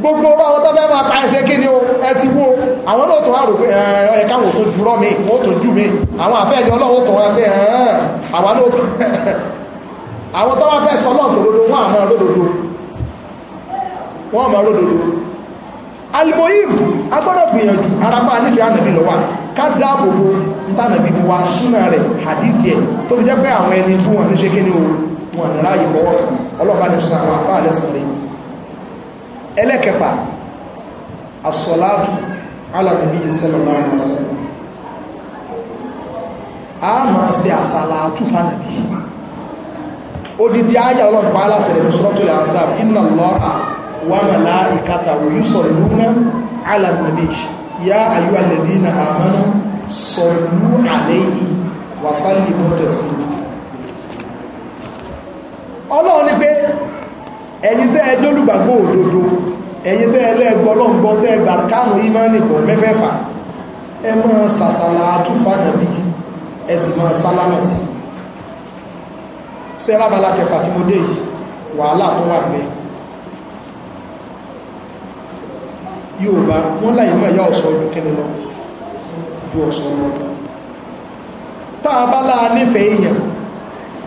gbogbo ọba àwọn tó fẹ́ máa pa ẹsẹ̀ kéde o ẹ ti wo àwọn náà tó wá rò pé ẹ káwọn tó jùrọ mi wọ́n tó jù mi àwọn àfẹ́ẹ̀dì ọlọ́wọ́ tó wá pé àwọn náà tó àwọn tó wá fẹ́ sọ náà tòdodo wọn àmọ́ lódodo wọn àmọ́ lódodo alimoyim agbọ́dọ̀ gbìyànjú arapa nífẹ̀ẹ́ ká dáàbò bo ntànà bíbí wa súnà rẹ̀ hadithi ẹ̀ tó fi jẹ́ pé àwọn ẹni tó wọn ní ṣe kíni o wọn ní ráyè fọwọ́ kan ọlọ́ba ní sàn àwọn àfáà lẹ́sàn rẹ̀ ẹlẹ́kẹfà asọ́látù alàbíbí sallallahu alaihi wasallam a máa ṣe àsàlátù fánàbí odidi ayà ọlọ́pàá aláṣẹ̀rẹ̀ ní suratul Ahzab Ya yá ayú alẹ́bínà àmánú sọ̀lú àlẹ́yìí wàsálì mọ́tẹ̀sí ọlọ́run ni pé ẹ̀yin tẹ́ ẹjọ́ olùgbàgbọ́ òdodo ẹ̀yin tẹ́ ẹlẹ́gbọ́lọ́gbọ́ tẹ́ ẹgbàkánù ìmánìbọ̀ mẹ́fẹ́fà ẹ máa sàsàlà àtúfà nàbí ẹ sì máa sálámà sí sẹ́rábàlá kẹfà tí mo dé yìí wàhálà tó wà bẹ́ẹ̀ yóò bá wọ́n láì máa yá ọ̀sọ̀ ojú kí ni lọ ju ọ̀sọ̀ lọ táà bá láà nífẹ̀ẹ́ èèyàn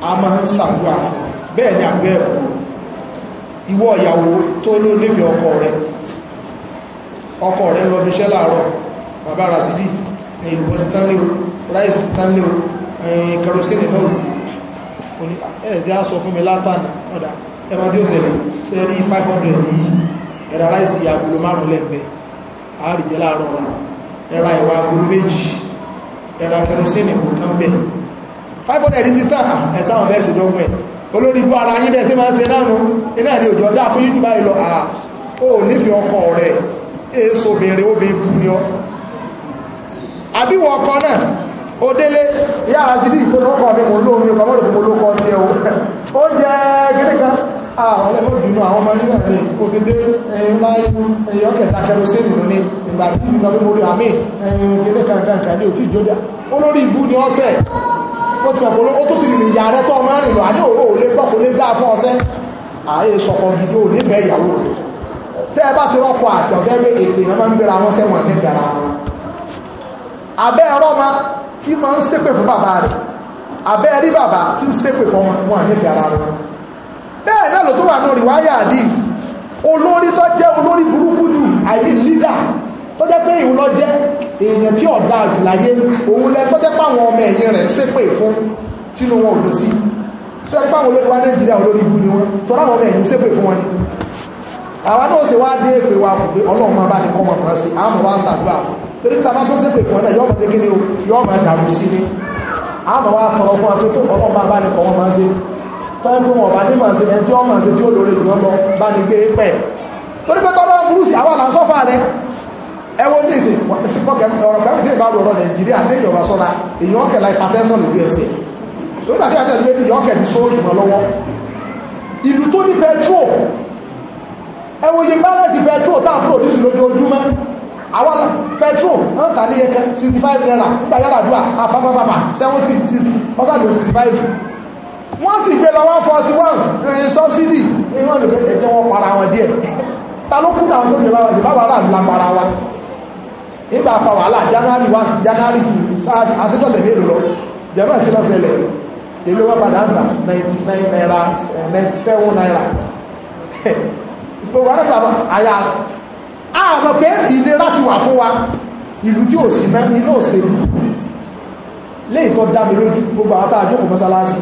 a máa ń sàdúrà fún bẹ́ẹ̀ ni àgbẹ́ ẹ̀kọ́ ìwọ ìyàwó tó ló nífẹ̀ẹ́ ọkọ rẹ ọkọ rẹ lọ bí iṣẹ́ láàárọ̀ bàbá rasidi ìlúwọ́ ti tán léo ráìsì ti tán léo kẹrosínì náà sí ẹ̀ẹ́sì á sọ fún mi látànà ọ̀dà ẹ̀mọ́dé 500 ẹ̀rà láìsí agolo márùn lẹ́gbẹ̀ẹ́ àárìjẹ́ láàárọ̀ ọ̀la ẹ̀rà ìwà agolo méjì ẹ̀rà kẹrọsínì kò kán bẹ̀ 500 ti tàn ẹ̀sáwọn mẹ́sì dọ́gbẹ̀ olórí bú ara yín bẹ́sí máa ń ṣe lánú iná ni òjò dá fún youtube báyìí lọ à ó nífẹ̀ẹ́ ọkọ rẹ̀ èso obìnrin obìnrin bú ni ọ àbíwọ ọkọ náà ó délé yára sí bí ìtọ́jú ọkọ mi mo lóun mi ọkọ mọ́lùkú mo ló kọ́ jẹ́ kíníkà àwọn ah, ẹlẹ́mọ̀ dùnú àwọn ọmọ yìí rẹ̀ kò ti dé ẹ̀yìn láyé ẹ̀yìn ọ̀kẹta kẹrosínì lóní ìgbà tí ìbí sọ pé mo rí àmì ẹ̀yìn ìgbélé kankan kan ní òtí ìjọdá olórí ìbú ni ọ̀sẹ̀ ó ti pẹ̀pọ̀ ó tó ti rìn ìyá rẹ̀ tó ọmọ rìn lọ àdé òwò òlé pọ̀ kò lè dá fún ọ̀sẹ̀ ààyè sọ̀kọ̀ gidi ò nífẹ̀ẹ́ ìyàwó rẹ̀ tẹ́ ẹ bá ti rọ́pò àti ọ̀fẹ́ pé èpè náà máa ń gbéra wọn sẹ́wọ̀n nífẹ̀ẹ́ ara wọn abẹ́ ẹ̀rọ ma tí máa ń ṣépè fún bàbá rẹ̀ abẹ́ rí bàbá tí ń ṣépè fún wọn nífẹ̀ẹ́ ara wọn bẹ́ẹ̀ náà ló tó wà náà rìwáyà àdì olórí tó jẹ́ olórí burúkú jù àìrí lídà tó jẹ́ pé ìwúlọ́ jẹ́ èèyàn tí ọ̀dà àjùláyé òun lẹ tó jẹ́ páwọn ọmọ ẹ̀yìn rẹ̀ ṣépè fún tínú wọn ò dùn sí sẹ́ni páwọn olórí wa nàìjíríà olórí ibu ni wọn tó ráwọn ọmọ ẹ̀yìn ṣépè fún wọn ni àwa náà sì wá dé èpè wa kò pé ọlọ́run máa bá ní kọ́mọ̀ kan sí àmọ́ wá ṣàdúrà fún torí níta bá tó ṣépè fún ọ náà yọ ọmọ tẹ́kẹ́ ni o yọ ọmọ tọ́jú wọn bá ní màṣẹ ẹni tí wọ́n màṣẹ tí ó lórí ìgbọ́n lọ bá ní gbé pẹ̀ torí pé tọ́lọ́ burúkú àwọn là ń sọ́fà rẹ ẹ wo ní ìsìn ọ̀rọ̀ pẹ̀lú ìdí ìbáwọ̀ ọ̀rọ̀ nàìjíríà ní ìjọba sọ́la èèyàn kẹla hypertension lórí ẹsẹ̀ so nígbà tí a tẹ̀lé méjì yọ̀ọ́kẹ̀ ní sóòlù mọ́ lọ́wọ́ ìlú tó ní petrol ẹ wo iye balance petrol tá à ń produce lójoojúmọ́ àwọn petrol ń tà ní yẹkẹ sixty five naira nígbà yàrá àdúrà àfáfáfáfá seventy sixty ọ̀sán ló sixty five wọ́n sì gbé eh, lọ 141 ẹ̀yìn subsidy ìwọ̀n lè ẹ̀jẹ̀ wọn para wọn díẹ̀ ta ló kú àwọn tó lè bá wọn jù báwa ráàlú la para wa nígbà fa wàhálà january one, january 2 sars àṣejọ́sẹ̀ mélòó lọ jẹ̀mọ́ ìkílọ́sẹ̀lẹ̀ èlé wọn padà ń ninety-nine naira eh, ninety-seven naira gbogbo àrẹ́ta àyà àmọ̀ pé ìlera ti wà fún wa ìlú tí ò sí iná òṣèlú léìtọ́ dámi lójú gbogbo àwọn tàà jókòó mọ́sálásí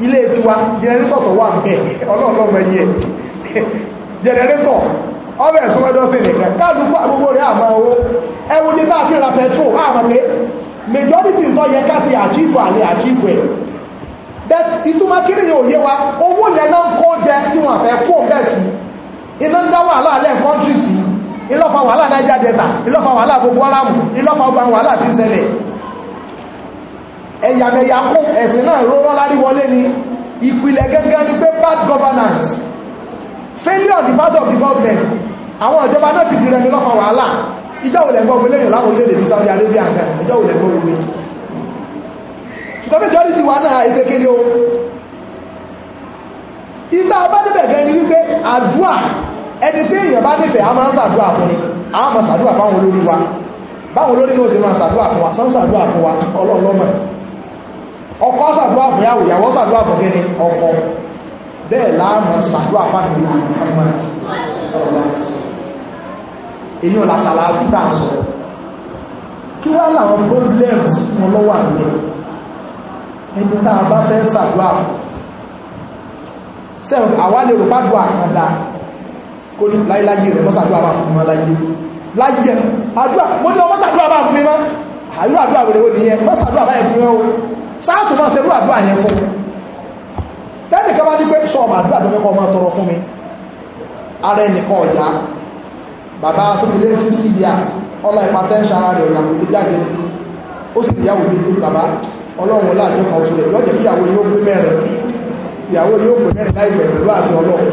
ilé tiwa jẹnẹrétọ̀ tó wà bẹ̀ ọlọ́ọ̀lọ́mọ yẹ jẹnẹrétọ̀ ọbẹ̀ ìsúnmọ́dọ́sìn nìkan káàdùkú àgbogbo rẹ̀ àmọ́ owó ẹwùjẹ tá a fi ra petrol àmọ́ pé majority tó yẹ ti àjífò àlè ẹ̀ bẹ́ẹ̀ ìtumá kí nìyẹn òye wa owó yẹn náà ń kó jẹ tí wọ́n fẹ́ kó bẹ́ẹ̀ sí iná ń dá wàhálà alẹ́ sí ilọ́fà wàhálà ilọ́fà wàhálà gbogbo ilọ́fà gbogbo wàhálà ẹ̀yàmẹ̀yà kún ẹ̀sìn náà rọ́rọ́ lárí wọlé ni ìpìlẹ̀ gẹ́gẹ́ ni pé bad governance failure on the part of the government àwọn ìjọba náà fìdí rẹmi lọ́fà wàhálà ìjọ òlẹ̀ gbọ́ gbé lẹ́yìn láwọn orílẹ̀-èdè bíi Saudi Arabia gan ìjọ òlẹ̀ gbọ́ gbogbo ṣùgbọ́n majority wa náà ẹsẹ̀ kéde o ìgbà abádébẹ̀ gan ni wípé àdúà ẹni tí èèyàn bá nífẹ̀ẹ́ a máa ń ṣàdúà fún ni a máa ṣàdúà fáwọn olórí wa báwọn olórí náà sì máa ṣàdúà fún wa sáwọn ṣàdúà fún wa ọlọ́ọ̀lọ́mọ̀ ọkọ ṣàdúrà fún yàwó ìyàwó ṣàdúrà fún kí ni ọkọ bẹ́ẹ̀ láàmú ṣàdúrà fáwọn ọmọ sọ̀rọ̀ èyí ọ̀la ṣàlàyé tá à sọ̀rọ̀ kí wá làwọn problems wọn lọ́wọ́ àgbẹ̀ ẹni tá a bá fẹ́ ṣàdúrà fún sẹ́wọ̀n àwa lè rò pàdùn àkàndá kó ní láyéláyé rẹ̀ mọ́sàdúrà bá fún mi láyé láyé àdúrà mo ní ọmọ ṣàdúrà bá fún mi mọ́ àyúrò àdúrà wèrèwò nìyẹn mọ́sàdúrà báyẹn fún mi ó sáàtù máa ṣerú àdúrà yẹn fún tẹ́nìkan bá ní pé sọ ọmọ àdúrà tó fẹ́kọ̀ọ́ máa tọrọ fún mi ara ẹnìkan ọ̀yá bàbá tó fi lé 60 years ọlọ́ hypertension ara rẹ̀ ọ̀yà kò lè jáde ó sì ìyàwó bí i bàbá ọlọ́run láàjọ kan oṣù rẹ̀ yóò jẹ́ kí ìyàwó yóò gbé mẹ́rin ìyàwó yóò gbé mẹ́rin láìpẹ́ pẹ̀lú àṣẹ ọlọ́run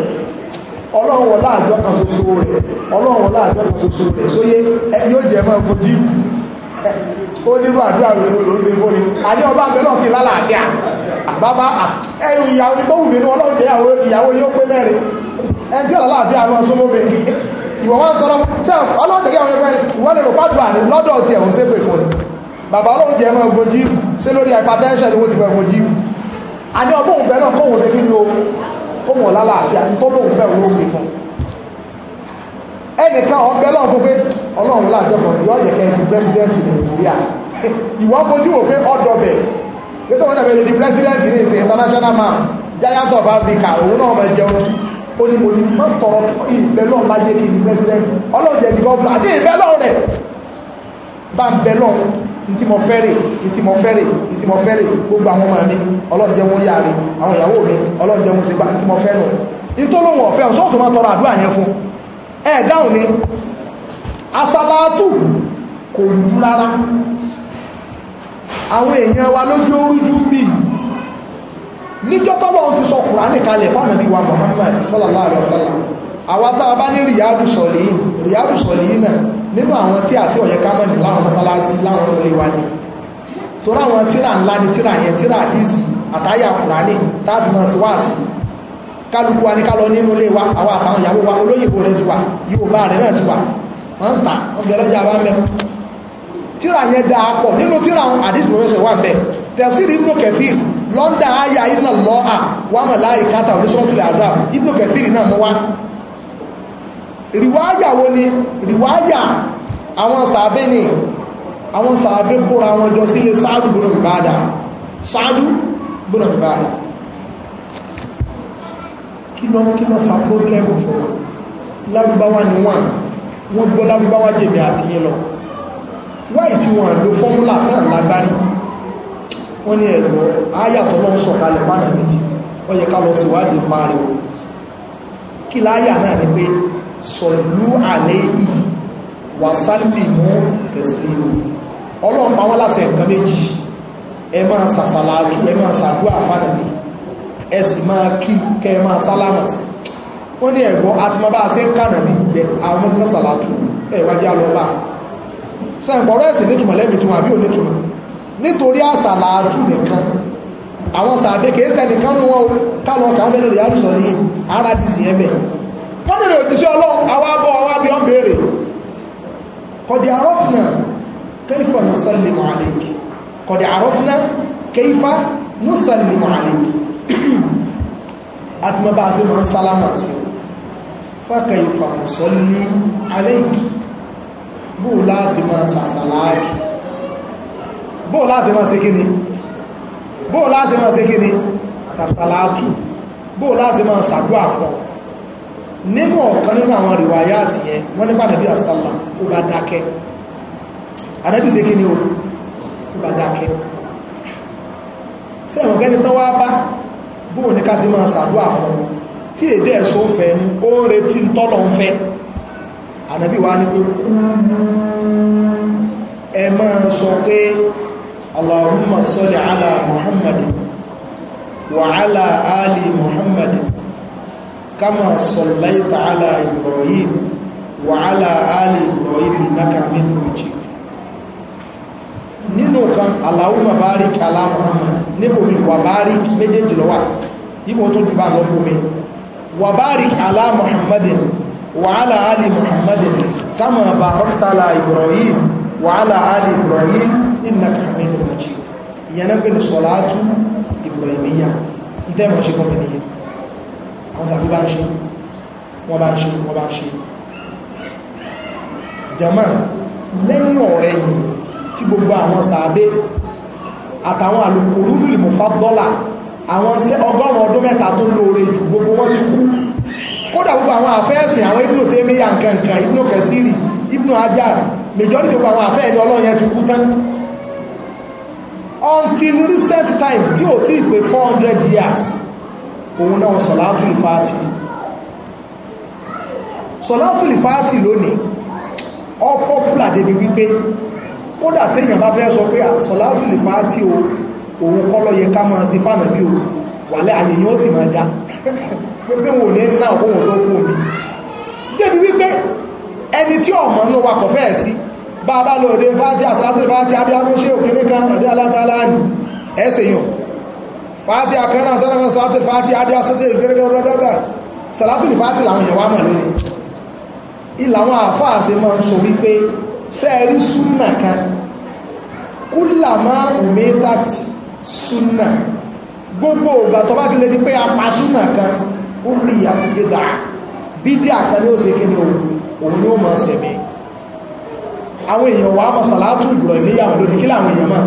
ó nílò àdúrà lórí ló ń ṣe fún ni àní ọba àbẹ́ náà fi lálàáfíà àbábá ẹ̀yìn ìyàwó tó wù mí ní ọlọ́run jẹ́ ìyàwó yóò pé mẹ́rin ẹni tí ọ̀làláàfíà lọ súnmọ́ mi ìwọ̀n wọn tọrọ ṣe ọlọ́run jẹ́ àwọn ẹgbẹ́ ìwọ́n lè rò pàdùà ní lọ́dọ̀ ti ẹ̀wọ̀n ṣépè fún ni bàbá ọlọ́run jẹ́ máa gbojú ìbù ṣé lórí hypertension ni wọ́n ti máa gbojú ìbù àní ọgbọ́n òun bẹ́ẹ̀ náà kóhùn ṣe kí ni o kóhùn ọ̀làláàfíà ní tó lóhùn fẹ́ òun ó ṣe fún un ẹnìkan ọ̀bẹ lọ́wọ́ fún pé ọlọ́run láàjọ kan yóò jẹ́ kẹ́ di president nàìjíríà ìwọ fojú wò pé ọ̀dọ̀bẹ̀ pé tó wọ́n dàbẹ̀ lè di president ní ìsìn international man giant of africa òun náà máa jẹun kí ó ní mo ti mọ́ tọrọ ìbẹ́ lọ́run láyé kí di president ọlọ́run jẹ́ di gọ́ọ̀nà àti ìbẹ́ lọ́run rẹ̀ bá ń bẹ lọ́run ntí mo fẹ́ rè ntí mo fẹ́ rè ntí mo fẹ́ rè gbogbo àwọn ọmọ mi ọlọ́run jẹ́ wọn rí àárẹ̀ àwọn ìyàwó mi ọlọ́run jẹ́ wọn ti gbà ntí mo fẹ́ nù nítorí máa tọrọ àdúrà yẹn fún un ẹ̀ dáhùn ni asálátù kò rújú rárá àwọn èèyàn wa lójú orújú bí ti sọ kùránì fáwọn bí wa Muhammad sallallahu alaihi wasallam àwa tá bá ní ríyádù sọ̀lì ríyádù sọ̀lì náà nínú àwọn tí àti ọ̀yẹ́ láwọn mọ́sálásí láwọn ni tíra ńlá ni tíra yẹn tíra àdìsí àtàyà kùránì táàfin mọ́ kálukú wa ní kálọ nínú ilé wa àwọn àtàwọn ìyàwó wa olóyìnbó rẹ ti wà yóò bá rẹ náà ti wà wọ́n ń tà wọ́n fi ọlọ́jà bá ń bẹ tíra yẹn dáa pọ̀ nínú tíra àwọn àdísìwò rẹ̀ wà ń bẹ tẹ̀síìrì ibùdó kẹfìrì lọ́ndà ayà iná lọ́à wàmọ̀ láì kátà onísọ́tùlẹ̀ azab ibùdó kẹfìrì náà mọ́ wá rìwáyà wo ni rìwáyà àwọn sàábé ni àwọn sàábé kóra wọn jọ sílé sáàdù gbọ́nà ìbáadà sáàdù gbọ́nà ìbáadà kí ló kí ló fa pọ́blẹ́mù fún wa lárúbáwá ni wọ́n wọ́n gbọ́ lárúbáwá jèmi àti yín lọ wáyé tí wọ́n lo fọ́múlà náà lágbárí wọ́n ní ẹ̀gbọ́ áyàtọ̀ lọ́n sọ̀kalẹ̀ fánà bí ó yẹ ká lọ síwádìí parí o kí láyà náà ni pé sọ̀lú àlẹ́ yìí wà sálì mú tẹ̀sí o ọlọ́run pa wọ́n láṣẹ nǹkan méjì ẹ máa sàṣàlà ẹ máa sàdúà fánà bí ẹ̀sì máa kí kẹ́ máa sálámà sí wọ́n ní ẹ̀gbọ́ àti máa bá a ṣe ń kànà bí ìgbẹ́ àwọn mẹ́tọ́ sàlátù ẹ̀wájá lọ bá sẹ́ǹpọ̀rọ̀ ẹ̀sìn nítumọ̀ lẹ́mìí tí wọ́n àbí onítumọ̀ nítorí àsàlátù nìkan àwọn sàbẹ̀ kìí sẹ́ni kánú wọn kánú ọkà ọmọ ìlú yàrá sọ̀rí ara dì sí ẹ̀bẹ̀ wọ́n nílò òjíṣẹ́ ọlọ́run àwọn abọ́ àwọn abẹ́ ọ̀n béèrè kọ̀dì àrọ́fìnà kẹfà nùsàlì mọ̀àlẹ́kì kọ̀dì àrọ́fìnà kẹfà nùsàlì mọ̀àlẹ́kì àti mọ́ bá a sí mọ́ sálámà sí fákà ìfàmùsọ́ ní aléìkì bóò láàsì máa sàsàláàjù bóò láàsì máa ṣe kíni bóò láàsì máa ṣe kíni sàsàláàjù bóò láàsì máa sàdúà fún nínú ọ̀kan nínú àwọn rìwáyà àti yẹn wọ́n nípa nàbí àsálà ó bá dákẹ́ ànábì ṣe kíni ó bá dákẹ́ sẹ́wọ̀n kẹ́ni tó bá bóò ní ká sí máa ṣàdúà fún tí èdè ẹ̀sọ́ ń fẹ́ ní ó ń retí ń tọ́lọ̀ ń fẹ́ ànábì wa ní pé kú ẹ máa sọ pé Allahumma salli ala Muhammadin wa ala ali kama sallaita ala Ibrahim wa ala ali Ibrahim innaka hamidun nínú kan Allahumma barik ala Muhammad níbòmí wàbárí méjèèjì lọ́wà ibò tó jù bá lọ bómi wàbárí alá muhammadin wàhálà alì muhammadin kama bàrọ́tàlá ibrahim wàhálà alì ibrahim inna kàmínú mají ìyẹnà pẹ̀lú sọ̀látú ibrahimiyya ń tẹ́mọ̀ ṣe fún mi nìyẹn àwọn tàbí bá ń tí gbogbo àwọn sàábé àtàwọn àlùkòrú lùlùmọ̀ fábọ́là àwọn ọgọ́rùn ọdún mẹ́ta tó lóore jù gbogbo wọn ti kú kódà gbogbo àwọn àfẹ́ẹ̀sìn àwọn ibùdó tó mẹ́yà nkankan ibùdó kẹsìrì ibùdó ajáàrì mẹjọ́rì tó gba àwọn àfẹ́ẹ̀ni ọlọ́yẹn ti kú tán until recent time tí ò tí ì pé 400 years òun náà sọ̀látù ìfáàtì sọ̀látù ìfáàtì lónìí ọ pọ́pùlà débi wípé kódà téèyàn bá fẹ́ sọ pé àsọ̀láàtù ah, lè fàá tí o òun kọ́ ló yẹ ká máa sí fánà bí o wàlẹ́ àyè yóò sì máa já pé tí wọn ò ní ná òun tó kú omi débi wípé ẹni tí ọmọ inú wa kọ̀ fẹ́ẹ̀ sí bá a bá lọ òde fáti àsọ̀láàtù lè fàá tí abẹ́ akọ́ṣe òkèlè kan àdé alátàlá ni ẹsẹ̀ yàn fàáti akẹ́nà sọ́nà sọ́láàtù fàáti adé asọ́sẹ̀ ìgbẹ́rẹ́gbẹ́rẹ́gbẹ́ sọ́láàtù lè fàá tí làwọn èèyàn wá mọ̀ lónìí ìlànà àfáà ṣe máa ń sọ sẹ́ẹ̀rí súnà kan kúlà máa òmé tàbí súnà gbogbo ògbà tó bá kílẹ̀ ní pé apá súnà kan ó rí àti gbégbà bídí àkan ní ó se kí ni òun ni ó mọ̀ sẹ̀mí àwọn èèyàn wà mọ̀ sàlátù ìgbọ̀rọ̀ ìníyàwó lónìí kí làwọn èèyàn mọ̀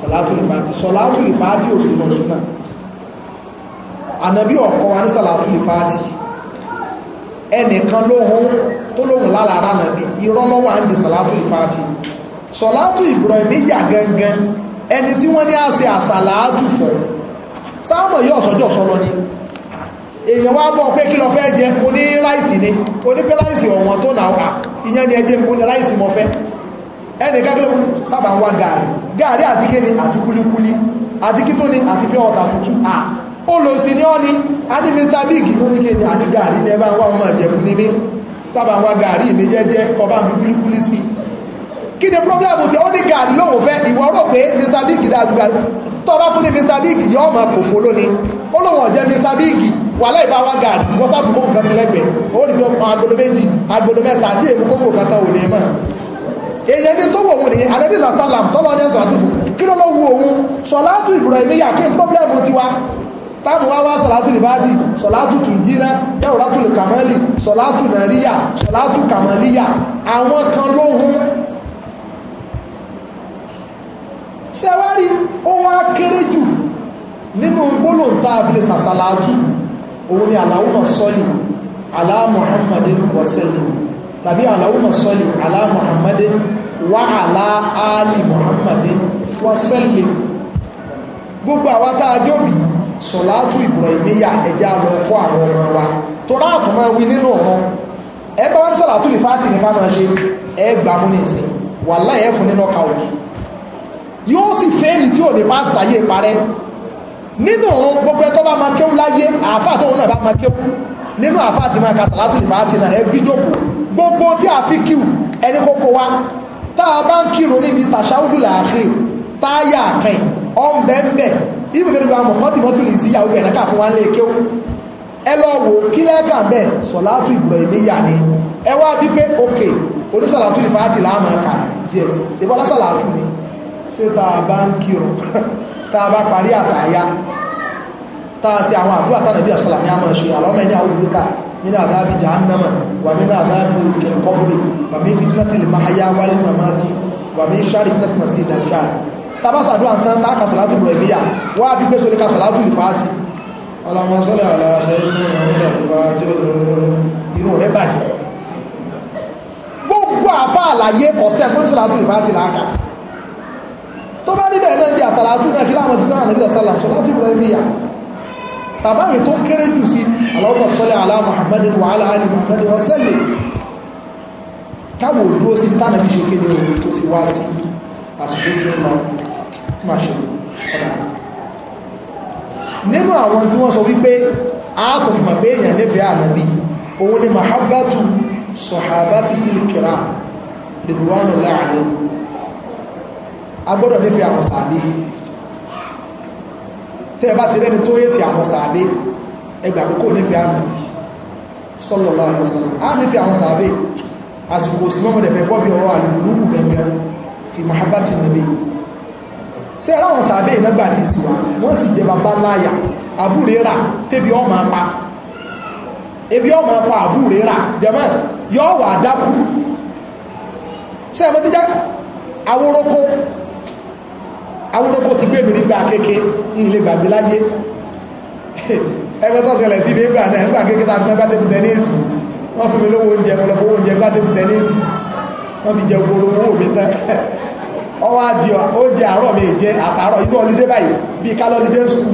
sàlátù ìfàtí sàlátù ìfàtí ò sí lọ súnà ànàbí ọ̀kọ́ wa ní sàlátù ìfàtí ẹnìkan lóhun tó lóhùn lára ara nàbí irọ́ lọ́wọ́ à ń di sàlátù ìfàtì sàlátù ìbùrọ̀míyà gangan ẹni tí wọ́n ní á ṣe àsàlátù fọ́ sáàmù yóò sọ́jọ́ sọ́lọ́ ni èèyàn wá bọ́ pé kí lọ fẹ́ jẹ mo ní ráìsì ni o ní pé ráìsì ọ̀wọ́n tó náà ìyẹn ni ẹjẹ́ mo ní ráìsì mọ́ fẹ́ ẹni kẹ́kẹ́lẹ́ sábà ń wá gààrí gààrí àti kéni àti kúlíkúlí àti kí tó ni àti pé ọ̀tà tútù à ó lọ sí ní àti Mr Big ó ní kéni àti gààrí ní ẹbá wà ọmọ ìjẹ̀bù ní tábà wá gàrí mi jẹ́jẹ́ kọba mi kúlíkúlí sí kí ni problem ti ó ní gàrí lóhùn fẹ́ ìwọ rò pé Mr Big dájú gàrí tó bá fún ní Mr Big yọ ọmọ kòfó lónìí ó lóhùn ọ̀jẹ́ Mr Big wà láì bá wá gàrí wọ́n sábà kó nǹkan sí lẹ́gbẹ̀ẹ́ ó rí bí agbodo méjì agbodo mẹ́ta àti èmi kókò kata ò ní mọ̀ èyẹ ní tó wò òun nìyẹn Ànábì sàlám tọ́lọ́ ní ẹ̀sán àdúgbò kí ló lọ́ wo òun sọ̀lá àtú Ibrahim yà kí n problem tiwa táàmù wá wá sọ̀látù lìbátì sọ̀látù tùjírá jẹ́wòrátù kàmálì sọ̀látù nàríyà sọ̀látù kàmálíyà àwọn kan lóhun ṣẹwárí ó wá kéré jù nínú gbólóhùn tá a fi lè sàṣàlátù òun ni Allahumma sọ́lì ala Muhammadin wa sallim tàbí Allahumma sọ́lì ala Muhammadin wa ala ali Muhammadin wa sallim gbogbo àwa tá sọ̀látù ìbùrọ̀ìníyà ẹjá lọ kọ́ àwọn ọmọ wa tó ráàtù máa wí nínú ọ̀run ẹgbẹ́ wọ́n ní sọ̀látù lè fàátì ní fáwọn ṣe ẹgbà múnìtì wà láyé fún nínú ọkà òjì yóò sì fẹ́ẹ̀lì tí ò lè bá sàyè parẹ́ nínú ọ̀run gbogbo ẹ tó bá máa kéwú láyé àáfàá tó náà bá máa kéwú nínú àáfàá ti máa ka sọ̀látù lè fàátì náà ẹbí jókòó gbogbo tí a fi kíw ẹni kókó wa tá a bá ń kírun níbi tàṣáwùdù làákì táyà kẹ́yìn ọ̀nbẹ̀ǹbẹ̀ ìbùkẹ́dùgbò àmọ̀kọ́dìmọ́tò lè sí ìyàwó ẹ̀lẹ́kà fún wa lè kéwú ẹ lọ wò kí lẹ́ẹ̀kà ń bẹ̀ sọ̀látù ìgbọ̀ ìmíyà ni ẹ wá bí pé òkè onísàlátù ní fàátì láàmà ẹ̀ka yes ṣe bọ́lá sàlátù ni ṣé tá a bá ń kírun tá a bá parí àtàyà tá a ṣe àwọn àdúrà tá nàbí àṣàlà ní àmọ̀ ṣe àlọ́mọ ẹni àwọn olùkà nínú àdábì jahannama wà nínú àdábì kẹ̀kọ́ wà mí fìdínàtì lè máa yá wálé màmá ti wà mí sáré fìdínàtì màsí ìdájà tabasadu antan ta kasalatu ibrahimiya wa bi pe so ni kasalatu lifati Allahumma salli ala sayyidina Muhammad inú rẹ̀ bàjẹ́ gbogbo àfá àlàyé kọ̀sẹ̀ fún ìsàlátù lifati láàkà tó bá níbẹ̀ náà bí àsàlátù náà kí láwọn sí náà nílẹ̀ sálà sọ́látù ibrahimiya tàbáyé tó kéré jù sí Allahumma salli káwò dúó sí tánàbí ṣe kéde tó fi wá sí àsìkò tí ó lọ má ṣe ọ̀dà nínú àwọn tí wọ́n sọ wípé ààkò fìmọ̀ pé èèyàn nífẹ̀ẹ́ ànábì òun ni mahabbatu sọ̀hábátì ìlkìrá lèbùránù láàrin agbọ́dọ̀ nífẹ̀ẹ́ àwọn sàábé tẹ́ bá ti rẹ́ni tó yé ti àwọn sàábé ẹgbà àkókò nífẹ̀ẹ́ ànábì sallallahu alaihi wasallam á nífẹ̀ẹ́ àwọn sàábé àsìkò sí mọ́mọ́dẹ̀fẹ́ bọ́bí ọ̀rọ̀ àlùgbùlùgbù gẹ́gẹ́ fi mahabati nabi ṣe aláwọn sàbẹ̀ ìnágbà ní ìsìnwá wọ́n sì jẹ bàbá láyà àbúrérà tẹ́bi ọmọ apá ebi ọmọ apá àbúrérà jẹ́mọ́ yọ wà dákú ṣe ẹ̀mọ́ tí jẹ́ awórókó awórókó ti gbé mi nígbà kéke ní ilé gbàgbé láyé ẹgbẹ́ tó ṣẹlẹ̀ sí nígbà náà nígbà kéke tá a fi gbá tẹ́bi tẹ́nísì wọ́n fún mi lówó oúnjẹ mo lọ fowó oúnjẹ gbá tẹ́bi tẹ́nísì wọ́n fi jẹ gbogbo ọwọ́ àdì oúnjẹ àárọ̀ mi jẹ àtàárọ̀ inú ọlídé báyìí bí kálọ́lídé skul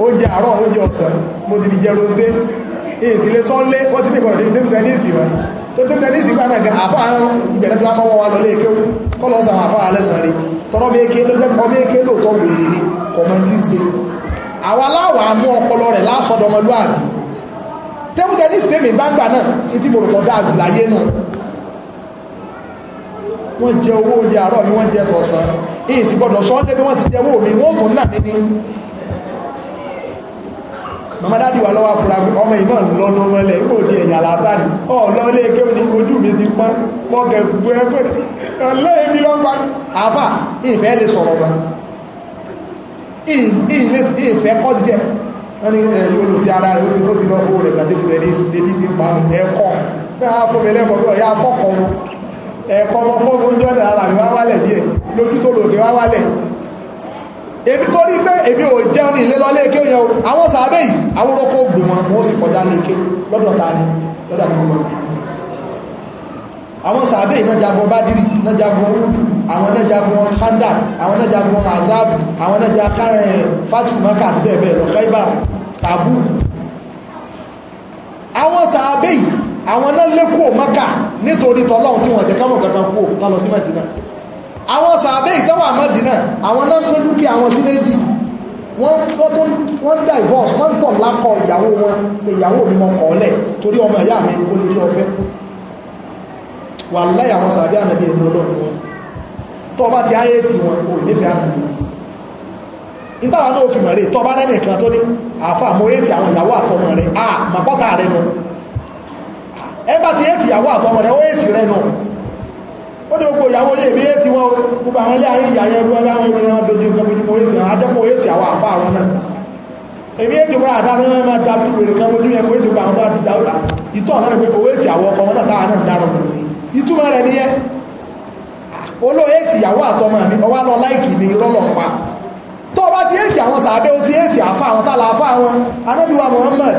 oúnjẹ àárọ̀ oúnjẹ ọ̀sán mo ti fi jẹ rondé ìsìlẹ̀ sọ́lé wọ́n ti nígbọ̀rọ̀ dé tẹ́bù tẹ́nísì wọ́n tó tẹ́bù tẹ́nísì gbá náà àfá àrùn ìbẹ̀rẹ̀ tó wá mọ́wọ́ wa lọlé èké kọ́lọ̀ sọ àfá alẹ́sàn rí tọrọ bí èké lọ́jọ́ bí èké lóòtọ́ wèrè ní kọ̀mọ́tí ń ṣe àwa láwà mú ọpọlọ rẹ̀ lásọdọmọlúàbí tẹ́bù tẹ́nísì tẹ́mì gbangba náà tí mo rò kọjá àgbìláyé náà wọ́n jẹ owó oúnjẹ àárọ̀ mi wọ́n jẹ tọ̀sán èyí sì gbọ́dọ̀ sọ ọ́njẹ́ bí wọ́n ti jẹ owó mi wọ́n tún náà níní mama dadi wa lọ́wọ́ afura ọmọ ìmọ̀ lọ́nà mọ́lẹ̀ ó di ẹ̀yà lásán ọ̀ lọ́lé kéwù ní ojú mi ti pọ́n mọ́kẹ̀ bu ẹgbẹ́ ọlọ́yẹ̀ mi lọ́gbà àfà ìfẹ́ lè sọ̀rọ̀ wọn ìfẹ́ kọ́ jẹ́ wọ́n ní olùsí ara rẹ̀ ó ti lọ́wọ́ rẹ̀ gbàdébìrẹ̀ ní débi ti pa ẹ̀kọ́ náà fún mi lẹ́kọ̀ọ́ ẹ̀kọ́ ọmọ fún oúnjẹ ara mi wá wálẹ̀ díẹ̀ lójú tó wá wálẹ̀ èmi tó rí pé èmi ò jẹun ní ilé lọ́lé èké yẹn àwọn sàábé yìí àwọn orókó gbò wọn wọn sì kọjá ní èké lọ́dọ̀ ta ni lọ́dọ̀ àwọn ọmọ yìí àwọn náà lékú òmọ́kà nítorí tọ́lọ́hun tí wọ́n jẹ́ káwọn kankan kú ò lọ sí Mẹ́dínà àwọn sàbẹ́ ìtẹ́wà Mẹ́dínà àwọn náà pín dúkìá sí méjì wọ́n divorce wọ́n tọ̀ lákọ̀ ìyàwó wọn ìyàwó mi mọ́ kọ̀ọ́lẹ̀ torí ọmọ ìyá mi kó lórí ọfẹ́ wà láyé àwọn sàbẹ́ ànàbí ẹni ọlọ́run wọn tọ́ bá ti ayé tí wọn kò nífẹ̀ẹ́ ànàbí ìtàwọn náà fi mọ̀ rẹ̀ tọ́ tó ní àfà mo rẹ̀ ti àwọn ìyàwó àtọmọ rẹ̀ à ah, màpọ́ta rẹ̀ náà ẹgbà ti ètì ìyàwó àtọmọ rẹ̀ ó ètì rẹ̀ nù ó ní gbogbo ìyàwó yìí èmi ètì wọn gbogbo àwọn ilé ayé ìyàyẹ ẹgbẹ́ ọlá àwọn ìpínlẹ̀ wọn dojú ìkan bójú mọ́ ètì àwọn ajẹ́pọ̀ ètì àwọn àfá àwọn náà èmi ètì wọn àdá mẹ́rin máa da bí wèrè kan bójú ẹkọ ètì àwọn tó ti da ọ̀la ìtọ́ àwọn ẹgbẹ́ owó ètì àwọn ọkọ̀ wọn tàtà náà dára ọ̀pọ̀ sí ìtumọ̀ rẹ̀ nìyẹn olóò ètì ìyàwó àtọmọ mi ọwá tó bá ti ètì àwọn sàábẹ́ ó ti ètì àfá àwọn tààlà àfá àwọn anábíwá Muhammad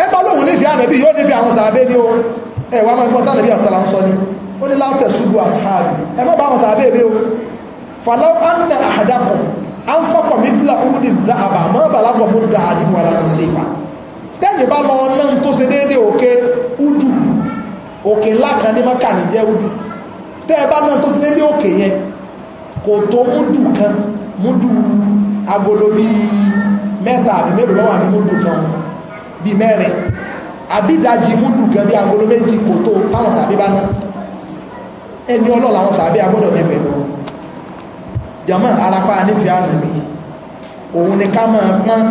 ẹ bá lóhun nífẹ̀ẹ́ ànábì yóò nífẹ̀ẹ́ àwọn sàábé ní o ẹ wà máa ń pọ́ntà ànábì àsàlà ń sọ ni ó ní láǹtẹ̀ ṣubú àṣàbì ẹ bá àwọn sàábé mi o fàlọ́ ànà àdákùn àǹfọ̀kọ̀ mi fìlà òwúdi dá àbà mọ́ bàlágọ̀ mú da àdìmú ara lọ sí ìfà tẹ́yìn bá lọ náà tó ṣe déédé òkè údù òkè ńlá kan ní mọ́kà ní jẹ́ údù tẹ́ ẹ bá náà tó ṣe déédé òkè yẹn kò tó múdù kan múdù agolo mẹ́ta àbí mélòó lọ́wọ́ àbí múdù kan bíi mẹ́rin àbí ìdajì múdù gan bí agolo méjì kò tó táwọn sàbí bá ná ẹni ọlọ́ làwọn sàbí agbọ́dọ̀ nífẹ̀ẹ́ lọ jama arapa nífẹ̀ẹ́ ànàbí òun ni ká máa pán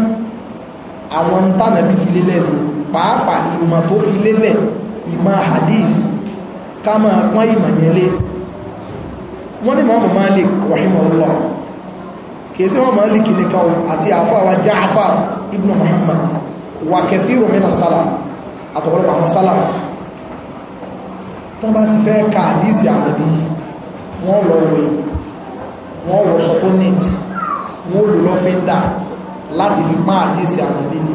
àwọn tánàbí fi lélẹ̀ lò pàápàá ìmọ̀ tó fi lélẹ̀ ìmọ̀ hadith ká máa pán ìmọ̀ yẹn lé wọ́n ní Imam Malik rahimahullah kìí sí Imam Malik nìkan àti àfáà wa Ja'far ibn Muhammad wà kẹfìrò mìíràn sálà àtọ̀pọ̀lọpọ̀ àwọn sálà tó bá ti fẹ́ ka àdísì àmàbí wọ́n lọ wẹ̀ wọ́n wọ̀ṣọ tó nìtì wọ́n lò lọ fi ń dà láti fi pán àdísì àmàbí ni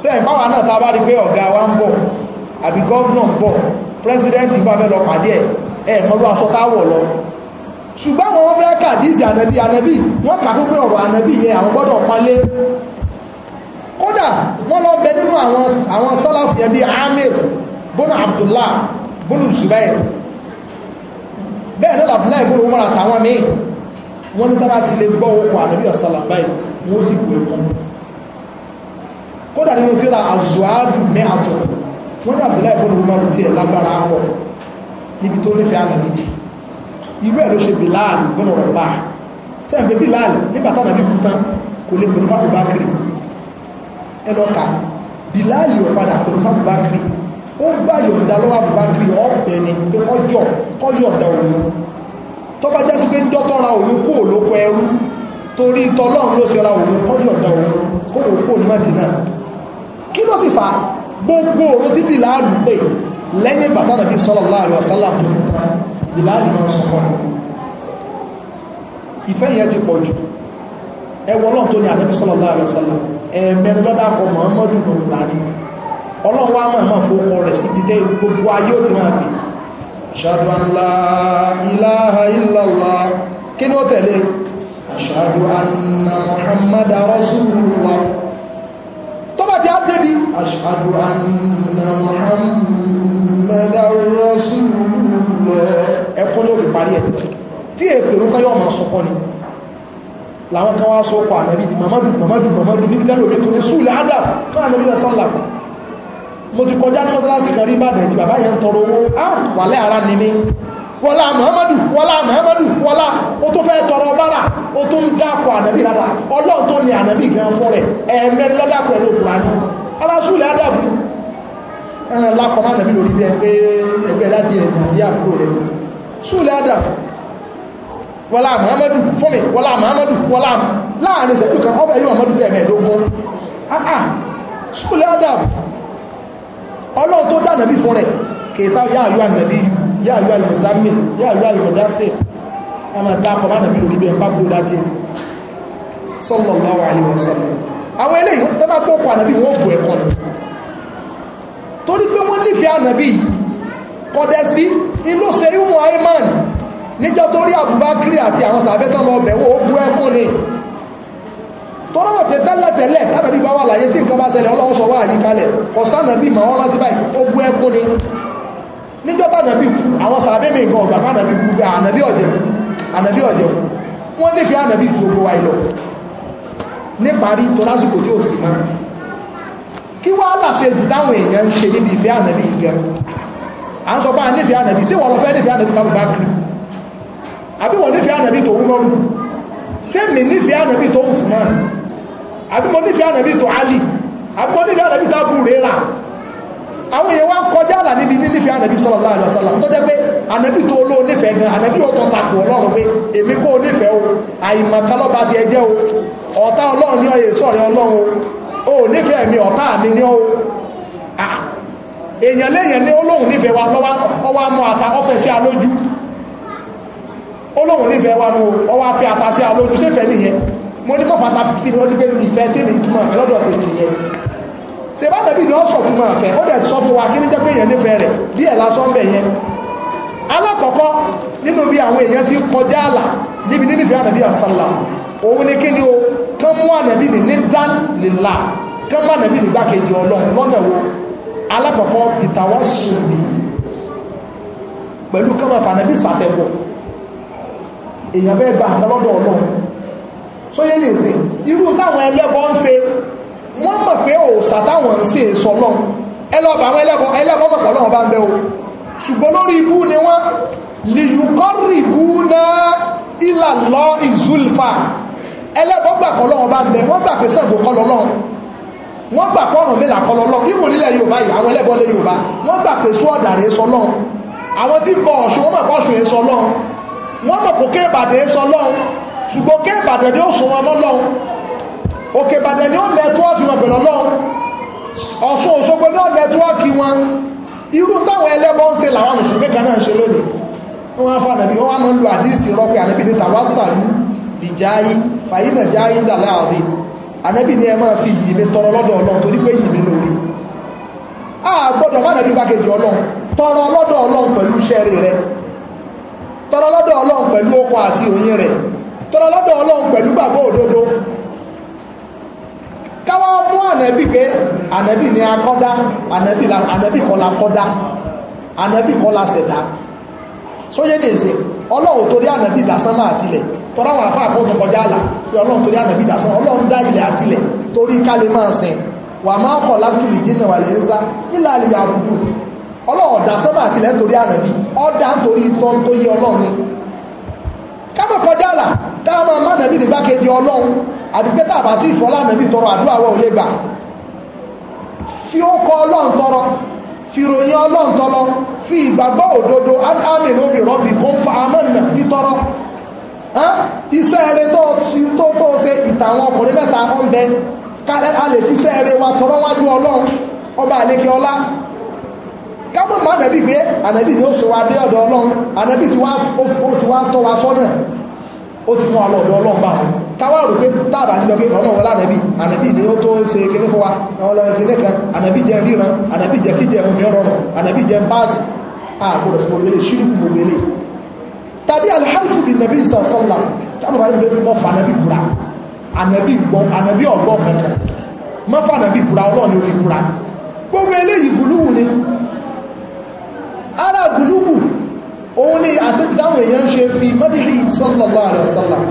ṣe ìpáwà náà ta bá rí pé ọ̀gá wa ń bọ̀ àbí gọ́ọ̀nà ń bọ̀ pírẹsidẹ́ntì bá fẹ́ lọ pàdé ẹ̀ ẹ̀ mọ́lú aṣọ táwọ̀ lọ ṣùgbọ́n wọ́n fẹ́ kàdísì ànàbí ànàbí wọ́n kà fún pé ọ̀rọ̀ ànàbí yẹ àwọn gbọ́dọ̀ pálé kódà wọ́n lọ bẹ nínú àwọn àwọn sálàfù yẹn amir bọ́nà abdullah bọ́nà zubair bẹ́ẹ̀ lọ́la abdullahi bọ́nà umar àtàwọn míì wọ́n ní tábà ti lè gbọ́ okùn àdàbí ọ̀sálà báyìí wọ́n sì gbọ́ ẹ̀kọ́ kódà nínú tíra azuadu mẹ́àtọ̀ wọ́n ní abdullahi bọ́nà umar tiẹ̀ lágbára pọ̀ níbi tó nífẹ̀ẹ́ àmì méjì irú ẹ̀ ló ṣe bilal bọ́nà rẹ̀ bá sẹ́yìn pé bilal nígbà táwọn àbí kú tán kò lè pè ní fáwọn bá kiri ẹlọ́ka bíláàlì ọ̀padà pẹ̀lú fábùbákiri ó gbà yọ̀ǹda lọ́wọ́ àbùbákiri ọ̀pẹ̀ ni pé kọjọ́ kọyọ̀ǹda òun tó bá jásí pé ń dọ́tọ́ra òun kó olóko ẹrú torí tọlọ́run ló ṣera òun kọyọ̀ǹda òun kó òun kó ní mádìínà kí ló sì fa gbogbo òun tí bíláàlù pè lẹ́yìn bàtà nàbí sallallahu alaihi wasallam tó ń ta bíláàlì máa ń sọ ìfẹ́ yẹn ti pọ̀ jù ẹwọ ọlọ́run tó ní ànábì sallallahu alaihi wasallam ẹ̀ẹ̀mẹ́rin lọ́dà kọ Muhammadu ló ń parí ọlọ́run wa máa máa fowókọ rẹ̀ síbi dé gbogbo ayé ó ti máa bì ashhadu an la ilaha illallah kí ni ó tẹ̀lé ashhadu anna Muhammada rasulullah tó bá ti á débi ashhadu anna Muhammada fi parí ẹ̀ tí èpèrú káyọ̀ máa sọkọ́ ni làwọn kan wá sókò ànàbí di mamadu mamadu mamadu níbi tẹ́lò mi tó ní súlẹ̀ adam fún ànàbí ẹ̀ sọ́là mo ti kọjá ní mọ́sálásí kan rí bàdàn ìdí bàbá yẹn ń tọrọ owó á wàlẹ́ ara ni mi wọlá muhammadu wọlá muhammadu wọlá o tó fẹ́ tọrọ bára ó tó ń dákọ̀ ànàbí rárá ọlọ́run tó ní ànàbí gan fún rẹ̀ ẹ̀ẹ̀mẹ́rin lọ́dàpọ̀ ẹ̀lú òkúrání ara súlẹ̀ adam ẹ̀rìn lákọ̀ọ́ má nàbí lórí bí ẹgbẹ́ ẹgbẹ́ ládìí ẹ̀yìn àbí àbúrò rẹ̀ wọlá muhammadu fúnmi wọlá muhammadu wọlá láàrin ìṣẹ́jú kan ọbẹ̀ yìí muhammadu tẹ̀ mẹ́ẹ̀ẹ́dógún áá ah, ah. sùkúlẹ̀ adam ọlọ́run tó dá nàbí fún rẹ̀ kèsà yáàyú ànàbí yáàyú àlùmọ̀sámì yáàyú àlùmọ̀dáfẹ́ a máa dá akọ̀ mánàbí lórí bẹ́ẹ̀ bá gbó dáadé sallallahu alaihi wasallam àwọn eléyìí tó bá pọ̀ pọ̀ ànàbí wọn ò bù ẹ̀kọ́ torí pé wọ́n nífẹ̀ẹ́ ànàbí kọ́dẹ́ sí inú ṣe ìwọ̀n aiman níjọ́ tó rí Abubakar àti àwọn sàbẹ́tọ́ lọ bẹ̀wò ó bú ẹkún ni tọ́rọ ọ̀pẹ tẹ́lẹ̀tẹ́lẹ̀ látàbí bá wà láyé tí nǹkan bá ṣẹlẹ̀ ọlọ́wọ́ sọ wá àyíkalẹ̀ ọ̀sánà bí màá rántí báyìí ó bú ẹkún ni níjọ́tà nàbí kú àwọn sàbẹ́mì nǹkan ọ̀gbà bá nàbí kú bẹ́ ànàbí ọ̀jẹ̀kú ànàbí ọ̀jẹ̀kú wọ́n nífẹ̀ẹ́ ànàbí kú gbogbo wa ìlọ níparí tó lásìkò tí ó sì máa kí wọ́n láṣẹ jù táwọn èèyàn ń ṣe níbi ìfẹ́ ànàbí ìgẹ̀ à ń sọ bá nífẹ̀ẹ́ ànàbí sí wọ́n lọ fẹ́ nífẹ̀ẹ́ ànàbí tábùbá kiri àbí wọ́n nífẹ̀ẹ́ ànàbí tó wú mọ́rù sẹ́mi nífẹ̀ẹ́ ànàbí tó wù fúnmọ́ àbí mo nífẹ̀ẹ́ ànàbí tó alì àbí mo nífẹ̀ẹ́ ànàbí tó abú rẹ́ra àwọn èèyàn wá kọjá àlà níbi ní nífẹ̀ẹ́ ànàbí sallallahu alaihi wasallam tó jẹ́ pé ànàbí tó olóò nífẹ̀ẹ́ gan ànàbí ó tọ́ takò ọlọ́run pé o àìmọ̀kan lọ́ba ti ẹjẹ́ o ọ̀tá ọlọ́run ní ọyẹ sọ̀rẹ́ ọlọ́run o ò nífẹ̀ẹ́ mi ọ̀tá o èèyàn léèyàn ní olóhùn nífẹ̀ẹ́ wa lọ́wọ́ ọwọ́ amọ̀ àta olóhùn nífẹ̀ẹ́ wa nù ọwọ́ afẹ́ àtàsí alójú sẹ́fẹ̀ẹ́ nìyẹn mo ní mọ́fàtà fífi ní ọdún pé ìfẹ́ tèmi ìtumọ̀ àfẹ́ lọ́dọ̀ tèmi nìyẹn ṣe bá tẹ̀bí ní ọ̀sọ̀ túmọ̀ àfẹ́ ó dẹ̀ sọ fún wa kí ní jẹ́ pé èèyàn nífẹ̀ẹ́ rẹ̀ díẹ̀ lásán bẹ̀ yẹn alákọ̀ọ́kọ́ nínú bí àwọn èèyàn ti kọjá àlà níbi nífẹ̀ẹ́ ànàbí àsálà òun ni kí ni o kán mú ànàbí ní ní dán lìlà kán mú ànàbí ní gbákejì ọlọ́run lọ́nà wo alákọ̀ọ́kọ́ ìtàwọ́sùn mi pẹ̀lú kán mọ̀ fànàbí sàtẹ̀wọ̀ èèyàn fẹ́ gba àtọ́ lọ́dọ̀ ọlọ́run sóyè lè ṣe irú táwọn ẹlẹ́bọ ń ṣe wọ́n mọ̀ pé òòṣà táwọn ń ṣe sọ lọ́n ẹlọ́ba àwọn ẹlẹ́bọ ẹlẹ́bọ mọ̀ pọ̀ lọ́wọ́ bá ń bẹ o ṣùgbọ́n lórí ibú ni wọ́n lìyùkọ́rì ibú náà ìlà lọ ìzúlfà ẹlẹ́bọ gbà kọ́ lọ́wọ́ bá ń bẹ wọ́n gbà pé Ṣàngó kọ́ lọ́lọ́run wọ́n gbà pé ọ̀rùn mìlà kọ́ lọ́lọ́run ìmọ̀ nílẹ̀ Yorùbá yìí àwọn ẹlẹ́bọ lẹ́ Yorùbá wọ́n gbà pé sọ́ọ̀dà rẹ̀ sọ lọ́run àwọn tí ń bọ Ọ̀ṣun wọ́n mọ̀ pọ̀ Ọ̀ṣun yẹn sọ lọ́run wọ́n mọ̀ kó kéèbàdàn sọ lọ́hùn ṣùgbọ́n kéèbàdàn ni ó sùn wọn lọ́lọ́hùn òkè ìbàdàn ni ó nẹ́tíwọ́ọ̀kì wọn pẹ̀lú ọlọ́run ọ̀ṣun òṣogbo ní ó nẹ́tíwọ́ọ̀kì wọn irú táwọn ẹlẹ́bọ ń ṣe làwọn mùsùlùmí kan náà ń ṣe lónìí wọ́n fa nàbí wọ́n máa ń lo àdíìsì rọ́pẹ́ ànábì ní tàwásàlú bìjáyí fàyínà jáyí dàlẹ́ àrí ànábì ní ẹ máa fi yìí mi tọrọ lọ́dọ̀ ọlọ́run torí pé yìí mi lórí a gbọ́dọ̀ má nàbí bákejì ọlọ́run tọrọ lọ́dọ̀ ọlọ́run pẹ̀lú iṣẹ́ rẹ̀ tọ́lá lọ́dọ̀ ọlọ́run pẹ̀lú okun àti òyìn rẹ̀ tọ́lá lọ́dọ̀ ọlọ́run pẹ̀lú gbàgbọ́ òdodo káwá mú ànẹ́bì pé ànẹ́bì ni akọ́dá kan la kọ́dá ànẹ́bì kan la ṣẹ̀dá sóyé dèzè ọlọ́run torí ànẹ́bì dàsánmà ma tilẹ̀ wọn àfáà kó kọjá àlà pé ọlọ́run torí ọlọ́run dá ilẹ̀ àtilẹ̀ torí máa sìn máa kọ̀ jìnnà wà lè ń sá ọlọ́run ọ̀dà sọ́mà àtìlẹ̀ torí ànàbí ọ̀dà nítorí tọ́n tó yé ọlọ́run ni kámọ̀ kọjá là káàmọ̀ má nàbí nígbà kejì ọlọ́run àdúgbẹ́ tá àbá tí ìfọlá nàbí tọrọ àdúrà wọ́n ò lè gbà fi ó kọ ọlọ́run tọrọ fi ròyìn ọlọ́run tọrọ fi ìgbàgbọ́ òdodo ámì lórí rọ́bì kó ń fa amọ́nà fi tọrọ iṣẹ́ eré tó tó ṣe ìtàwọn ọkùnrin mẹ́ta ọ̀nbẹ a lè fi iṣẹ́ eré wa tọrọ wájú ọlọ́run ọba àlekè ọlá kámọ̀ mọ́ ànàbí pé ànàbí ni ó sọ wa dé ọ̀dọ̀ ọlọ́run ànàbí ti wá tọ́ wa sọ́nà ó ti fún wa lọ́dọ̀ ọlọ́run bá fún káwà rò pé táàbà ti lọ pé ọlọ́run wọlá ànàbí ànàbí ni ó tó ń ṣe kíní fún wa ọlọ́run kíní kan ànàbí jẹ ríran ànàbí jẹ kíjẹ omi rọrùn ànàbí jẹ báàsì àgbọ̀dọ̀ sí gbogbo eléyìí ṣírí gbogbo eléyìí tàbí alhálfù bí nàbí sọ̀sọ́là táwọn bá gbé mọ́fà nàbí búra ànàbí gbọ́n ànàbí ọ̀gbọ́n kankan mọ́fà nàbí búra ọlọ́run ni ó fi búra gbogbo eléyìí gbùlúwù ni ara gùlùkù òun ni àṣẹ́dáwọn èèyàn ṣe fi mọ́dílì sallallahu alaihi wasallam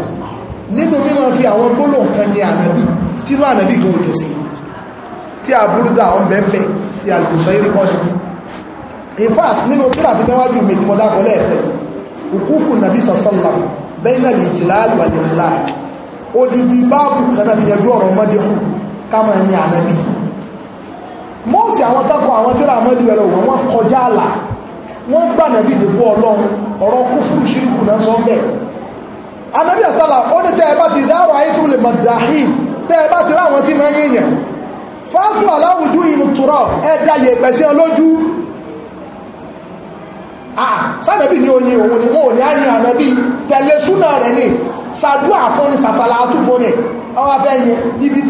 nínú mímọ̀ fi àwọn gbólò nǹkan ní ànàbí tí ló ànàbí gan òjò sí tí a búrúdà àwọn bẹ́ẹ̀mẹ́ tí a lè sọ eré kọ́ni in fact nínú tíra ti mẹ́wájú mi tí mo dákọ̀ lẹ́ẹ̀fẹ́ òkúkù nàbí sallallahu bẹ́ẹ̀nà lè jìlá àlùwàlẹ̀ fúlà odidi báàbù kan náà fi yẹjú ọ̀rọ̀ mọ́dí hù ká máa yin ànàbí mọ́ọ̀sì àwọn tákọ̀ àwọn tíra mọ́dí wẹ̀lẹ̀ wọ́n kọjá àlà wọ́n gbà nàbí dèbò ọlọ́run ọ̀rọ̀ kú fún ṣírùkù náà sọ bẹ́ẹ̀ anabi asala ó ní tẹ́ ẹ bá ti dárò ayétú lè mọ̀dáhì tẹ́ ẹ bá ti rá àwọn tí máa yéèyàn fáfù aláwùjú inú tura ẹ dá yẹ̀pẹ̀ sí ọ lójú sànàbí ni oyin òun ni wọn ò ní ayé ànàbí tẹ̀lé súnà rẹ̀ ni sàdúà fún ni sàsàlà àtúbọ̀ ni ọwọ́ fẹ́ yin ibi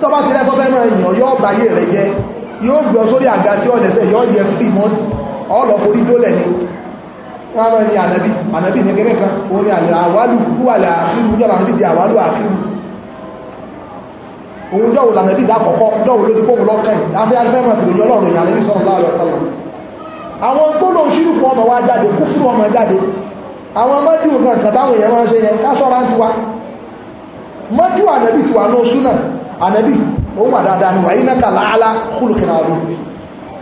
tọ́ba ti rẹ́ fọ́fẹ́ náà yàn yóò gbáyé rẹ̀ jẹ́ yóò gbọ́ sórí àga tí ọ̀lẹ́sẹ̀ yóò yẹ fíìmọ́nì ọlọ forí dólẹ̀ ni wọ́n lọ ní ànábì ànábì ní kẹ́kẹ́ kan òun ni àwálù kúwàlẹ̀ àfíìlú jọ́la ànábì di àwálù àfíìlú òun jọ́wò lànàbì dákọ̀ọ́kọ́ jọ́wò ló dìpọ̀ lọ́kàn àti alifẹ́mọ̀ fìdòjọ́ lọ́rùn ìyàn ànábì sọ́rọ̀ láàrọ̀ sálọ̀ àwọn gbóná ṣírùkù ọmọ wa jáde kú fún ọmọ jáde àwọn mọ́díù kan kan táwọn èèyàn máa ń ṣe yẹn ká sọ́ra ti wa mọ́díù ànábì ti wà ní oṣù náà òun wà ni wà ní náà láàlá kúlùkìnà àbí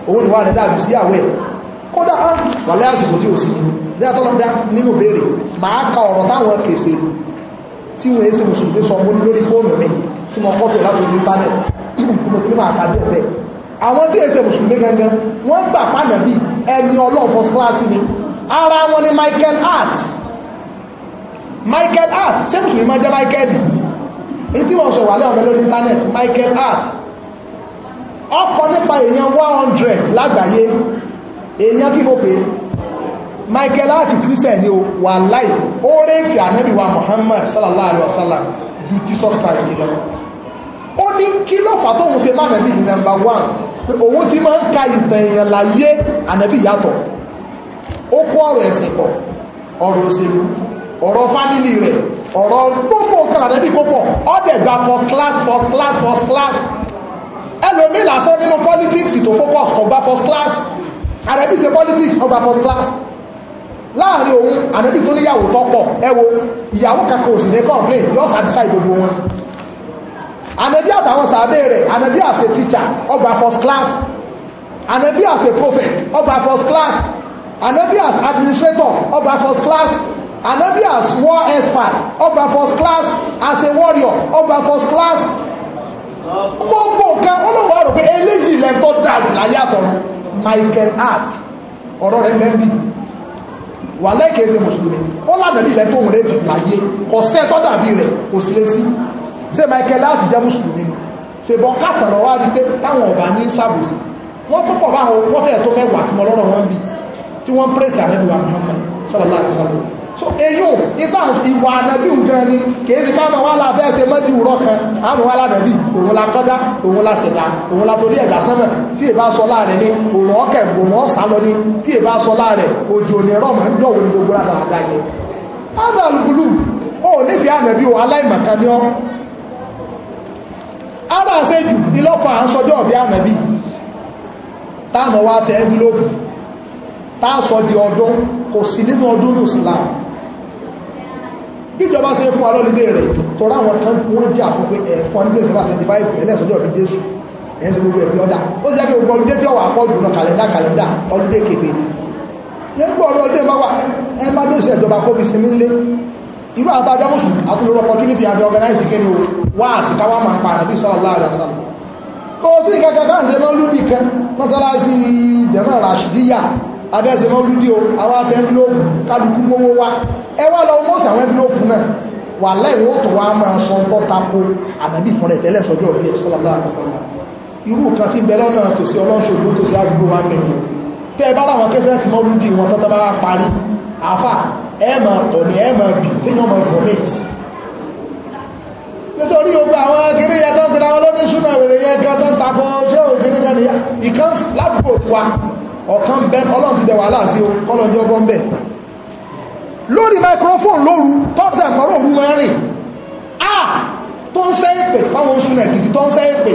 òun ni wà dáadáa bí sí àwẹ̀ kódà wà lẹ́ àsìkò tí ò sí bí atọ́lọ́dá nínú béèrè máa ka ọ̀rọ̀ táwọn kèfèrè tí wọ́n èsì mùsùlùmí sọ mú lórí fóònù mi tí mo kọ́pì láti ojú íńtánẹ́ẹ̀tì tí mo ti ní máa ka ní ẹ̀bẹ̀ àwọn tí èsì mùsùlùmí gangan wọ́n gbà pààyàn bíi ẹni ọlọ́run fọ́ síláàsì ni ara wọn ni Michael Hart Michael Hart ṣé mùsùlùmí máa jẹ́ Michael ní tí wọ́n sọ wà lẹ́ ọ̀rẹ́ lórí íńtánẹ́ẹ̀tì Michael Hart ọkọ̀ nípa èèyàn 100 lágbàáyé èèyàn kí kò pé michael láti christian ni o wà láì ó rèétí ànábì wa muhammad sallallahu alaihi wasallam ju jesus christ lọ ó ní kí ló fà tóun ṣe máa nàbí ní nàmbà one pé òun ti máa ń ka ìtàn èèyàn láyé ànábì yàtọ̀ ó kó ọ̀rọ̀ ẹ̀sìn pọ̀ ọ̀rọ̀ òṣèlú ọ̀rọ̀ fámìlì rẹ̀ ọ̀rọ̀ gbogbo nǹkan ànábì kó pọ̀ ọ̀dẹ̀ gba first class first class first class ẹlòmíì lásán nínú politics tó fọ́kọ̀ ọ̀gbà first class ànábì ṣe politics ọgbà first class láàrin òun ànábì tó níyàwó tó pọ̀ ẹ wo ìyàwó kankan ò sì ní complain yóò satisfy gbogbo wọn ànábì àtàwọn sàbẹ̀ rẹ̀ ànábì as a teacher ọgbà first class ànábì as a prophet ọgbà first class ànábì as administrator ọgbà first class ànábì as war expert ọgbà first class as a warrior ọgbà first class gbogbo nǹkan olówó àrò pé eléyìí lẹ́tọ́ dàrú láyé àtọ̀run Michael Hart ọ̀rọ̀ rẹ̀ mẹ́bí wà lẹ́kẹ̀ẹ́sẹ̀ mùsùlùmí ó lànàbí ilẹ̀ tó ń rẹ̀ ti láyé kò sẹ́ tó dàbí rẹ̀ kò sí lé sí ṣé Michael Hart jẹ́ mùsùlùmí ni ṣe bọ́ káàtà lọ́wọ́ rí pé táwọn ọba ní sàbòsí wọ́n tó pọ̀ báwọn wọ́n fẹ́ẹ̀ tó mẹ́wàá kí wọ́n lọ́rọ̀ wọn bí tí wọ́n pèsè àrẹ́bùwà Muhammad sallallahu alaihi wasallam eyín ìta ìwà ànàbí nǹkan ni kìí ti káwọn wà láàfẹ́ ẹsẹ̀ mọ́jú kan àwọn wà lánàbí òun la kọ́dá òun la ṣẹ̀dá òun la torí ẹ̀dá sánmà tí sọ láàrẹ̀ ni òun ọkẹ̀ òun ọ̀sá lọ ni sọ láàrẹ̀ òjò ní rọ̀ ń dọ̀wọ́ ní gbogbo àdàdà yẹn abalùbùlù o ànàbí táà sọ di ọdún kò sí nínú ọdún ní bíjọba ṣe fún wa lọ́lídé rẹ̀ tọ́rọ àwọn kan wọ́n jà fún pé ẹ̀fọ́ ní place over 25 ẹlẹ́sọ̀dọ̀ bí jésù ẹ̀yìn sí gbogbo ẹ̀bí ọ̀dà ó sì jẹ́ kí gbogbo ọlọ́dé tí ó wà pọ̀ jù lọ kàlẹ́ndà kàlẹ́ndà ọlọ́dé kèfè ni lẹ́gbọ́ ọlọ́dé bá wà ẹ bá dé ìṣẹ̀jọba kó fi sinmi lé irú àtàjọ mùsùlùmí àtúnlọ́rọ̀ opportunity àti organize kí ni o wá àsìká wá máa pa àdàbí sallallahu alaihi wasallam kó sí ìkẹ́kẹ́ káàsì ẹ̀mọ́ lúdì kan mọ́sálásí jẹ̀mọ́ rashidiyya abẹ́sẹ̀ mọ́ lúdí o àwọn afẹ́fílóòpù kálukú mọ́wọ́ wá ẹ wá lọ mọ́sí àwọn ẹfílóòpù náà wà láì wọ́n tó wá máa sọ tọ́ tako ànábì fún rẹ̀ tẹ́lẹ̀ sọjọ́ bí ẹ̀sọ́lá àtàsánà irú kan tí ń bẹ lọ́nà tòsí ọlọ́ṣogbo tòsí àdúgbò wa gbẹ̀yìn tẹ́ ẹ bá láwọn kẹsẹ̀ tí mọ́ lúdí wọn tọ́tọ́ bá parí àfà ẹ máa tọ̀ ní ẹ máa bì kéèyàn máa vomit nítorí ogun àwọn kiri yẹn tó ń pinna wọn lóní súnà wèrè yẹn gan tó ń takọ ṣé òkè nígbà nìyà ọ̀kan bẹ́ ọlọ́run ti dẹ wàhálà sí o kọ́lọ́njọ́ bọ́ ń bẹ̀ lórí microphone lóru tọ́tí àpọ̀rọ̀ òru máa rìn a tó ń sẹ́ ìpè fáwọn oṣù náà gidi tó ń sẹ́ ìpè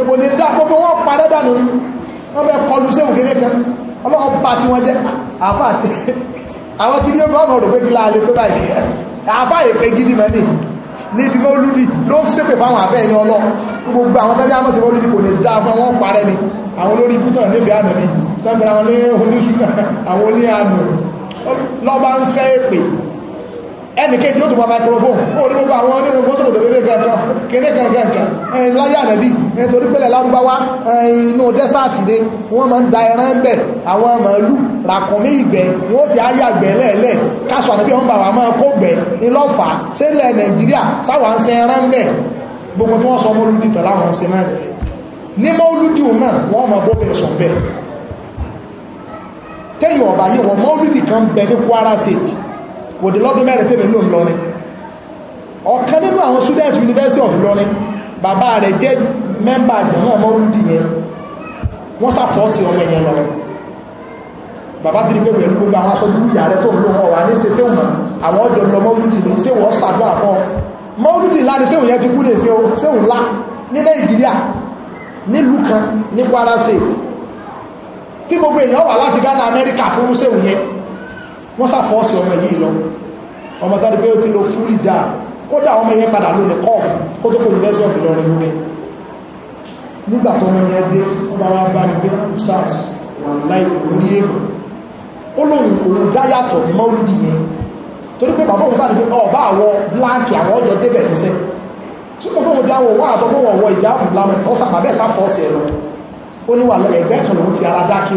ìbò ní dá gbogbo wọn parẹ́ dànù wọn bẹ kọlu sí òkèrè kan ọlọ́run bá tí wọ́n jẹ́ àáfà àwọn kìdí ọgbọ́n ọ̀rọ̀ pé kí láàlẹ́ tó báyìí àáfà èpè gidi mẹ́rin níbi mọ́lúdì ló ń ṣépè fáwọn àfẹ́ ẹni ọlọ́ gbogbo àwọn sẹ́jà mọ̀ sí mọ́lúdì kò lè dá fún àwọn parẹ́ ni àwọn olórí ikú tàn nífẹ̀ẹ́ àmì mi tọ́gbẹ̀rẹ̀ àwọn oníṣúná àwọn oníhàmì lọ́ba ń sẹ́ èpè ẹnì kejì ó tó pa microphone ó rí gbogbo àwọn onírun mọ́tò tó lórí gẹ̀ẹ́kan kéré gẹ̀ẹ́gẹ̀ẹ́kan ẹ̀yìn láyé ànẹ́bí ẹ̀yìn torí pẹ̀lẹ̀ lárúbáwá inú dẹ́sàtì ni wọ́n máa ń da ẹran ń bẹ̀ àwọn màálù ràkùnmí ìgbẹ́ wọ́n ti ayé àgbẹ̀ lẹ́ẹ̀lẹ́ káṣọ ànẹ́bí ọ̀hún bàwà máa kó gbẹ̀ ńlọ́fà sílẹ̀ nàìjíríà sáwà ń sin ẹran ń bẹ̀ gbogbo tí wọ́n sọ mọ́lúdì tọ̀ láwọn sin náà nìyẹn ní mọ́lúdì òun náà wọ́n mọ bó bẹ̀ sọ bẹ́ẹ̀ tẹ́yìn ọ̀bà yìí wọ́n mọ́lúdì kan bẹ ní Kwara State kò dé lọ́dún mẹ́rin tèmi ló ń lọ ni ọ̀kan nínú àwọn student University of Ìlọrin bàbá rẹ̀ jẹ́ mẹ́mbà àjọ̀mọ́ ọmọ olùdí yẹn wọ́n sàfọ́ọ̀sì ọmọ yẹn lọ bàbá ti di pé pẹ̀lú gbogbo àwọn aṣọ dúdú ìyá rẹ̀ tó ń lò wọ́n wà ní ṣe séwọ̀n àwọn ọjọ́ lọ mọ́lúdì ní séwọ̀n ṣàdúrà fún ọ mọ́lúdì ńlá ni séwọ̀n yẹn ti kú lè séwọ̀n ńlá ní Nàìjíríà nílùú kan ní Kwara State tí gbogbo èèyàn wà láti Ghana Amẹ́ríkà fún séwọ̀n yẹn wọ́n sàfọ́ọ̀sì ọmọ yìí lọ ọmọ tàbí pé ó kí lọ fúlì dáa kódà ọmọ yẹn padà ló ní kọ́ kó tó kò ní lẹ́sọ̀ fi lọ́rin wúwẹ́ nígbà tó ọmọ yẹn dé ó bá wá bá mi pé ustaz wà láì orí èrò ó lóun òun dá yàtọ̀ ní mọ́lúdì yẹn torí pé bàbá òun sáà ní pé ọba àwọ bláǹkì àwọn ọjọ́ débẹ̀ níṣẹ́ tí mo fóun jáwọ́ wọ́n àtọ́ fóun ọ̀wọ́ ìjáàbù lámẹ́ fọ́sà bàbẹ́ sá fọ́ọ̀sì ẹ̀ lọ ó ní wà ẹgbẹ́ kan lòun ti ara dákì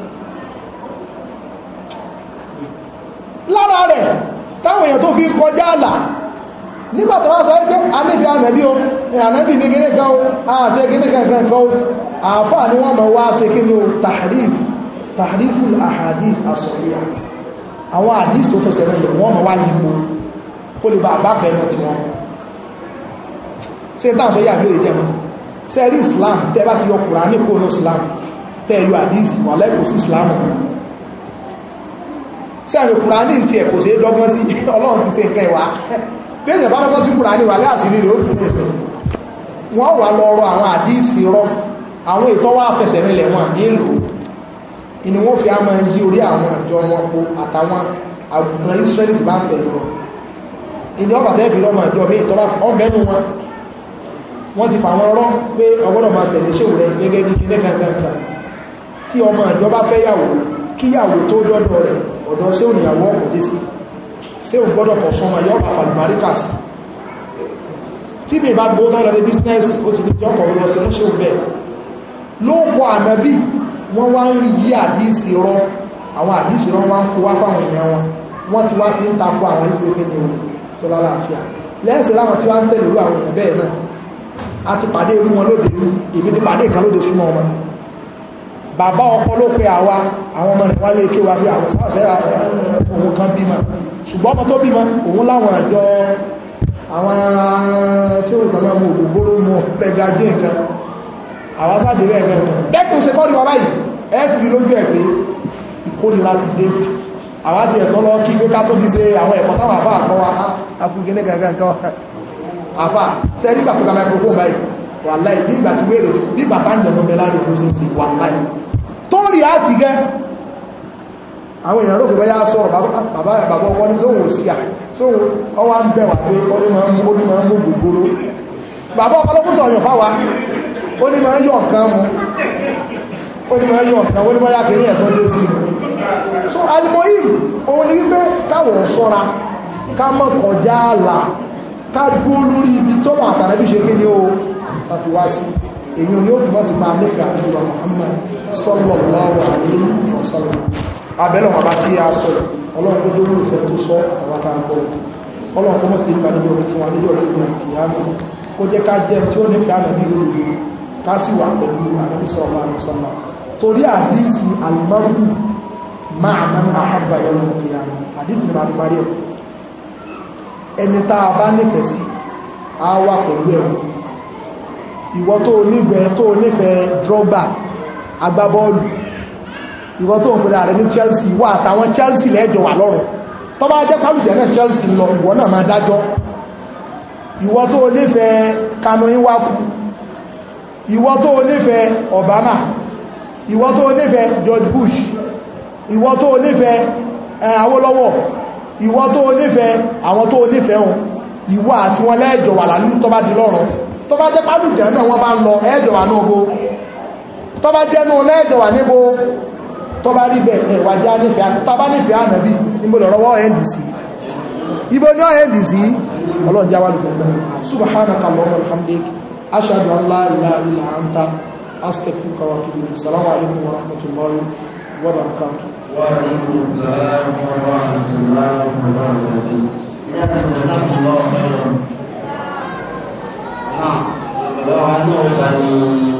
lára rẹ̀ táwọn èèyàn tó fi kọjá àlà nígbà tó wọ́n sọ pé a nífẹ̀ẹ́ ànábì o ànábì ní kíní kan o a ṣe kíní kankan kan o àáfàá ni wọ́n mọ̀ wá ṣe kíní o tahrif tahriful ahadith asọ̀ríyà àwọn àdís tó fẹsẹ̀ rẹ̀ wọ́n mọ̀ wá yìí kó lè bá àbáfẹ́ náà tí wọ́n mọ̀ ṣe táwọn sọ yà bí ó yìí jẹ́mọ́ Islam tẹ́ bá ti yọ Kùránì ní Islam sẹ́yìn kùránì ti ẹ̀ kò ṣe é dọ́gbọ́n sí ọlọ́run ti ṣe nǹkan ìwà lẹ́yìn bá dọ́gbọ́n sí kùránì wà láàṣì nílé ó tún ẹsẹ̀ wọ́n wà lọ rọ àwọn àdíìsì rọ àwọn ètò wà fẹsẹ̀ nílẹ̀ wọn nílò ìní wọ́n fi àmọ́ yí orí àwọn ìjọ wọn po àtàwọn àgùntàn Israẹli ti bá ń pẹ̀lú wọn ìní ọba tẹ́ fi rọmọ ìjọ mi ìtọ́lá ọ̀bẹ́nu wọn wọ́n ti fà wọn rọ pé ọgbọ́dọ̀ máa tẹ̀lé ṣéwù rẹ gẹ́gẹ́ bí kíní kankan tí ọmọ ìjọba fẹ́ yàwó kíyàwó tó dọ́dọ̀ rẹ̀ ọ̀dọ̀ ṣé ò níyàwó ọ̀pọ̀ dé sí ṣé ò gbọ́dọ̀ pọ̀ sọmọ yọ àfàlùbáríkà sí tí bí ìbá gbó tán lọ ní bísínẹ́sì ó ti ní kí ọkọ̀ lọ sí ń ṣe òbẹ̀ ló ń kọ ànábì wọ́n wá ń yí àdíìsì rọ àwọn àdíìsì rọ wá ń kó wá fáwọn èèyàn wọn wọ́n ti wá fi ń takò àwọn àdíìsì kékeré ní òun tó lálàáfíà lẹ́sìn láwọn tí wá ń tẹ̀lé irú àwọn èèyàn bẹ́ẹ̀ náà a ti pàdé irú wọn lóde èmi ti pàdé ìkan lóde súnmọ́ wọn bàbá ọkọ ló pe àwa àwọn ọmọ rẹ̀ wá lè ké wa bí àwọn sáwọ̀sẹ́ òun kan bímọ ṣùgbọ́n ọmọ tó bímọ òun láwọn àjọ àwọn síwò kan máa mú ògbógbóró mú ọ̀fẹ́ gajé nǹkan àwọn sáàdé rẹ̀ nǹkan dẹ́kun ṣe kọ́ ní bàbá yìí ẹ ti rí lójú ẹ̀ pé ìkórira ti dé àwọn ti ẹ̀tọ́ lọ kí gbé ká tó fi ṣe àwọn ẹ̀kọ́ táwọn àfà àkọwà akúgẹ́lẹ́gàgà ah, nǹkan àfà sẹ́rí bàtọ́ka microphone báyìí wàláì bí ìgbà tí wéèrè tó bí bàtà ń jẹmọ́ bẹ láàrin ìlú sínsìn wàláì tó rí àti gẹ́ àwọn èèyàn rògbé báyá sọ̀rọ̀ bàbá bàbá ọkọ ní tóun ò sí à tóun ọwá ń bẹ̀wà pé ó ní máa ń mú ó ní máa ń mú gbogbooro bàbá ọkọ ló kún sọ ọyàn fáwa ó ní máa ń yọ nǹkan mu ó ní máa ń yọ nǹkan ó ní máa ń yàkiri ẹ̀tọ́ lé sí i so alimoyim òun ni wípé káwọn ṣọ́ra ká mọ̀ kọjá àlà ká dúró lórí ibi tọ́wọ́ àtàlẹ́bí ṣe kí ni o wọ́n fi wá sí èyí ni ó túnmọ̀ sí máa nífẹ̀ẹ́ àtúnwà Muhammad sallallahu alaihi wasallam abẹ́lẹ̀ wọn bá tí a sọ ọlọ́run kó tó lóòfẹ́ tó sọ àtàwátà gbọ́ ọlọ́run kó mọ̀ sí ìgbàlejò fún wa níjọ́ ìgbà kìyàmù kó jẹ́ ká jẹ́ tí ó nífẹ̀ẹ́ ànàbí lórí ká sì wà ẹni tá bá nífẹ̀ẹ́ sí a pẹ̀lú ẹ̀wọ̀n ìwọ tó nígbẹ́ tó nífẹ̀ẹ́ Drogba agbábọ́ọ̀lù ìwọ tó ń pèrè ààrẹ ní Chelsea ìwọ àtàwọn Chelsea lẹ́jọ́ wà lọ́rọ̀ tó bá jẹ́ pálùjẹ́ náà Chelsea lọ ìwọ náà máa dájọ́ ìwọ tó nífẹ̀ẹ́ Kanu Iwaku ìwọ tó nífẹ̀ẹ́ Obama ìwọ tó nífẹ̀ẹ́ George Bush ìwọ tó nífẹ̀ẹ́ Awólọ́wọ̀ ìwọ tó nífẹ̀ẹ́ àwọn tó nífẹ̀ẹ́ wọn ìwọ àti wọn lẹ́jọ́ wà lálú tó bá di lọ́rọ̀ tó bá jẹ́ pálùjẹ́ náà wọ́n bá ń lọ ẹ̀ẹ́dọ̀ wà náà bo tó bá jẹ́ náà lẹ́ẹ̀dọ̀ wà níbo tó bá rí bẹ̀ ẹ̀wà jẹ́ nífẹ̀ẹ́ tábá nífẹ̀ẹ́ ànàbí níbo lọ́rọ́ wọ́ ẹ̀ǹdì sí ibo ní ẹ̀ǹdì sí ọlọ́run jẹ́ wàlùjẹ́ náà subhanaka allahumma alhamdik ashhadu an la ilaha illa anta astaghfiruka wa atubu ilayk alaykum wa rahmatullahi wa barakatuh wa alaykum assalam wa rahmatullahi Ah, lo hanno dai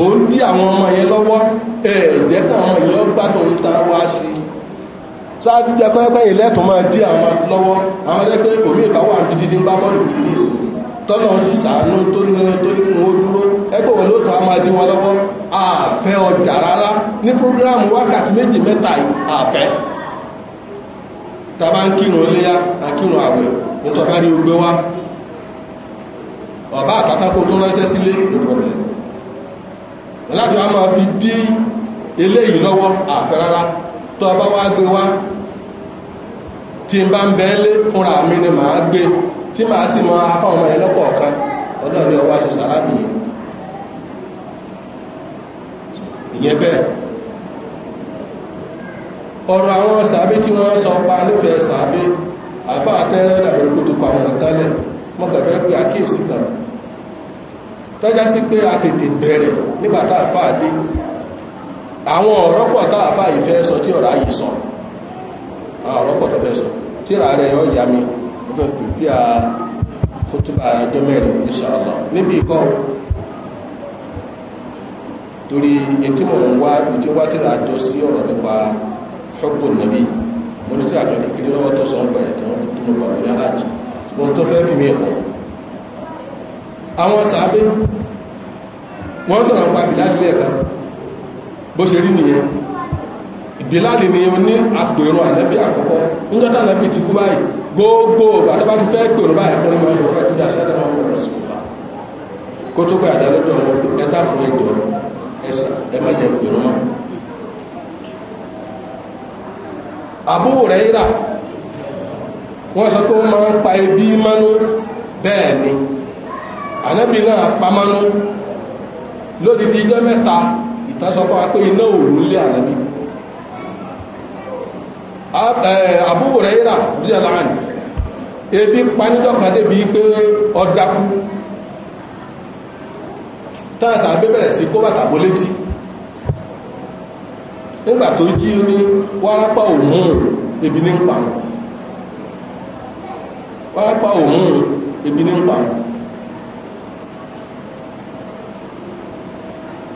o ń dí àwọn ọmọ yẹn lọ́wọ́ ẹ̀ ka kí àwọn èèyàn gbádùn ń tan wá sí ṣáájú jẹ́ pẹ́pẹ́ ma máa dí àwọn lọ́wọ́ àwọn ẹlẹ́gbẹ́ òmí ìbáwọ̀ àbí títí ń bá bọ́ọ̀lù kìíní ìsìn tọ́nà sì sàánú tó ní tó ní wọn dúró ẹgbẹ́ wọn ló tún á máa dí wọn lọ́wọ́ àfẹ́ ọjà rárá ní wákàtí méjì mẹ́ta àfẹ́ ń kírun ọba láti wá máa fi dí eléyìí lọ́wọ́ tó bá wá gbé wá tí n bá ń bẹ́ẹ́ lé fúnra mi ni màá gbé tí màá sì mọ apá ọmọ yẹn ọwọ́ aṣọ ìyẹn bẹ́ẹ̀ ọ̀rọ̀ àwọn sàbí tí wọ́n sọ pa nífẹ̀ẹ́ sàbí àfáà tẹ́rẹ́ làwọn olùkótó pa àwọn ọ̀tálẹ̀ mọ́kànfẹ́ pé àkíyèsí kan tọ́já sí pé a tètè bẹ̀rẹ̀ nígbà tá àfà dé àwọn ọ̀rọ̀ pọ̀ tá àfà yìí fẹ́ sọ tí ọ̀rọ̀ ayé sọ àwọn ọ̀rọ̀ pọ̀ tó fẹ́ sọ tí ìrà rẹ̀ yọ ìyá mi mo fẹ́ pèpè à kótóbà ọjọ́ mẹ́rin ìṣàlọ́ níbi ìkọ́ torí etí mò ń wá etí wá tí ìràjọ sí ọ̀rọ̀ nípa hubbun nabi mo ní tí àjọ kékeré lọ́wọ́ tó sọ ń gbà ẹ̀ tí wọ́n fi kí mo gbà lórí tó fẹ́ fi mí ẹ̀kọ́ àwọn sàábé wọ́n sọ̀rọ̀ pa bìláàlì lẹ́ẹ̀kan bó ṣe rí nìyẹn bìláàlì ni ó ní àpèrò ànábì àkọ́kọ́ níjọ́tà ànábì ti kú báyìí gbogbo àtọ́bá ti fẹ́ pèrò báyìí kọ́ni máa ń lọ́wọ́ ẹ̀kú jà ṣáájú àwọn ọmọ ọ̀sùn wa kó tó pé àdá lọ́dọ̀ ọmọ ẹ̀dá fún ẹ̀dọ̀ ẹ̀sà ẹ̀ má jẹ pèrò mọ́. àbúrò rẹ̀ yíra wọ́n sọ pé ó máa ń pa ebi mọ́nú bẹ́ẹ̀ ni ànábì náà pamánú lódìdí ijọ́ mẹ́ta ìtànsọ fún wa pé iná òòrùn lé ànábì Abu Hurairah bí aláàánì ebi panijọ́ kan débi pé ọdákú táàsà bẹ́bẹ̀rẹ̀ sí kó bàtà bó létí nígbà tó jí ní wárápá ebi ní ebi ní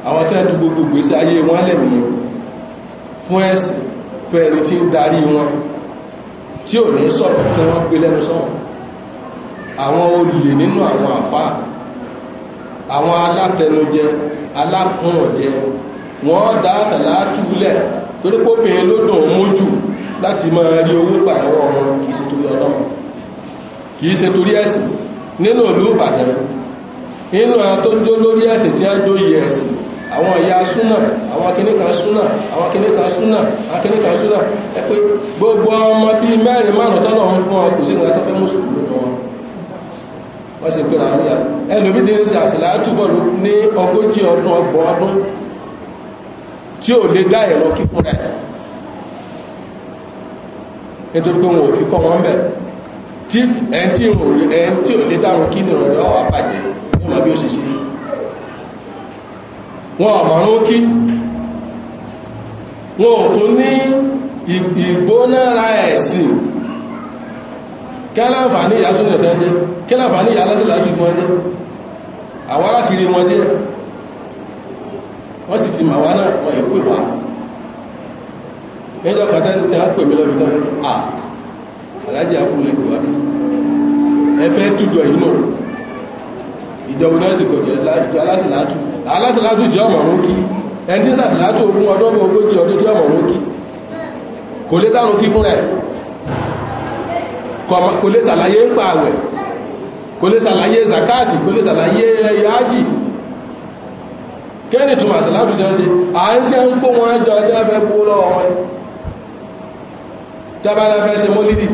àwọn tí wọ́n dún gbogbo gbèsè ayé wọn lẹ́mìí fún ẹ̀sìn fún ẹni tí ń darí wọn tí ò ní sọ̀rọ̀ kí wọ́n gbé lẹ́nu sọ̀rọ̀ àwọn olè nínú àwọn àfáà àwọn alátẹnujẹ alákùnrànjẹ wọ́n dá sàlátù lẹ̀ torí pópin ló dùn mójú láti máa rí owó pàdánwọ́ wọn kìí ṣe torí ọlọ́run kìí ṣe torí ẹ̀sìn nínú ìlú Ìbàdàn nínú àwọn tó ń jó lórí ẹ̀sìn tí wọ́n jó iye ẹ̀sìn àwọn ìyá súnà àwọn akíní kan súnà àwọn akíní kan súnà akíní kan súnà ẹ pé gbogbo ọmọ bíi mẹ́rin márùn tọ́lọ̀ ń fún wọn kò sí ìgbà tó fẹ́ mùsùlùmí wọn wọ́n sì gbéra níyà ẹlòmí ti ń ṣe àṣìláàtú bọ̀ ní ogójì ọdún ọgbọ̀n ọdún tí ò lè dá ẹ̀rọ kí fún rẹ̀ nítorí pé wọn ò fi kọ́ wọn bẹ̀ tí ẹ̀ tí ò lè dárun kí nìrọ̀ rẹ̀ ọ̀ àbàjẹ́ ní ọmọ bí ó ṣe ṣe yìí wọn àmàrún kí wọn ò tún ní ìgbónára ẹ̀sìn kí aláǹfààní ìyá súnà tán jẹ́ kí aláǹfààní ìyá lásìlá jù wọn jẹ́ àwọn aláṣìírí wọn jẹ́ wọ́n sì ti màwa náà wọ́n èpè wá níjọ́ kàtà ní ti á pè mí lọ́bí náà à aláàjì àkúlẹ̀ kò wá bí ẹ fẹ́ tújọ yìí náà ìjọba náà sì kọjọ aláṣìlá túbọ̀ alásàlátù jẹ́ ọmọ òun kí ẹni tí sàtìlátù ogún ọdún ogójì ọdún tí ọmọ òun kí kò lè dánú kí fún rẹ̀ kò lè sàlàyé ń pa àwẹ̀ kò lè sàlàyé zakati kò lè sàlàyé yáàjì kẹ́ni túnmọ̀ àsàlátù jẹ́ ṣe à ń tí ń kó wọn jọ tí wọ́n fẹ́ kó lọ́wọ́ wọn tí wọ́n bá fẹ́ ṣe mólídìí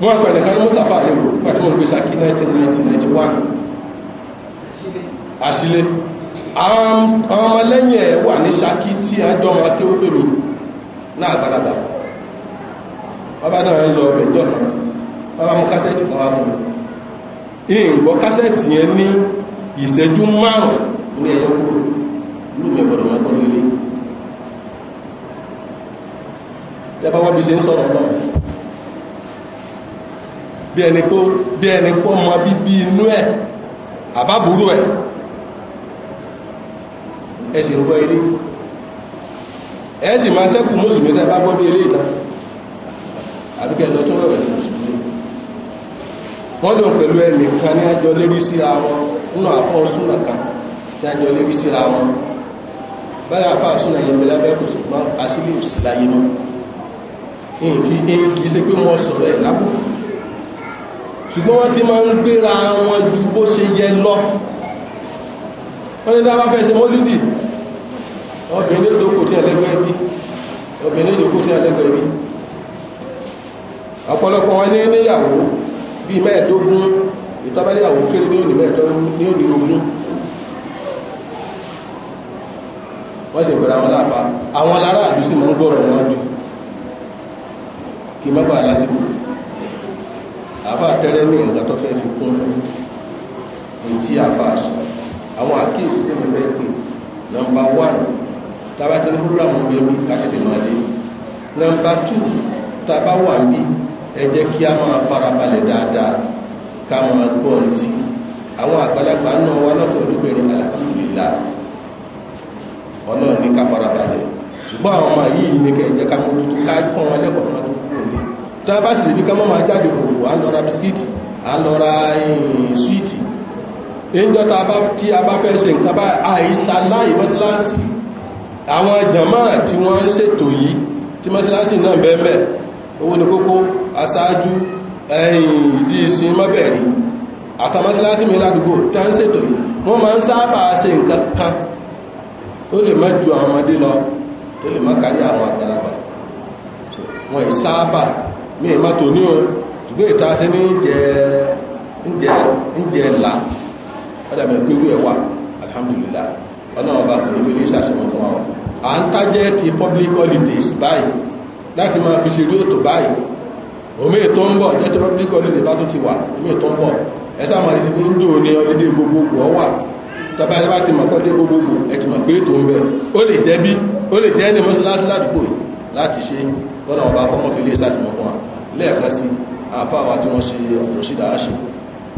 mo rẹ̀ pẹ̀lẹ̀ kan ní mọ́sáfà àlébò pàtí mo 1991 àṣìlẹ̀ àwọn ọmọlẹ́yìn ẹ̀ wà ní tí a jọ máa náà àgbàlagbà bàbá náà ń lọ ọbẹ̀ ìjọ kan bàbá mú kásẹ̀tì kan wá fún mi ìgbọ́ kásẹ̀tì yẹn ní ìṣẹ́jú márùn ní ẹ̀yọ́ kúrò bí ṣe ń sọ̀rọ̀ náà bí ẹni kó bí ẹni kó mọ bíbí inú ẹ̀ àbábúrú ẹ̀ ẹ sì ń gbọ́ ilé ẹ sì máa sẹ́kù mùsùlùmí tẹ́ bá gbọ́ bí ilé ìta àbíkẹ́ ẹ̀dọ́ tó wẹ̀wẹ̀ ní mùsùlùmí wọ́n lò pẹ̀lú ẹnìkan ní àjọ lérí síra wọn nínú àfọ́ súnà kan tí àjọ lérí síra wọn báyà àfọ́ súnà yẹn bẹ̀rẹ̀ bẹ́ẹ̀ kò ṣùgbọ́n àṣírí òsì láyé mọ́ nǹkan kì í ṣe pé wọ́n sọ̀rọ̀ ẹ̀ lábùkù ṣùgbọ́n wọ́n ti máa ń gbéra wọn ju bó ṣe yẹ lọ wọ́n ní dábàá fẹ́ ṣe mọ́lídì obìnrin lójókòó tí ẹlẹ́gbẹ́ bí obìnrin lójókòó tí ẹlẹ́gbẹ́ bí ọ̀pọ̀lọpọ̀ wọn ní níyàwó bíi mẹ́ẹ̀ẹ́dógún ìtọ́bẹ́lẹ́yàwó kéré ní òní mẹ́ẹ̀ẹ́dógún ní òní ogún wọ́n sì gbéra wọn láàfá àwọn alára àdúsí mọ́ ń gbọ́rọ̀ wọn jù kì í mọ́gbà lásìkò àfa tẹ́rẹ́ ní nǹkan tó fẹ́ fi kún ní tí àfa sọ àwọn àkíyèsí tí mo fẹ́ pè nọmba one tába tí ń kúrò àwọn bẹ́ẹ̀ ká tètè máa dé nọmba two tába wà níbí ẹ jẹ́ kí a máa farabalẹ̀ dáadáa ká máa gbọ́ létí àwọn àgbàlagbà náà wà lọ́kọ̀ lóbìnrin alhamdulillah ọlọ́run ní ká farabalẹ̀ ṣùgbọ́n àwọn ọmọ yìí ní kẹ́ ẹ jẹ́ ká mójútó ká kọ́ wọn lẹ́kọ̀ọ́ kan tó tá a bá sì débi ká má máa jáde òwò à ń lọ ra bisikíìtì à ń lọ ra súwìtì ẹjọ́ tí a bá fẹ́ ṣe nǹkan bá àìsàláì mọ́sálásì àwọn jàmá tí wọ́n ń ṣètò yìí tí mọ́sálásì náà bẹ́ẹ̀mẹ́ owó ní kókó aṣáájú ẹ̀yìn ìdí ìsin mọ́bẹ̀rí àtà mọ́sálásì mìíràn àdúgbò tí wọ́n ń ṣètò yìí wọ́n máa ń sábà ṣe nǹkan kan ó lè má ju àwọn ọmọdé lọ tó lè má kárí àwọn àgbàlagbà wọ́n ì sábà mi ma tò ní o ṣùgbọ́n ìta ṣe ní ìjẹ ńlá ọjà mi pé alhamdulillah ọlọ́run ọba kò ní fi ní ṣàṣemọ̀ fún wa à ti public holidays báyìí láti máa fi ṣeré òtò báyìí omi ètò ń bọ̀ jẹ́ ti public holiday bá tó ti wà omi ètò ń bọ̀ ẹ sáà ti fi ń dò ọ wà tọ́ba ẹ bá ti mọ̀ pé ọdídé gbogbogbò ẹ ti mọ̀ pé ètò ń ó lè jẹ́ bí ó lè jẹ́ lọ́nà ọba kọ́mọ́ fi lé sàtìmọ̀ fún wa lẹ́ẹ̀kan sí àfáwà tí wọ́n ṣe ọ̀pọ̀ sí dáhàṣì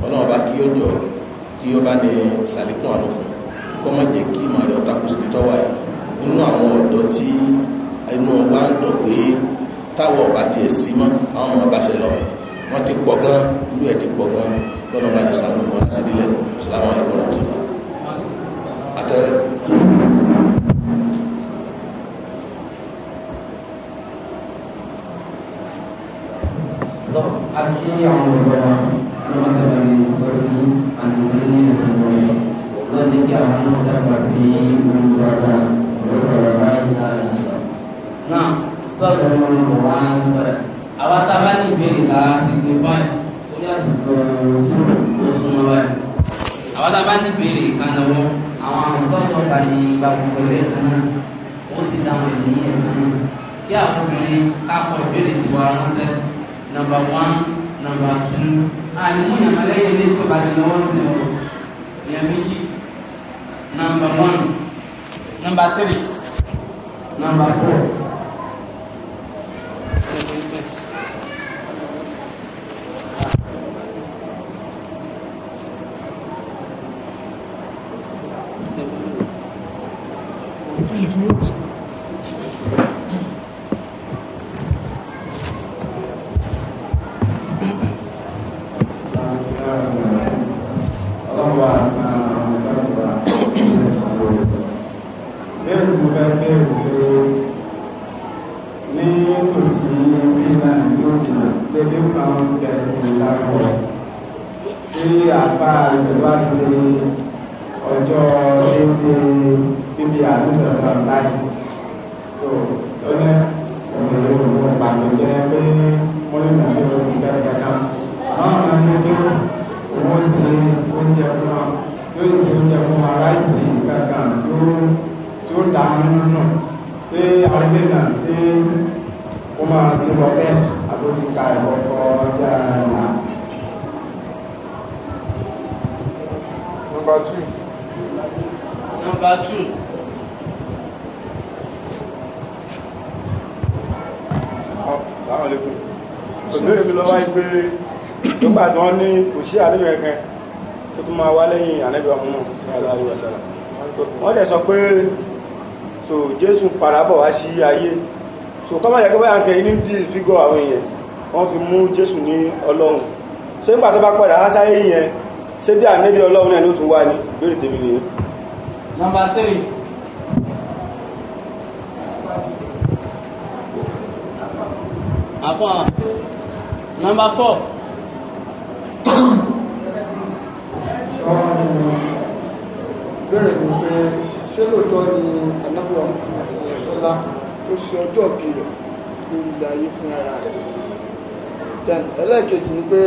ọ̀nà ọba kí ó jọ kí ó bá ní sàlékún àánú fún kọ́mọ́ jẹ́ kí màrí ọ̀tá kù sí tọ́wà yìí nínú àwọn ọ̀dọ́ tí inú wa ń dọ̀ pé táwọn ọba tiẹ̀ sí mọ́ àwọn ọmọ ọba ṣe lọ wọ́n ti pọ̀ gan irú ẹ̀ ti pọ̀ gan lọ́nà ọba ní sàlékún àánú sí akí àwọn olùgbọ́n lọ́mọ́sọ̀rọ̀ lórí àti ìṣòro rẹ̀ lọ́jọ́ kí àwọn náà dàgbà sí olùgbọ́dà lọ́sọ̀rọ̀ báyìí láàrin ìjọ. náà sọ́ọ̀tọ̀ ló ń wá nípadà àwa tá a bá ní ìbéèrè ká sígbè báyìí torí àsìkò oṣùwọ̀n báyìí àwa tá a bá ní ìbéèrè ká lọ́wọ́ àwọn àmọ̀sọ́ọ̀tọ̀ bá ní gbàgbọ́ ẹ̀rẹ́ kan number one number two àìmú ìyàmọ̀lẹ́yìn ilé tó bá ti lọ́wọ́ sí ọ ìyàn méjì number one number three number four. sọ pé so jésù parabọ̀ wá sí ayé so kọ́mọ̀ yẹ kí wọ́n yà ń kẹ́ inú dí fígọ̀ àwọn èèyàn wọ́n fi mú jésù ní ọlọ́run ṣé nígbà tó bá padà á sáyé yẹn ṣé bí ànẹ́bí ọlọ́run náà ló tún wá ní ìbéèrè tèmi nìyẹn. nọ́mbà tírì. àbọ̀ nọ́mbà fọ́ọ̀. lóòótọ́ ni anábọ̀ àṣàlọ́sọ́lá tó ṣe ọjọ́ òbí rẹ̀ lórí ilẹ̀ fún ara rẹ̀ then ẹlẹ́ẹ̀kejì ni pé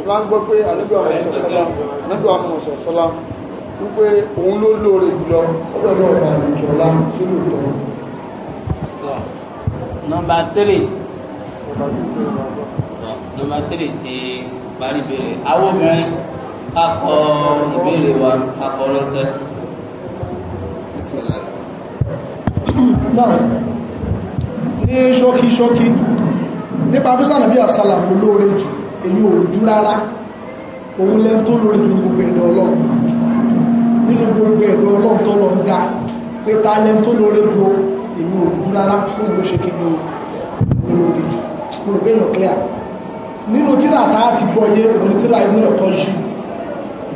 ìbá ń gbọ́ pé anábọ̀ àṣàlọ́sọ́lá anábọ̀ àṣàlọ́sọ́lá wípé òun ló lóore jùlọ ọlọ́dọ̀ ọ̀pá ìjọlá sí lóòótọ́ nọ́mbà tírì nọ́mbà tírì ti parí ìbéèrè àwọn obìnrin kakọ ìbéèrè wa kakọ rẹsẹ. náà ní ṣókí ṣókí nípa bísànàbí àsàlàmù olóore jù èyí òrùjú rárá òun lẹ́ tó lórí ju gbogbo ẹ̀dọ̀ ọlọ́run nínú gbogbo ẹ̀dọ̀ ọlọ́run tó lọ ń dá pé ta lẹ́ tó lórí ju èmi òrùjú rárá fún ló ṣe kéde olóore jù mo rò pé èèyàn clear nínú tíra tá a ti gbọ́ yé òun tíra inú ẹ̀kọ́ jù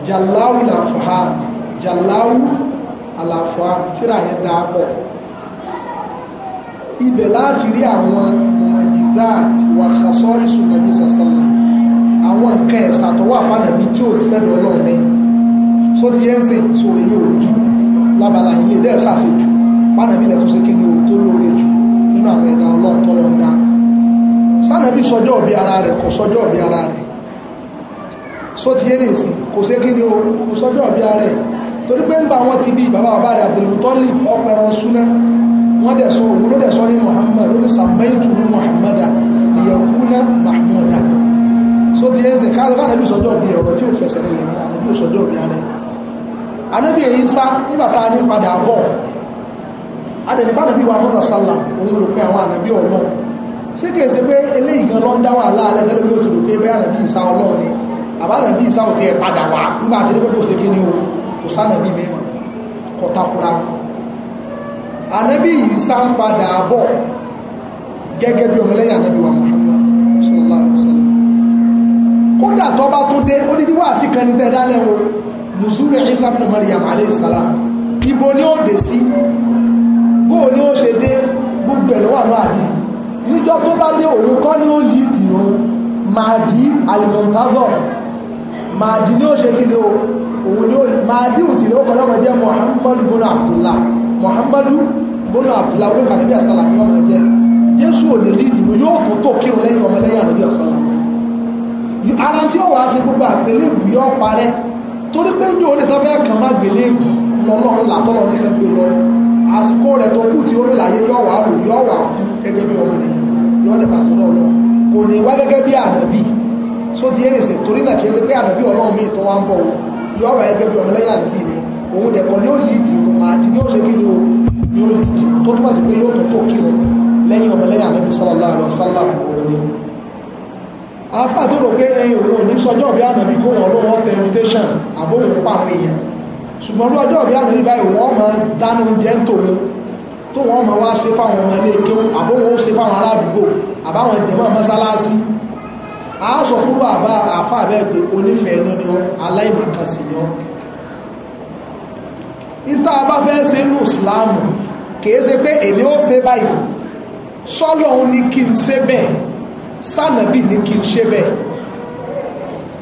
jàláwù làfàá jàláwù àlàfàá tíra yẹn dáa pọ̀ ibẹ̀ láti rí àwọn mọ̀nyízaat wà kásọ́ ìsúnàbí sàṣàlá àwọn nǹkan ẹ̀sà tó wà fánàbí tí ó sì fẹ́dọ̀ ọlọ́run ní só ti yẹn sìn tó èyí òrùjú lábala yìí èdè ẹ̀sà sí jù fánàbí lẹ́tọ́ sí kíni òrù tó lóore jù nínú àwọn ẹ̀dá ọlọ́run tó lọ́run dá sánàbí sọjọ́ ọ̀bí ara rẹ̀ kò sọjọ́ ọ̀bí ara rẹ̀ só ti yẹn nìsín kò sí kíni òrù kò sọjọ́ ọ̀bí ara rẹ̀ torí pé ń bá wọn ti bí bàbá bàbá rẹ̀ Abdul wọ́n dẹ̀ sọ òun ló dẹ̀ sọ ní muhammad ó ní sàmẹ́tù ní muhammad ìyẹ̀kúnà mahmuda so ti ẹ́sẹ̀ káàkiri ànábì sọjọ́ bí ọ̀rọ̀ tí ó fẹsẹ̀ rẹ̀ lẹ́nu ànábì sọjọ́ bí ara ànábì èyí sá nígbàtà ní padà bọ̀ adẹ̀nibá nàbí wa mọ́sà sálà òun ló pé àwọn ànábì ọlọ́run ṣé kìí ṣe pé eléyìí gan ló ń dá wàhálà alẹ́ tẹ́lẹ̀ bí ó ti rò pé bẹ́ẹ̀ ànábì ìsá ọlọ́run ni àbá ànábì ìsá ò ti ẹ̀ padà wá nígbà tí ó kò ṣe kí ni o kò sá ànábì mẹ́mọ̀ kọ̀takura wọn Anabi yìí sá ń padà bọ̀ gẹ́gẹ́ bí ọmọlẹ́yìn ànábì wa Muhammad sallallahu alaihi wasallam kódà tó bá tó dé odidi wáàsí kan ní tẹ́ dálẹ́ wo nùsùlù Isa ibn Maryam alayhi salam ibo ni ó dé sí bóò ni ó ṣe dé gbogbo ẹ̀ lọ́wọ́ àwọn àdìyí níjọ́ tó bá dé òun kọ́ ní ó lì ìdìrún Mahdi alimọ̀ntazọ̀ Mahdi ní ó ṣe kí ni ó òun ní ó Mahdi òsì ní ó kọ́ lọ́mọ jẹ́ Muhammadu bin Abdullah muhammadu bọ́nà abdullahi olóògbà níbi àsálà ní ọmọ jẹ́ jésù ò lè lídì mú yóò tó tó kírun lẹ́yìn ọmọ lẹ́yìn àníbi àsálà ara tí ó wà á ṣe gbogbo àgbélébù yọ parẹ́ torí pé ní orí tó fẹ́ kàn má gbélébù lọ́lọ́run làtọ́lọ́ nífẹ̀ẹ́ gbé lọ àsìkò rẹ̀ tó kù tí ó láyé yọ wà lò yọ wà kú gẹ́gẹ́ bí ọmọ nìyẹn yọ dẹ̀ pàṣẹ lọ́wọ́ kò ní wá gẹ́gẹ́ bí ànábì só ti yẹ́rẹ̀ sẹ̀ torí náà kìí ṣe pé ànábì ọlọ́run mi tó wá ń bọ̀ wọ yọ wà gẹ́gẹ́ bí ọmọ lẹ́yìn ànábì ni òun dẹ̀ ni ó lì ìjìhàdì ní ó ṣe kí ni ó ní ó lè jì tó túmọ̀ sí pé yóò tó tó kí o lẹ́yìn ọmọlẹ́yìn ànábì sallallahu alaihi wasallam òní afá tó rò pé ẹyin òun ní sọjọ́ bí ànábì kó wọn ló wọ́n tẹ invitation àbóhùn pa àwọn èèyàn ṣùgbọ́n ló ọjọ́ bí ànábì báyìí wọ́n máa dáná oúnjẹ ń tòun tó wọ́n máa wá ṣe fáwọn ọmọ ilé kéwù àbóhùn ó ṣe fáwọn aládùúgbò àbáwọn ìjẹ̀mọ́ mọ́sálásí a sọ fúrú àbá àfá àbẹ́ pé onífẹ̀ẹ́ náà ni wọ́n aláìmọ̀kan sí ni wọ́n ìta bá fẹ́ ṣe ní ìsìláàmù kìí ṣe pé èmi ó ṣe báyìí sọ́lọ̀ òun ni kí n ṣe bẹ́ẹ̀ sànàbì ni kí n ṣe bẹ́ẹ̀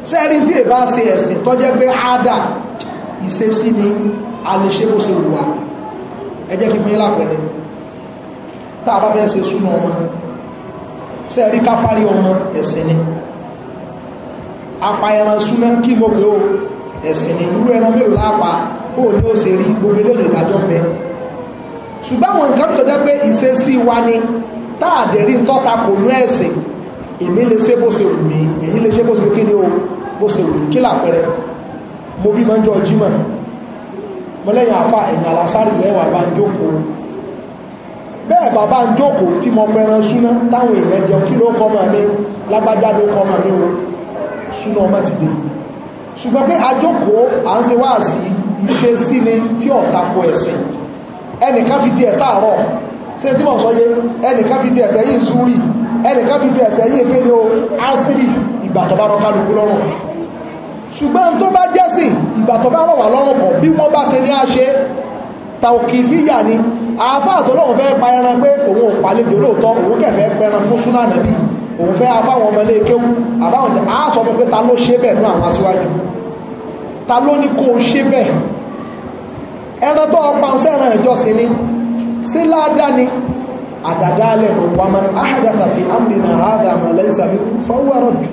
sẹ́rí tí èbá ṣe ẹ̀sìn tó jẹ́ pé ádà ìṣesí ni a lè ṣe bó ṣe wù wá ẹ jẹ́ kí fún yín lápẹ̀rẹ̀ tá a bá fẹ́ ṣe súnmọ́ ọmọ sẹ́rí káfárí ọmọ ẹ̀sìn ni apá ẹran súnmọ́ kí mo pé o ẹ̀sìn ni irú ẹran mélòó lápá bó ni ó ṣe rí gbogbo eléyìí ìdájọ́ bẹ ṣùgbọ́n àwọn nǹkan tó jẹ́ pé ìṣesí wa ni táàdẹ̀rí tọ́ta kò ní ẹ̀sìn èmi lè ṣe bó ṣe wù mí èyí lè ṣe bó ṣe kí o bó ṣe wù mí kí làpẹrẹ mo bí máa ń jọ jímọ̀ mọ́lẹ́yìn àfà ẹ̀yìn àlásárì lẹ́wà bá ń jókòó bẹ́ẹ̀ bàbá ń jókòó tí mo pẹran súná táwọn èèyàn jẹun kí ló kọ́ máa mi lágbájá ló kọ́ máa mi o súná ọmọ ti dé ṣùgbọ́n pé àjókòó à ń ṣe wáàsí ìṣe sí ni tí ọ̀tako ẹ̀sìn ẹnìkan fi ti ẹ̀sẹ̀ àárọ̀ ṣe tí mọ̀ sọ yé ẹnìkan fi ti ẹ̀sẹ̀ yìí zúrì ẹnìkan fi ti ẹ̀sẹ̀ yìí kéde o ásírì ìgbà tó bá rọ kálukú lọ́rùn ṣùgbọ́n tó bá jẹ́sìn ìgbà tó bá rọ̀ wá lọ́rùn kọ̀ bí wọ́n bá ṣe ní àṣẹ tàòkìfíyà ni àáfáà tó lọ́wọ́ fẹ́ pa ẹran pé òun ò pàlejò lóòótọ́ òun kẹfẹ́ pẹran fún súnà nàbí òun fẹ́ afáwọn ọmọ ilé kéwú àbáwọn àásọ fún pé ta ló ṣe bẹ́ẹ̀ nú àwọn aṣíwájú ta ló ní kó o ṣe bẹ́ẹ̀ ẹran tó ọpa ọsẹ ẹran ìjọsìn ni sí ládàá ni àdàdá lẹ́nu wa man ahadatha fi amrina hadha ma laysa minhu fahuwa radd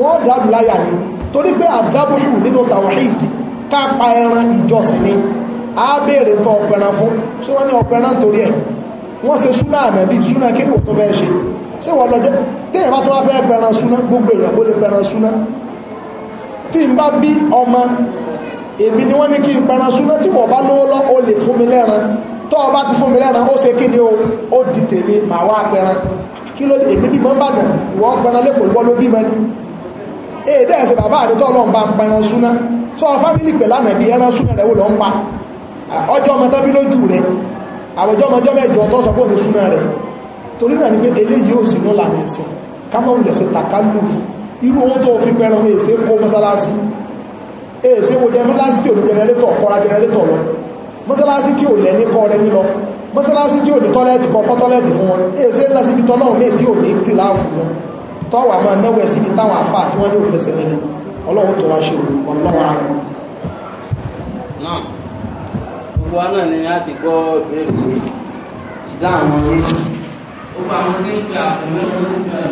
wọ́n dàbí láyà ni torí pé àdábòhù nínú tawhid ká pa ẹran ìjọsìn ni a béèrè tó ọpẹran fún ṣé wọ́n ní ọpẹran torí ẹ̀ wọ́n ṣe súnà ànàbí súnà kí ni òkú fẹ́ ṣe ṣé wọ́n lọ jẹ́ téèyàn bá tó wá fẹ́ pẹran súnà gbogbo èèyàn kó lè pẹran súnà tí n bá bí ọmọ èmi ni wọ́n ní kí n pẹran súná tí wọ́n bá lówó o lè fún mi lẹ́ran tó o bá ti fún mi lẹ́ran ó ṣe kí ni o ó di tèmi wá pẹran kí ló èmi bímọ ń bàdàn ìwọ pẹran lẹ́kọ̀ọ́ ìwọ ló bímọ ni èyí bàbá àdótọ́ lọ́n bá ń pa ẹran súná sọ fámìlì pẹ̀lú àná bí ẹran súná wò lọ́n pa ọjọ́ ọmọ lójú ọmọ ọjọ́ mẹ́jọ tó sọ pé torí náà ni pé eléyìí irú owó tó fi pẹ̀rọ èsè kó mọ́sálásí èsè wo jẹ mọ́sálásí tí ò ní jẹnẹrétọ̀ kọ́ra jẹnẹrétọ̀ lọ mọ́sálásí tí ò lẹ́ ní kọ́ rẹ nílọ mọ́sálásí tí ò ní tọ́lẹ́ẹ̀tì kọ́kọ́ tọ́lẹ́ẹ̀tì fún wọn èsè ńlá síbi tọ́lọ́ mi tí ò ní tì láàfù wọn tọ́wà máa náwẹ̀ síbi táwọn afá tí wọ́n ní òfẹsẹ̀ nílẹ̀ ọlọ́run tó wá ṣe ọlọ́run ààrẹ náà gbogbo wa ó bá wọn sí ń pè àkùnrin